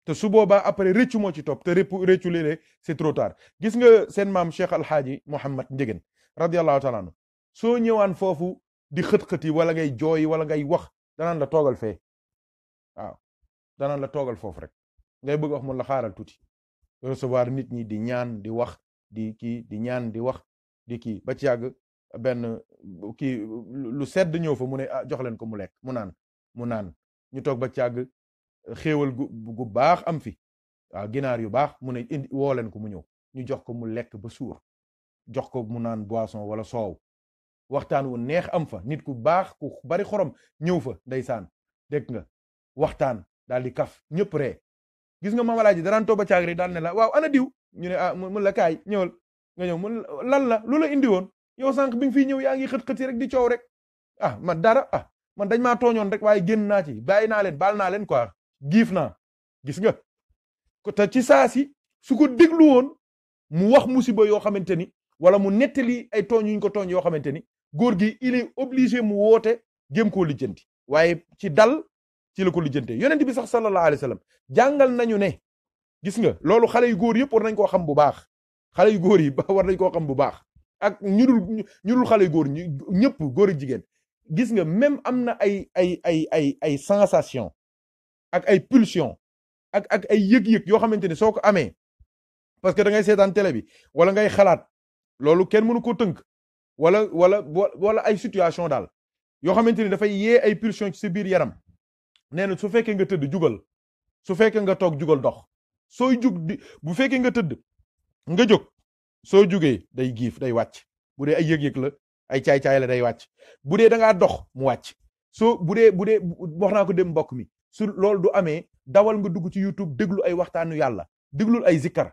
te su boobaa après réccu moo ci topp te réccu léeg-léeg c'est trop gis nga seen maam Cheikh Alxaaji Mouhamed Ndiéguène radiallahu taala anhu soo ñëwaan foofu di xët-xët yi wala ngay jooy wala ngay wax danaan la toogal fee waaw danaan la toogal foofu rek ngay bëgg wax mun la xaaral tuuti recevoir nit ñi di ñaan di wax di ki di ñaan di wax di kii ba ci yàgg benn kii lu sedd ñëw fa mu ne ah, jox leen ko mu lekk mu naan mu naan ñu toog ba càgg xéewal gu gu baax am fi waaw ginaar yu baax mu ne ind woo leen ko mu ñëw ñu jox ko mu lekk ba suur jox ko mu naan boisson wala soow waxtaan wu neex am fa nit ku baax ku bari xorom ñëw fa ndeysaan dégg nga waxtaan daal di kaf ñëpp ree gis nga mamalaa ji daraan toog ba càgg rek daal ne la waaw ana diw ñu ne ah mun la kaay ñëwal nga ñëw mun lan la lu la indi woon yow sànq bi nga fiy ñëw yaa ngi xët-xëti rek di coow rek ah man dara ah man dañ maa tooñoon rek waaye génn naa ci bàyyi naa leen baal leen quoi giif naa gis nga te ci saa si su ko déglu woon mu wax musiba yoo xamante ni wala mu nettali ay tooñ yuñ ko tooñ yoo xamante ni góor gi il est obligé mu woote gém koo lijjanti waaye ci dal ci la ko lijjante yonent bi sax sallallahu alayhi wa sallam jàngal nañu ne gis nga loolu xale yu góor yëpp war nañ koo xam bu baax xale yu góor yi war nañ koo xam bu baax ak ñu xale yu góor ñëpp góor ak jigéen gis nga même am na ay ay ay ay ay sensation ak ay pulsion ak ak ay yëg-yëg yoo xamante ni soo ko amee parce que da ngay seetaan télé bi wala ngay xalaat loolu kenn mënu ko tënk wala wala wala ay situation daal yoo xamante ni dafay yee ay pulsion ci sa biir yaram nee na su fekkee nga tëdd jugal su fekkee nga toog jugal dox sooy jug di bu fekkee nga tëdd nga jóg soo jugee day giif day wàcc bu dee ay yëg-yëg la ay caay-caay la day wàcc bu dee da ngaa dox mu wàcc soo bu dee bu dee wax naa ko dem mbokk mi su lool du amee dawal nga dugg ci YouTube déglu ay waxtaanu yàlla déglul ay zikkar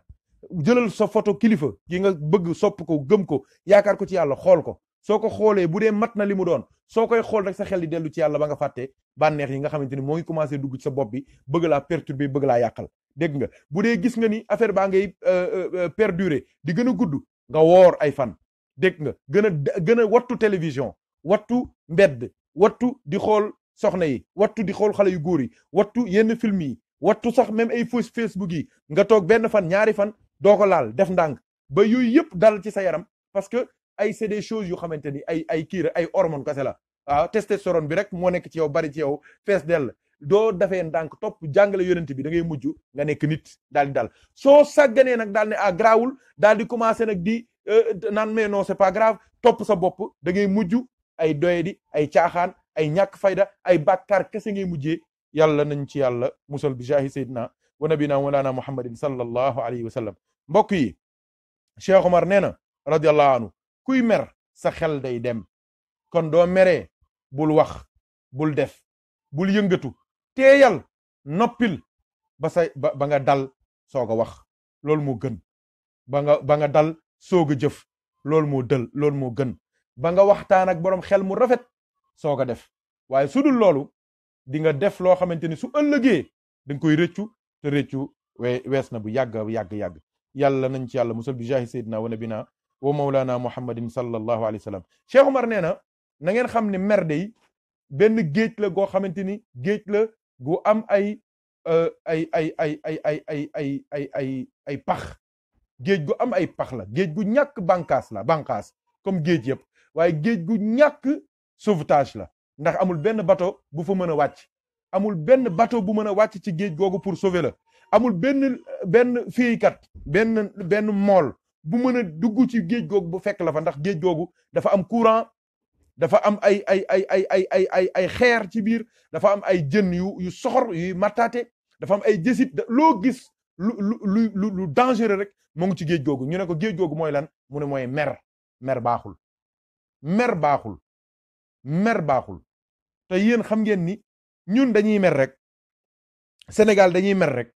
jëlal sa photo kilifa ki nga bëgg sopp ko gëm ko yaakaar ko ci yàlla xool ko soo ko xoolee bu dee mat na li mu doon soo koy xool rek sa xel di dellu ci yàlla ba nga fàtte bànneex yi nga xamante ni moo ngi commencé dugg sa bopp bi bëgg laa perturber bëgg laa yàqal dégg nga bu dee gis nga ni affaire baa ngay euh, euh, euh, perdurer di gën a gudd nga ay fan dégg nga gën a gën a wattu télévision wattu mbedd wattu di xool soxna yi wattu di xool xale yu góor yi wattu yenn film yi wattu sax même ay faux Facebook yi nga toog benn fan ñaari fan doo ko laal def ndànk ba yooyu yëpp dal ci sa yaram parce que ay c'est des choses yu xamante ni ay ay kii ay hormone kase la waaw ah, testostérone bi rek moo nekk ci yow bari ci yow fees dell doo defee ndànk topp jàngale yonent bi da ngay mujj nga nekk nit daal di dal soo sagganee nag daal ne ah garaawul daal di commencé nag di Euh, naan mais non c'est pas grave topp sa bopp da ngay mujj ay doyadi ay caaxaan ay ñàkk fayda ay bàkkaar kese ngay mujjee yàlla nañ ci yàlla musal bi jaahi sayyidina wa nabina mawlana muhammadin sallallahu alayhi wa mbokk yi Cheikh Omar nee na radiallahu anhu kuy mer sa xel day dem kon doo mere bul wax bul def bul yëngatu teeyal noppil ba sa ba nga dal soog a wax loolu moo gën ba nga dal soog a jëf loolu moo dël loolu moo gën ba nga waxtaan ak boroom xel mu rafet soog a def waaye su dul loolu di nga def loo xamante ni su ëllëgee da koy rëccu te rëccu wees na bu yàgg yàgg yàgg yàlla nañ ci yàlla musal bi jaahi sayyidina wa nabina wa mawlana muhammadin sallallahu alayhi wa sallam Cheikh Umar nee na na ngeen xam ne merde benn géej la goo xamante ni géej la gu am ay euh, ay ay ay ay ay ay ay ay ay pax géej gu am ay pax la géej gu ñàkk bankaas la bànqaas comme géej yëpp waaye géej gu ñàkk sauvetage la ndax amul benn bateau bu fa mën a wàcc amul benn bateau bu mën a wàcc ci géej googu pour sauver la amul benn benn fiikat benn benn mool bu mën a dugg ci géej googu bu fekk la fa ndax géej googu dafa am courant dafa am ay ay ay ay ay ay ay ay xeer ci biir dafa am ay jën yu yu soxor yuy mataate dafa am ay jësit loo gis lu lu lu lu rek mu ngi ci géej googu ñu ne ko géej googu mooy lan mu ne mooy mer mer baaxul mer baaxul mer baaxul te yéen xam ngeen ni ñun dañuy mer rek Sénégal dañuy mer rek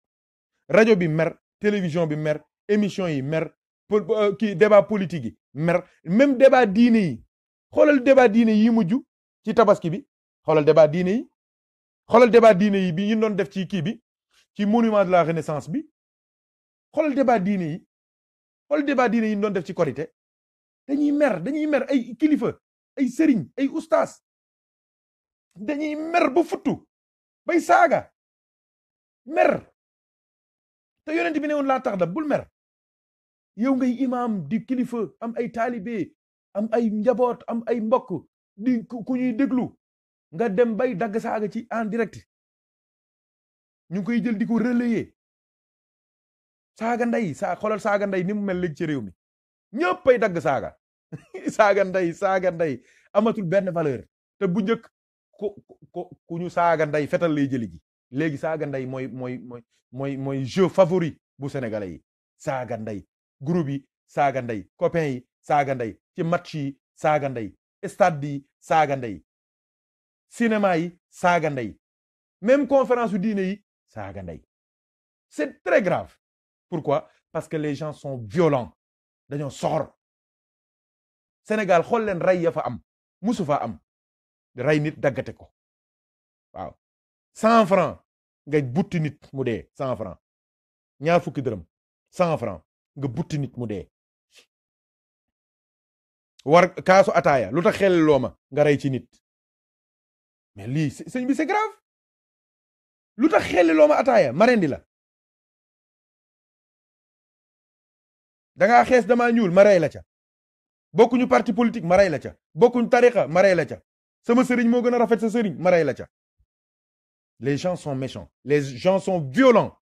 rajo bi mer télévision bi mer émission yi mer euh, kii débat politique yi mer même débat diine yi xoolal débat diine yi mujj ci tabaski bi xoolal débat diine xoolal débat diine yi bi doon def ci kii bi ci monument de la renaissance bi xoolal débat diine yi xool débat diine yi doon def ci korité dañuy mer dañuy mer ay kilifa ay sëriñ ay ustaas dañuy mer ba futtu bay saaga mer te yonent bi ne woon laa tax da bul mer yow ngay imaam di kilifa am ay taalibe am ay njaboot am ay mbokk di ku ñuy déglu nga dem bay dagg saaga ci en direct ñu ngi koy jël di ko relayer saaga ndey saa xoolal saaga ndey mu mel léegi ci réew mi ñëppay dagg saaga saaga saaga ndey amatul benn valeur te bu njëkk ku ñu saaga nday fetal lay jëli ji léegi saaga ndey mooy mooy mooy mooy favori bu sénégalais yi saaga ndey groupe yi saaga ndey copains yi saaga ndey ci match yi saaga ndey stade yi saaga ndey cinéma yi saaga ndey même conférence yu diine yi saaga ndey pourquoi parce que les gens sont violents dañoo soxor Sénégal xool leen rey ya fa am musu faa am rey nit daggate ko waaw cent franc ngay butti nit mu dee cent franc ñaar fukki dërëm cent franc nga butti nit mu dee war kaasu ataaya lu tax xel nga rey ci nit mais lii sëñ bi lu tax xel loo ma ataaya marendi la dangaa xees damaa ñuul maray rey la ca bokkuñu parti politique maray rey la ca bokkuñu tarixa ma rey la ca sama sëriñ moo gën a rafet sa sëriñ maray rey la ca les gens sont méchants les gens sont violents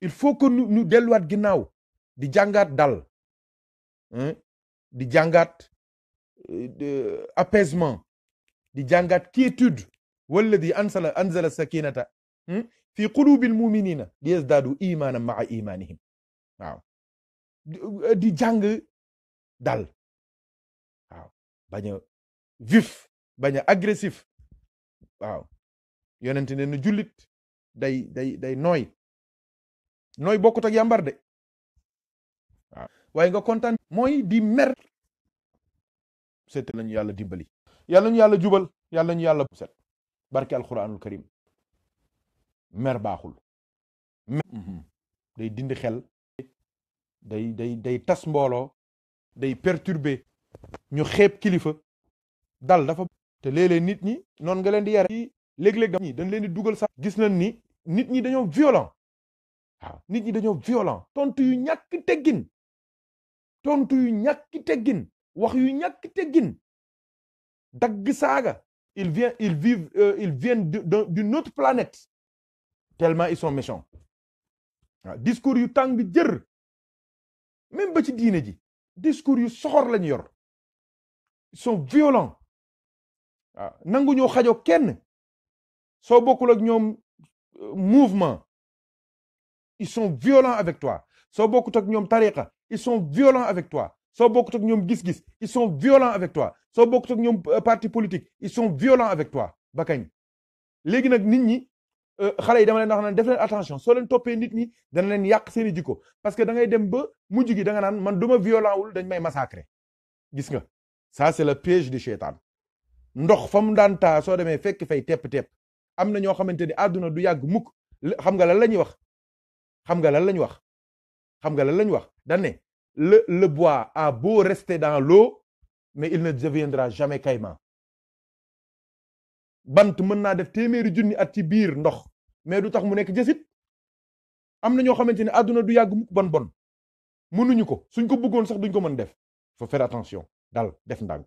il faut que ñu delluwaat ginnaaw di jàngaat dal di jàngaat euh, euh, apaisement di jàngaat quiétude wala di ansala anzala sakinata fi qulubil muminina li yazdaadu imaanan maa imaanihim eh, di jàng dal waaw bañ a vif bañ a agressif waaw yonent na jullit day day day nooy nooy bokkut ak de waaw nga kontaan mooy di mer seet nañu yàlla dimbali yàlla ñu yàlla jubal yàlla ñu yàlla set barke alquranul karim mer baaxul. Mm-hmm. day dindi xel. day day day tas mbooloo. day perturbe ñu xeeb kilifa. dal dafa. te léeg nit ñi noonu nga leen di yare ci léeg-léeg ñi dañ leen di dugal sax. gis nañ ni nit ñi dañoo violent. nit ñi dañoo violent. tontu yu ñàkk teggin. tontu yu ñàkk teggin. wax yu ñàkk teggin. dagg saaga. il vient il vive euh, il vient d'une autre planète. tellement ils sont méchants discours yu tàng jër même ba ci diine ji discours yu soxor lañu yor ils sont violents waaw nangu ñoo xajoo kenn soo bokkul ak ñoom euh, mouvement ils sont violents avec toi soo bokkut ak ñoom tariqa ils sont violents avec toi soo bokkut ak ñoom gis-gis ils sont violents avec toi soo bokk ak ñoom euh, parti politique ils sont violents avec toi ba kañ léegi nag nit ñi Euh, xale yi dama leen wax naan def attention soo leen toppee nit ñi dana leen yàq seen i jikko parce que da dem ba mujj gi da nga man du ma violent wul dañ may massacrer gis nga ça c'est le piège du seytaan ndox fa mu daan ta soo demee fekk fay tepp am na ñoo xamante ni àdduna du yàgg mukk xam nga lan la ñuy wax xam nga lan la ñuy wax xam nga lan la ñuy wax dañ ne le le bois a beau rester dans l'eau mais il ne deviendra jamais caïman bant mën naa def téeméeri junni at ci biir ndox mais du tax mu nekk jësit am na ñoo xamante ni àdduna du yàgg mukk bon bon mënuñu ko suñ ko bëggoon sax duñ ko mën def faut faire attention dal def ndànk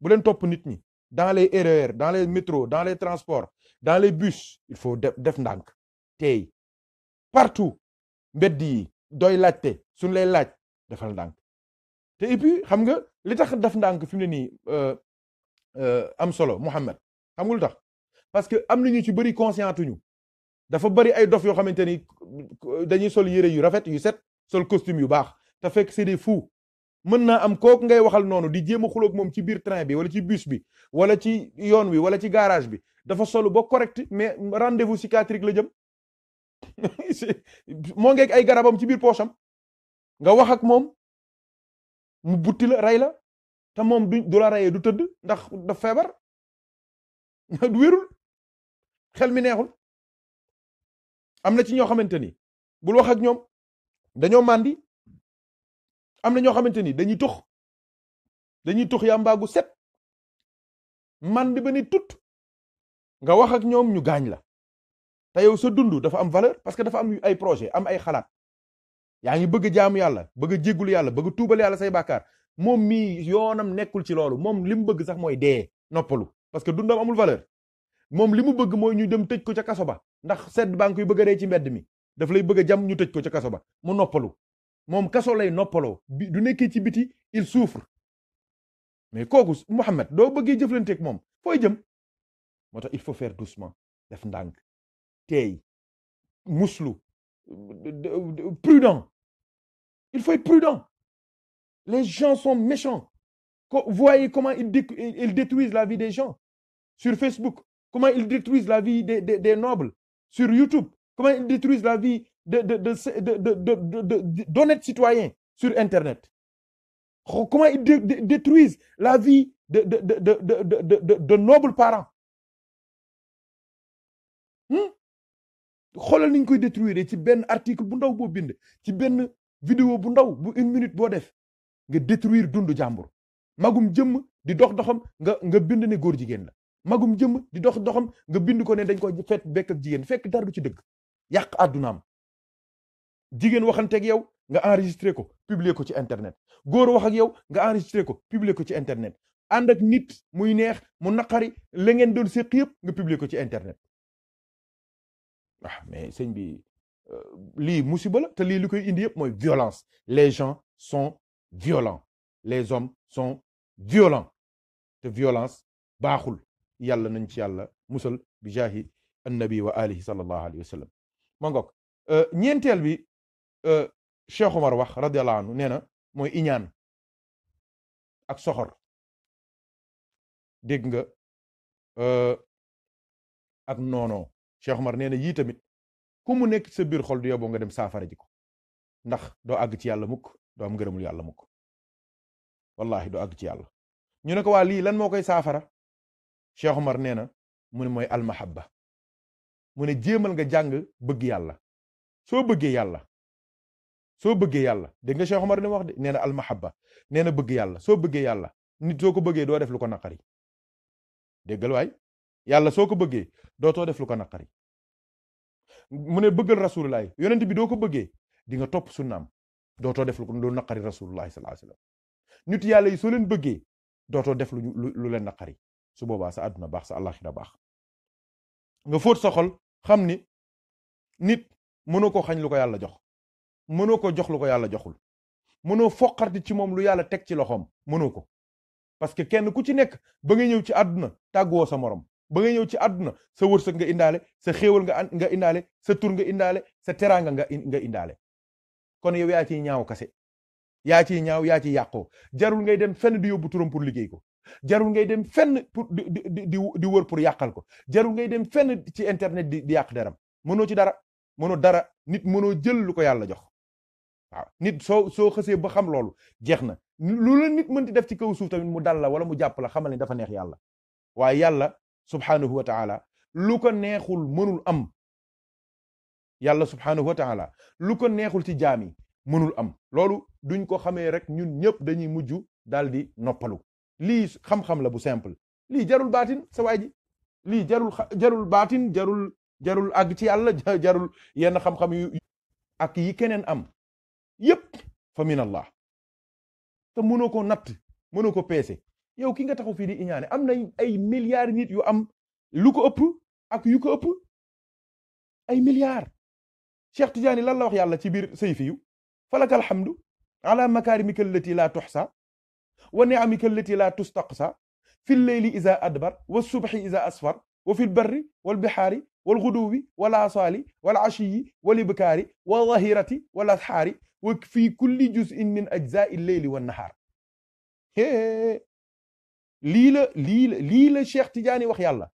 bu leen topp nit ñi dans les RER e dans les métros dans les transports dans les bus il faut def ndànk tey partout mbedd yi doy laajte suñ lay laaj defal ndànk te et xam nga li tax def ndànk fi mu ne nii euh, euh, am solo Mouhamed xam nga tax parce que am lu ñu ci bëri conscientuñu dafa bëri ay dof yoo xamante ni dañuy sol yére yu rafet yu set sol costume yu baax te fekk c'est des fous mën naa am kooku ngay waxal noonu di jéem a moom ci biir train bi wala ci bus bi wala ci yoon wi wala ci garage bi dafa solu ba correct mais rendez-vous psychiatrique la jëm moo ngeeg ay garabam ci biir poosam nga wax ak moom mu butti la rey la te moom du du la reyee du tëdd ndax daf feebar du wérul xel mi neexul am na ci ñoo xamante ni bul wax ak ñoom dañoo màndi am na ñoo xamante ni dañuy tux dañuy tux yàmbaa gu set màndi ba ni tut nga wax ak ñoom ñu gaañ la te yow sa dundu dafa am valeur parce que dafa am ay projet am ay xalaat yaa ngi bëgg jaamu yàlla bëgg a jéggul yàlla bëgg tuubal yàlla say bàkkaar moom mii yoonam nekkul ci loolu moom li mu bëgg sax mooy dee noppalu parce que dundam amul valeur moom li mu bëgg mooy ñu dem tëj ko ca kaso ba ndax sedd banque yu bëgg ci mbedd mi daf lay bëgg a jam ñu tëj ko ca kaso ba mu noppalu moom kaso lay noppaloo bi du nekkee ci biti il souffre mais kooku Mouhamed doo bëggee jëflanteeg moom fooy jëm moo tax il faut faire doucement def ndànk teey muslu prudent il faut être prudent les gens sont méchants Voyez comment ils, ils, détruisent la vie des gens sur Facebook, comment ils détruisent la vie des, des, des nobles sur YouTube, comment ils détruisent la vie d'honnêtes sur Internet. Comment ils dé, dé, la vie de, de, de, de nobles parents. Hmm? xoolal ni ñu koy détruire ci benn article bu ndaw boo bind ci benn vidéo bu ndaw bu une minute boo def nga détruire dundu jàmbur magum jëmm di dox doxam nga nga bind ne góor jigéen la magum jëmm di dox doxam nga bind ko ne dañ ko fet bekk ak jigéen fekk dara du ci dëgg yàq àddunaam jigéen waxanteeg yow nga enregistré ko publier ko ci internet góor wax ak yow nga enregistré ko publier ko ci internet ànd ak nit muy neex mu naqari la ngeen doon séq yëpp nga publier ko ci internet waaw ah, mais sëñ bi euh, lii musiba la te lii li koy indi yëpp mooy violence les gens son violents les hommes sont violent te violence baaxul yàlla nañ ci yàlla musal bi jaahi annabi wa alihi sallallahu alayhi wa sallam euh, ñeenteel bi euh, Cheikh Omar wax radiallahu anhu nee na mooy iñaan ak soxor dégg nga euh, ak noono Cheikh Omar nee na yii tamit ku mu nekk sa biir xol du yoboo nga dem saafara ji ko ndax doo àgg ci yàlla mukk doo am ngërëmul yàlla mukk wallahi du àgg ci yàlla ñu ne ko waa lii lan moo koy saafara Cheikh Omar nee na mu ne mooy almahabba mu ne jéemal nga jàng bëgg yàlla soo bëggee yàlla soo bëggee yàlla dégg nga Cheikh Omar ni wax de nee na almahabba nee na bëgg yàlla soo bëggee yàlla nit soo ko bëggee doo def lu ko naqari déggal waay yàlla soo ko bëggee dootoo def lu ko naqari mu ne bëggal rasulullahi yonent bi doo ko bëggee di nga topp sunnaam dootoo def lu naqari rasulullahi sallallahu alayhi wasallam nit yàlla yi soo leen bëggee dootoo def lu lu leen naqari su boobaa sa àdduna baax sa na baax nga foot sa xol xam ni nit mënoo ko xañ ko yàlla jox mënoo ko jox ko yàlla joxul mënoo foqarti ci moom lu yàlla teg ci loxoom mënoo ko parce que kenn ku ci nekk ba nga ñëw ci àdduna tàgguwoo sa moroom ba nga ñëw ci àdduna sa wërsëg nga indaale sa xéewal nga nga indaale sa tur nga indaale sa teraanga nga nga indaale kon yow yaa ciy ñaaw kase yaa ciy ñaaw yaa ciy yàqoo jarul ngay dem fenn di yóbbu turam pour liggéey ko jarul ngay dem fenn pour di di di wër pour yàqal ko jarul ngay dem fenn ci internet di di yàq deram mënoo ci dara mënoo dara nit mënoo jël lu ko yàlla jox waaw nit soo soo xësee ba xam loolu jeex na lu la mën mënti def ci kaw suuf tamit mu dal la wala mu jàpp la xamal ne dafa neex yàlla waa yàlla subhanahu wa taala lu ko neexul mënul am yàlla subhanahu wa taala lu ko neexul ci jaam yi mënul am loolu duñ ko xamee rek ñun ñëpp dañuy mujj daal noppalu lii xam-xam la bu simple lii jarul baatin sa lii jarul jarul baatin jarul jarul àgg ci yàlla jarul yenn xam-xam yu ak yi keneen am yëpp fa min allah te mënoo ko natt mënoo ko peese yow ki nga taxu fii di iñaane am nañ ay milliar nit yu am lu ko ëpp ak yu ko ëpp ay milliards Cheikh Tidiane lan la wax yàlla ci biir sëy fiyu falaka alhamdu ala makarimika allati la tuxsa wa niamika allati la tustaqsa fi lleyli ida adbar wa subxi ida asfar wa fi lbarri walbixaari walguduwi walaasaali walcashiyi walibkaari wazahirati walasxaari wa fi kulli jusin min ajzai lleyli wannahaar lii la lii la lii la Cheikh Tidiane wax yàlla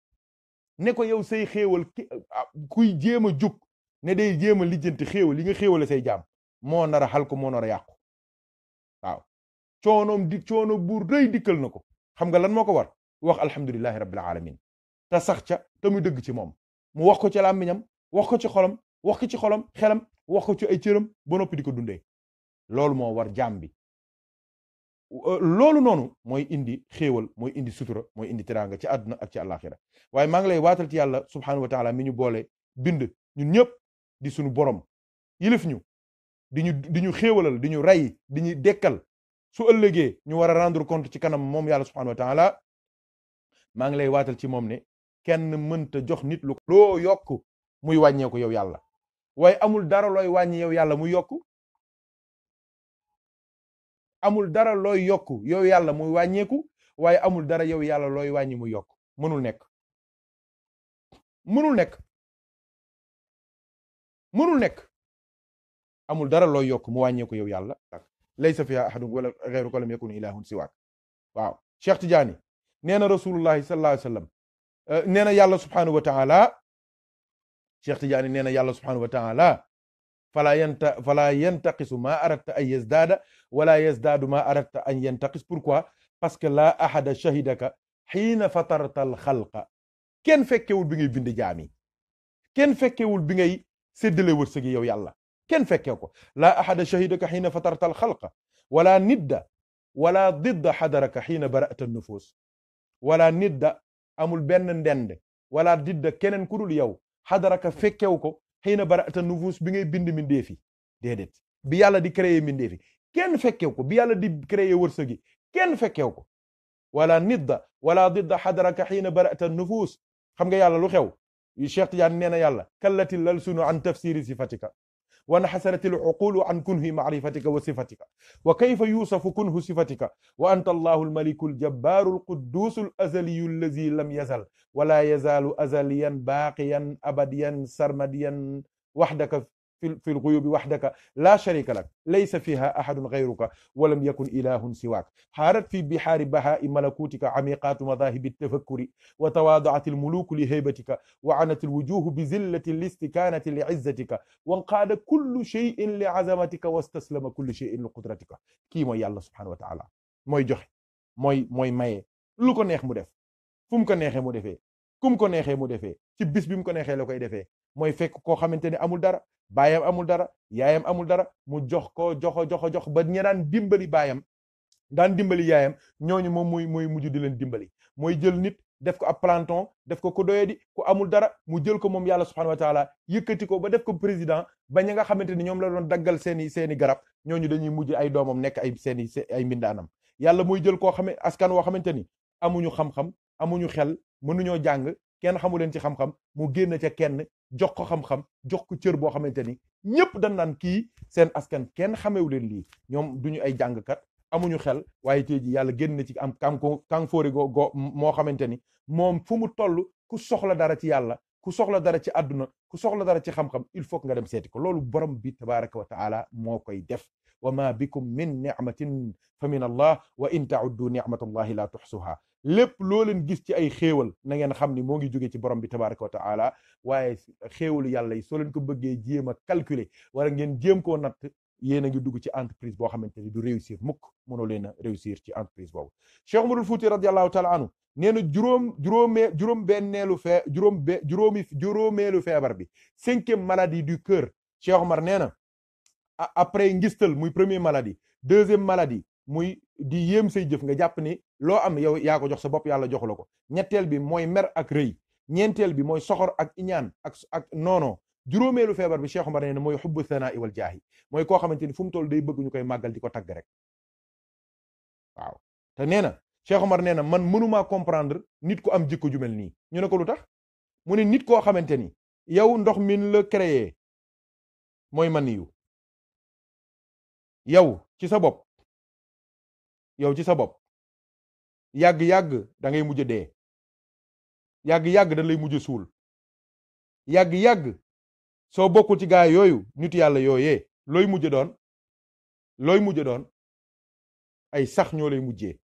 ne ko yow say xéewal kuy jéem a jóg ne day jéem a lijjanti xéewal li nga xéewale say jaam moo nara a xalku moo nar yàqu waaw coonoom di coono bu rëy dikkal na ko xam nga lan moo ko war wax alhamdulilahi rabbil alamin te sax ca te dëgg ci moom mu wax ko ci làmmiñam wax ko ci xolam wax ko ci xolam xelam wax ko ci ay cëram ba noppi di ko dundee loolu moo war jaam euh, loolu noonu mooy indi xéewal mooy indi sutura mooy indi teraanga ci àdduna ak ci àllaaxira waaye maa ngi lay waatal ci yàlla subhaanahu wa taala mi ñu boole bind ñun ñëpp di suñu borom yilif ñu di ñu di xéewalal di ñu rey di ñu dekkal su ëllëgee ñu war a rendre compte ci kanam moom yàlla subhanahu wa taala maa ngi lay waatal ci moom ne kenn mënta jox nit lu yokk muy wàññeeku yow yàlla waaye amul dara looy wàññi yow yàlla mu yokk amul dara looy yokk yow yàlla muy wàññeeku waaye amul dara yow yàlla looy wàññi muy yokk mënul nekk mënul nekk mënul nekk amul dara looy yokk mu wàññee ko yow yàlla laysa fiha ahadun wala ghayruka lam yakun ilahun siwaak waaw Cheikh Tidiane nee na rasulullahi sallallahu alayhi wasallam eh, nee na yàlla subhanahu wa taala Cheikh Tidiane nee na yàlla subhanahu wa taala fala yanta fala yantaqisu ma aradta an yazdaada wala yazdaadu ma aradta an yantaqis pourquoi parce que la ahada shahidaka xiina fatarta al xalqa kenn fekkewul bi ngay bind jaam yi kenn fekkewul bi ngay séddale wërsëgi yow yàlla kenn fekkee ko laa ahada shahidaka xiina fatarta al xalqa wala nidda wala didda xadaraka xiina barata nufus wala nidda amul benn ndend wala didda keneen ku dul yow xadaraka fekkew ko xiina barata nufus bi ngay bind mindeefi déedéet bi yàlla di créé mindeefi kenn fekkew ko bi yàlla di créé wërsëg gi kenn fekkew ko wala nidda wala didda xadaraka xiina barata nufus xam nga yàlla lu xew Cheikh Tidiane nee na yàlla kallati lal sunu an tafsiri وانحسرت العقول عن كنه معرفتك وصفتك وكيف يوصف كنه صفتك وأنت الله الملك الجبار القدوس الأزلي الذي لم يزل ولا يزال أزليا باقيا أبديا سرمديا وحدك في الغيوب وحدك لا شريك لك ليس فيها أحد غيرك ولم يكن إله سواك حارت في بحار بهاء ملكوتك عميقات مذاهب التفكر وتواضعت الملوك لهيبتك وعنت الوجوه بزلة الاستكانة لعزتك وانقاد كل شيء لعزمتك واستسلم كل شيء لقدرتك kii mooy yàlla subhanahu wa taala mooy joxe mooy mooy maye lu ko neex mu def fu mu ko neexee mu defee kum ko neexee mu defee ci bis bi mu ko neexee la koy defee mooy fekk koo xamante ne amul dara baayam amul dara yaayam amul dara mu jox ko joxo joxo jox ba ña daan dimbali baayam daan dimbali yaayam ñooñu moom muy muy mujj di leen dimbali mooy jël nit def ko ab planton def ko ku doyadi ku amul dara mu jël ko moom yàlla subhanahu wa taala yëkkati ko ba def ko président ba ñanga nga xamante ni ñoom la doon daggal seeni seeni garab ñooñu dañuy mujj ay doomam nekk ay seeni ay mbindaanam yàlla muy jël koo xame askan woo xamante ni amuñu xam-xam amuñu xel mënuñoo jàng kenn xamu leen ci xam-xam mu génn ca kenn jox ko xam-xam jox ko cër boo xamante ni ñëpp dañ naan kii seen askan kenn xamewu leen lii ñoom duñu ay jàngkat amuñu xel waaye tey ji yàlla génn na ci am kanko kanfoori go go moo xamante ni moom fu mu toll ku soxla dara ci yàlla ku soxla dara ci àdduna ku soxla dara ci xam-xam il faut nga dem seeti ko loolu borom bi tabaraka wa taala moo koy def wa ma bikum min nicmatin fa min allah wa in tauddu nicmatallahi la tuxsuha lépp loo leen gis ci ay xéewal na ngeen xam ni moo ngi jóge ci borom bi tabaraka wa taala waaye xéewalu yàlla yi soo leen ko bëggee jéem a calculer wala ngeen jéem koo natt yéen a ngi dugg ci entreprise boo xamante ni du réussir mukk mënoo leen a réussir ci entreprise boobu Cheikh Umarul Fuuti radiallahu taala anhu nee na juróom juróomee juróom benneelu fee juróom juróomi juróomeelu feebar bi cinquième maladie du cœur Cheikh Omar nee na après ngistal muy premier maladie deuxième maladie muy di yéem say jëf nga jàpp ni loo am yow yaa ko jox sa bopp yàlla joxu la ko ñetteel bi mooy mer ak rëy ñeenteel bi mooy soxor ak iñaan ak ak noono juróomeelu feebar bi Cheikh Omar nee mooy xubbu sanaa wal jaahi mooy koo xamante ni fu mu toll day koy màggal di ko tagg rek te nee na Cheikh Omar nee na man mënumaa comprendre nit ku am jikko ju mel nii ñu ne ko lu tax mu ne nit koo xamante ni yow ndox min la créé mooy man yu yow ci sa bopp yow ci sa bopp yàgg-yàgg dangay ngay mujj dee yàgg-yàgg da lay mujj suul yàgg-yàgg soo bokkul ci gaa yooyu nit yàlla yooyee looy mujj doon looy mujj doon ay sax ñoo lay mujjee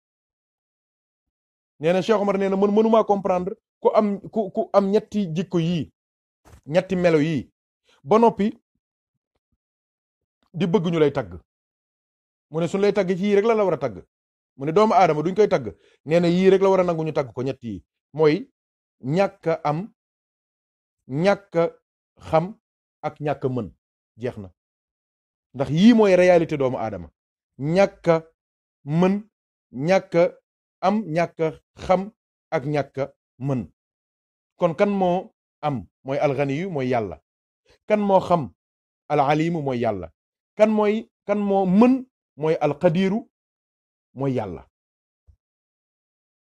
neena na Cheikh Omar nee mënumaa comprendre ku am ku ku am ñetti jikko yii ñetti melo yii ba noppi di bëgg ñu lay tagg mu ne suñu lay tagg ci yii rek la la war a tagg mu ne doomu aadama duñ koy tagg nee yii rek la war nangu ñu tagg ko ñett yi mooy ñàkk am ñàkk xam ak ñàkk mën jeex na ndax yii mooy réalité doomu aadama ñàkk mën ñàkk am ñàkk xam ak ñàkk mën kon kan moo am mooy alxaniyu mooy yàlla kan moo xam alalimu mooy yàlla kan mooy moo mën mooy alqadiru mooy yàlla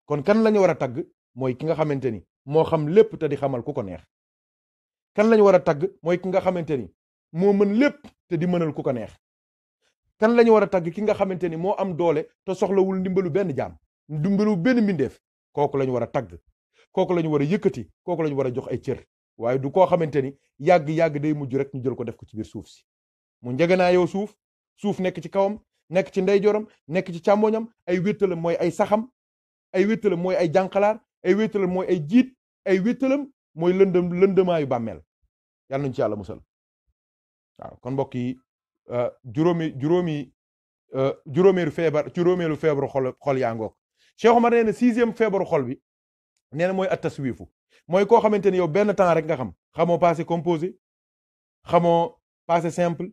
kon kan lañu ñu war a tagg mooy ki nga xamante ni moo xam lépp te di xamal ku ko neex kan lañu ñu war a tagg mooy ki nga xamante ni moo mën lépp te di mënal ku ko neex kan la war a tagg ki nga xamante ni moo am doole te soxlawul ndimbalu benn jaam ndimbalu benn mbindeef kooku lañu ñu war a tagg kooku lañu ñu war a yëkkati kooku lañu ñu war a jox ay cër waaye du koo xamante ni yàgg-yàgg day mujj rek ñu jël ko def ko ci biir suuf si mu njëgënaa suuf suuf nekk ci kawam nekk ci ndeyjooram nekk ci càmmoñam ay wéttalam mooy ay saxam ay wéttalam mooy ay jànqalaar ay wéttalam mooy ay jiit ay wéttalam mooy lëndëm lëndëmaayu bàmmeel yàlla nañu ci yàlla musal waaw kon mbokk yi euh, juróomi juróomi euh, juróomeelu feebar juróomeelu feebaru xol xol yaa ngoog Cheikh Omar nee feebaru xol bi nee na mooy at taswiifu mooy koo xamante ni yow benn temps rek nga xam xamoo passé composé xamoo passé simple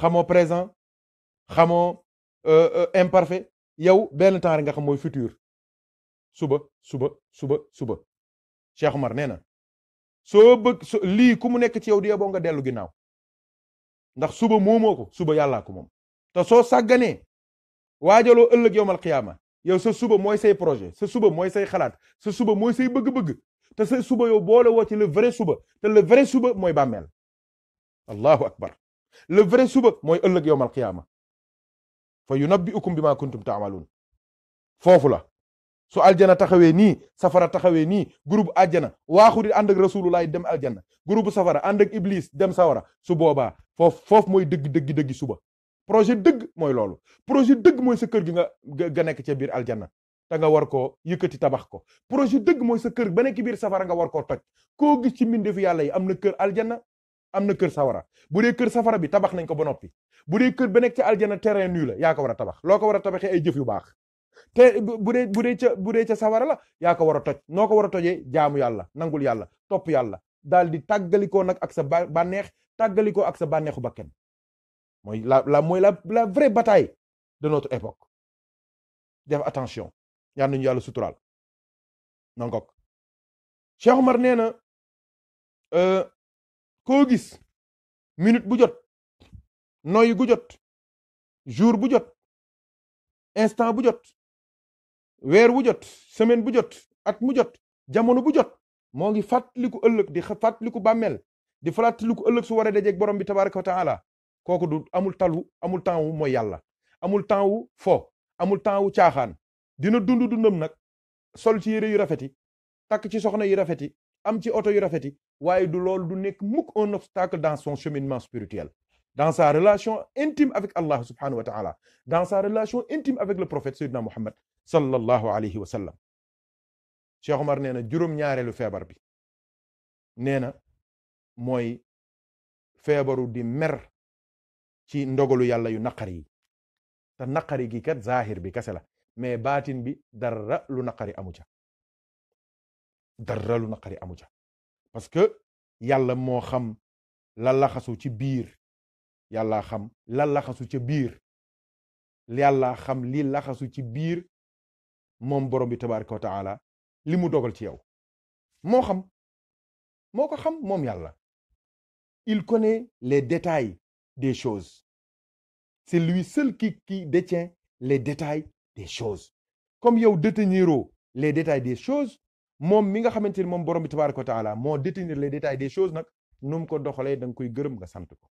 xamoo présent xamoo euh, euh, imparfait yow benn temps nga xam mooy futur suba suba suba suba Cheikh mar nee na soo bëgg lii ku mu nekk ci yow di yeboo nga dellu ginnaaw ndax suba moomoo ko suba yàllaa ko moom te soo sàgganee waajaloo ëllëg yowmal xiyaama yow sa suba mooy say projet sa suba mooy say xalaat sa suba mooy say bëgg-bëgg te sa suba yow boole woo ci le suba te le vrai suba mooy bàmmeel allahu akbar le suba mooy ëllëg yowmal xiyaama fa yunabbi'ukum bima kuntum ta'malun foofu la su aljana taxawee ni safara taxawee nii groupe aljana waaxu di ànd ak rasulullah dem aljana groupe safara ànd ak iblis dem sawara su boobaa foof foofu mooy dëgg dëgg dëgg suba projet dëgg mooy loolu projet dëgg mooy sa kër gi nga ga nekk ca biir aljana te nga war koo yëkkati tabax ko projet dëgg mooy sa kër ba nekk biir safara nga war koo toj koo gis ci mbindeefu yàlla yi am na kër aljana am na kër sawara bu dee kër safara bi tabax nañ ko ba noppi bu dee kër ba nekk ci aljana terrain nu la yaa ko war a tabax loo ko war a tabaxee ay jëf yu baax te bu dee bu dee ca bu dee ca sawara la yaa ko war a toj noo ko war a tojee jaamu yàlla nangul yàlla topp yàlla dal di tàggalikoo nag ak sa bànneex tàggalikoo ak sa bànneexu bakkan mooy la la mooy la la vraie bataille de notre époque def attention yal nañu yàlla suturaal nangok Cheikh Omar nee na euh, ko gis minute bu jot noy gu jot jour bu jot instant bu jot weer wu jot semaine bu jot at mu jot jamono bu jot moo ngi fàttaliku ëllëg di fàttaliku bàmmeel di fàttaliku ëllëg su waree a dajeeg borom bi tabaraka wa taala kooku du amul talu amul temps wu mooy yàlla amul temps wu fo amul temps wu caaxaan dina dund dundam nag sol ci yére yu rafeti takk ci soxna yu rafeti am ci oto yu rafet yi waaye du loolu du nekk mukk un obstacle dans son cheminement spirituel dans sa relation intime avec Allah subhanahu wa ta'ala dans sa relation intime avec le prophète Seydina Muhammad sallallahu alayhi wa sallam Cheikh Omar nee na juróom-ñaareelu feebar bi nee na mooy feebaru di mer ci ndogalu yàlla yu naqari yi te naqari gi kat zahir bi kese la mais baatin bi dara lu naqari amu ca dara lu naqari amu ca parce que yàlla moo xam la laxasu ci biir yàlla xam la laxasu ca biir li yàlla xam li laxasu ci biir moom borom bi tabaraka wa li mu dogal ci yow moo xam moo ko xam moom yàlla il connaît les détails des choses c'est lui seul qui qui détient les détails des choses comme yow déteniroo les détails des choses moom mi nga xamante ni moom borom bi tabaaraka wa taala moo détenir les détails des choses nag nu mu ko doxalee da nga koy gërëm nga sant ko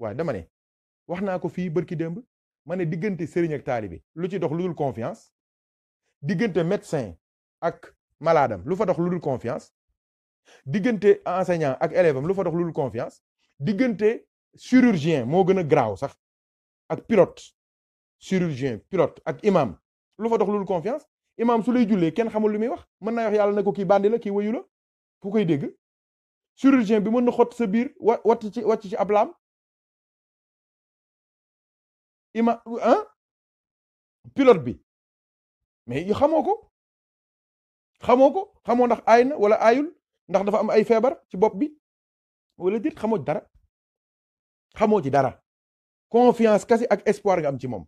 waaye dama ne wax naa ko fii bërki démb ma ne diggante sëriñ ak taalibe lu ci dox lu dul confiance diggante médecin ak malaadam lu fa dox lu dul confiance diggante enseignant ak élève lu fa dox lu dul confiance diggante chirurgien moo gën a graaw sax ak pilote chirurgien pilote ak imam lu fa dox lu dul confiance imaam su lay jullee kenn xamul lu muy wax mën naa wax yàlla na ko kii bandi la kii wayu fu koy dégg chirurgien bi mën na xott sa biir wa wàcc ci wàcc ci ab laam ima bi mais xamoo ko xamoo ko xamoo ndax aay na wala aayul ndax dafa am ay feebar ci bopp bi walla déet xamoo dara xamoo ci dara confiance kese ak espoir nga am ci moom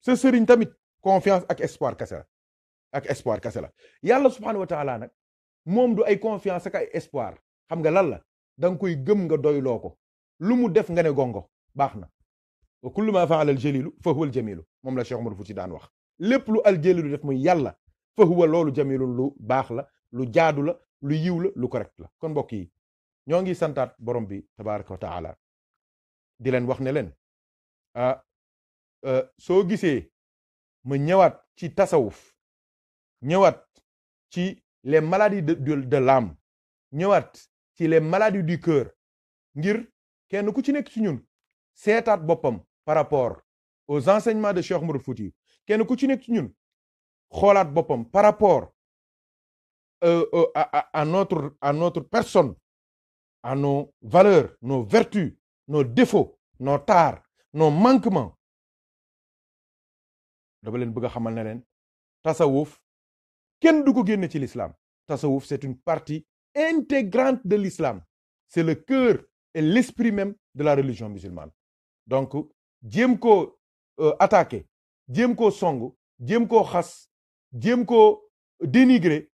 sa sëriñ tamit confiance ak espoir kese la ak espoir kese la yàlla subhaanahu wa taala moom du ay confiance ak ay espoir xam nga lan la da nga koy gëm nga doyloo ko lu mu def nga ne gongo baax na wa kullu ma faala aljalilu fa huwa aljamilu moom la Cheikh fu ci daan wax lépp lu aljalilu def muy yàlla fa huwa loolu jamilun lu baax la lu jaadu la lu yiw la lu correct la kon mbokk yi ñoo ngi santaat borom bi tabaraka wa taala di leen wax ne leen ah, euh, soo gisee ma ñëwaat ci tasawuf ñëwaat ci les maladies de de l'âme ñëwaat ci les maladies du cœur ngir kenn ku ci nekk ci ñun seetaat boppam par rapport aux enseignements de Cheikh Oumar Foutiyou kenn ku ci nekk ci ñun xoolaat boppam par rapport euh, euh, à, à notre à notre personne à nos valeurs nos vertus nos défauts nos tares nos manquements dama leen bëgg a xamal ne leen tasawuf kenn du ko génne ci l'islam tasawuf c'est une partie intégrante de l'islam c'est le cœur et l'esprit même de la religion musulmane donc jéem koo euh, attaqué jéem koo song jéem koo xas jéem koo dénigré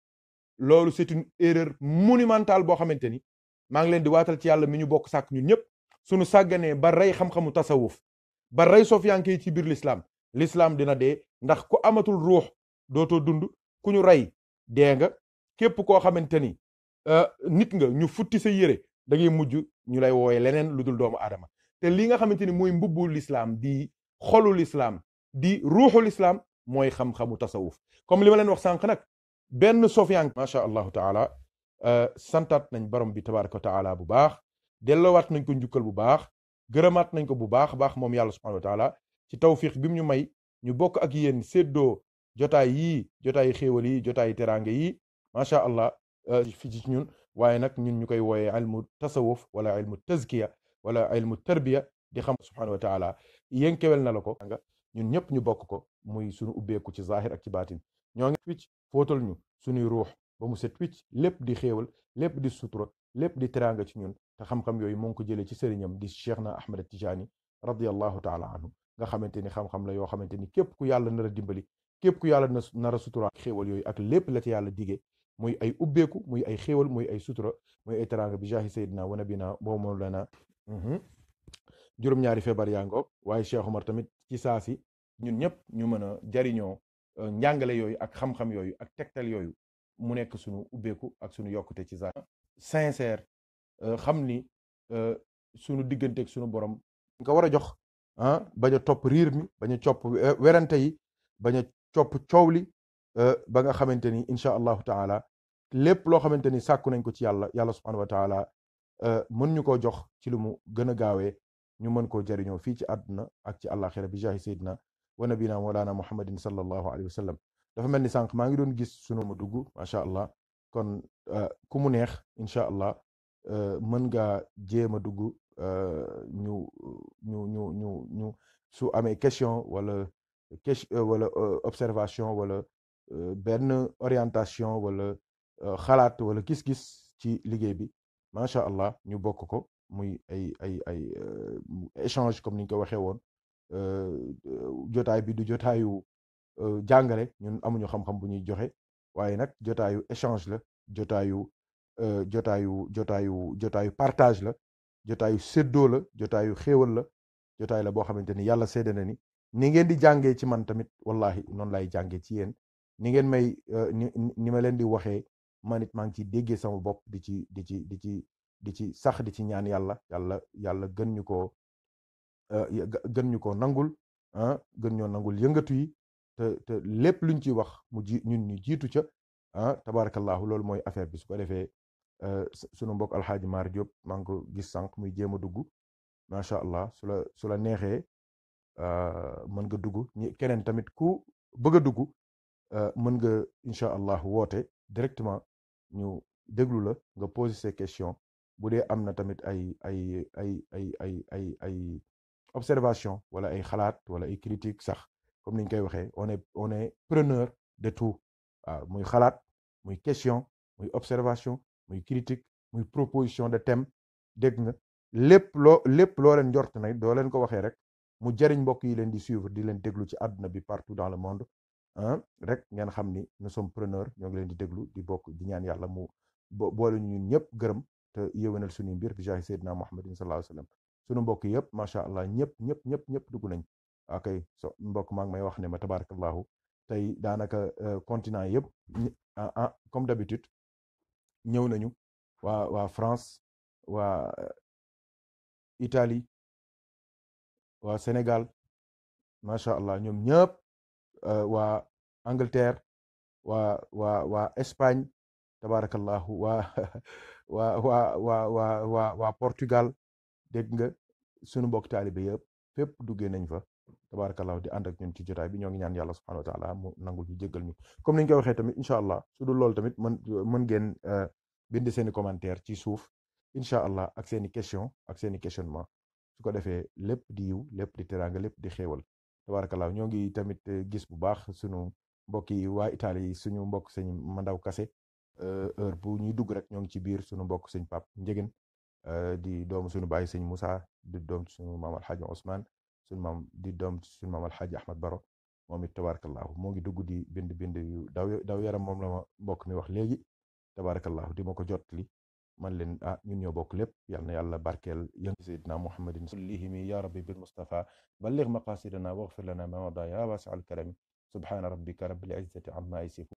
loolu c'est une erreur monumentale boo xamante ni maa ngi leen di waatal ci yàlla mi ñu bokk sàkk ñun ñëpp sunu sàgganee ba rey xam-xamu tasawuf ba rey sofiyanke yi ci biir l'islam l'islam dina dee ndax ku amatul ruux dootoo dund ku ñu rey dee nga képp koo xamante ni euh, nit nga ñu futti sa yére da mujj ñu lay wooye leneen lu dul doomu adama te lii nga xamante ni mooy mbubbu lislaam di xolu lislaam di ruuxu lislaam mooy xam-xamu tasawuf comme li ma leen wax sànq nag benn sofiyank macha allahu taala euh, santaat nañ borom bi tabaraka wa taala bu baax dellowaat nañ ko njukkal bu baax gërëmaat nañ ko bu baax baax moom yàlla subhanahu wa taala ci tawfiq bi mu ñu may ñu bokk ak yéen séddoo jotaay yii jotaayu xéewal yi jotaayu teraange yi macha allah euh, fi ci ñun waaye nag ñun ñu koy wooyee ilmu tasawuf wala ilmu tazkiya wala ilmu tarbiya di xam subhanahu wa taala yénkewel na la ko nga ñun ñëpp ñu bokk ko muy sunu ubbeeku ci zahir ak ci baatin ñoo ngi wicc fóotal ñu suñuy ruux ba mu set wicc lépp di xéewal lép di sutura lép di teraanga ci ñun te xam-xam yooyu moo ngi ko jëlee ci sëriñam di cheikh na Ahmed Tijani radiallahu taala anhu nga xamante ni xam-xam la yoo xamante ni képp ku yàlla na a dimbali képp ku yàlla na nar a sutura xéewal yooyu ak lépp la ci yàlla dige muy ay ubbeeku muy ay xéewal muy ay sutura muy ay teraanga bi jaahi wana bi na boo moom la na juróom-ñaari feebar yaa ngoog waaye Cheikh Omar tamit ci saasi ñun ñëpp ñu mën a jariñoo euh, njàngale yooyu ak xam-xam yooyu ak tegtal yooyu mu nekk suñu ubbeeku ak suñu yokkute ci saa sincère euh, xam ni euh, suñu digganteeg suñu borom nga war a jox ah topp riir mi bañ copp werante yi bañ copp coow li euh, ba nga xamante ni incha allahu taala lépp loo xamante ni sàkku nañ ko ci yàlla yàlla subhanahu wa taala euh, mën ñu koo jox ci lu mu gën a gaawee ñu mën koo jëriñoo fii ci àdduna ak ci àllaaxira bi jaahi sayyidina wa nabina mawlana muhammadin sallallahu alayhi wa sallam dafa mel ni sànq maa ngi doon gis sunu ma dugg macha allah kon euh, ku mu neex incha allah mën ngaa jéem a dugg ñu ñu ñu ñu ñu su amee question wala question euh, wala euh, observation wala euh, benn orientation wala xalaat wala gis-gis ci liggéey bi macha allah ñu bokk ko muy ay ay ay échange comme ni ñu ko waxee woon jotaay bi du jotaayu jàngale ñun amuñu xam-xam bu ñuy joxe waaye nag jotaayu échange la jotaayu jotayu jotaayu jotaayu partage la jotaayu séddoo la jotaayu xéewal la jotaay la boo xamante ni yàlla séddana ni. ni ngeen di jàngee ci man tamit wallahi noonu lay jàngee ci yéen ni ngeen may euh, ni ma leen di waxee man it maa ngi ciy déggee sama bopp di ci di ci di ci di ci sax di ci ñaan yàlla yàlla yàlla gën ñu koo euh, gën ñu ko nangul ah, gën ñoo nangul yëngatu yi te te lépp luñ ci wax mu ji ñun ñu jiitu ca ah tabarakallahu loolu mooy affaire bi su ko defee euh, sunu mbokk alxaaji Mar Diop maa ngi ko gis sànq muy jéem a dugg macha allah su la su la neexee Euh, mën nga dugg keneen tamit ku bëgg a dugg euh, mën nga incha allah woote directement ñu déglu la nga poser ces questions bu dee am na tamit ay ay ay ay ay ay ay observation wala ay xalaat wala ay critique sax comme ni ñu koy waxee on est on preneur de tout waaw muy xalaat muy question muy observation muy critique muy proposition de thème dégg nga lépp loo lépp loo leen njort nag doo leen ko waxee rek mu jëriñ mbokk yi leen di suivre di leen déglu ci àdduna bi partout dans le monde rek ngeen xam ni nous sommes preneur ñoo ngi leen di déglu di bokk di ñaan yàlla mu boole ñu ñun ñëpp gërëm te yéwénal suñu mbir bi jaahi sayyidina muhammadin sallallahu alayhi wa suñu mbokk yëpp macha allah ñëpp ñëpp ñëpp ñëpp dugg nañ akay so mbokk maa may wax ne ma tabarakallahu tey daanaka euh, continent yëpp ah, ah, comme d'habitude ñëw nañu waa waa France waa euh, Italie waa Sénégal macha allah ñoom ñëpp euh, waa Angleterre waa waa waa Espagne tabarakallahu waa waa waa waa waa waa waa Portugal dégg nga sunu mbokk taalibe yëpp fépp duggee nañ fa tabarakallahu di ànd ak ñun ci jotaay bi ñoo ngi ñaan yàlla subhanahu wa taala mu nangul ñu jéggal ñu comme ni ñu ko waxee tamit incha allah sudu dul loolu tamit mën mën ngeen euh, bind seeni commentaire ci suuf incha allah ak seeni question ak seeni questionnement su ko defee lépp di yiw lépp di teraanga lépp di xéewal tabaarakalaaw ñoo ngi tamit eh, gis bu baax sunu mbokk yi waa Italie yi suñu mbokk sëñ Mandaw Kase eh, heure bu ñuy dugg rek ñoo ngi ci biir suñu mbokk sëñ Pap Njëgin eh, di doomu suñu baay sëñ Moussa di doom suñu maam Alxaaji Ousmane suñu maam di doom suñu maam Alxaaji Ahmad Baro moom it tabaarakalaaw moo ngi dugg di bind bind yu daw yaram moom la ma mbokk mi wax léegi tabaarakalaaw di ma ko jot li man leen ah ñun ñoo bokk lépp yal na yàlla barkeel yën sayidna muhammadin kullihimi ya rabbi bil mustafa balligh maqasidana waghfir lana ma mada ya wasi'al karami subhana rabbika rabbil izzati amma yasifun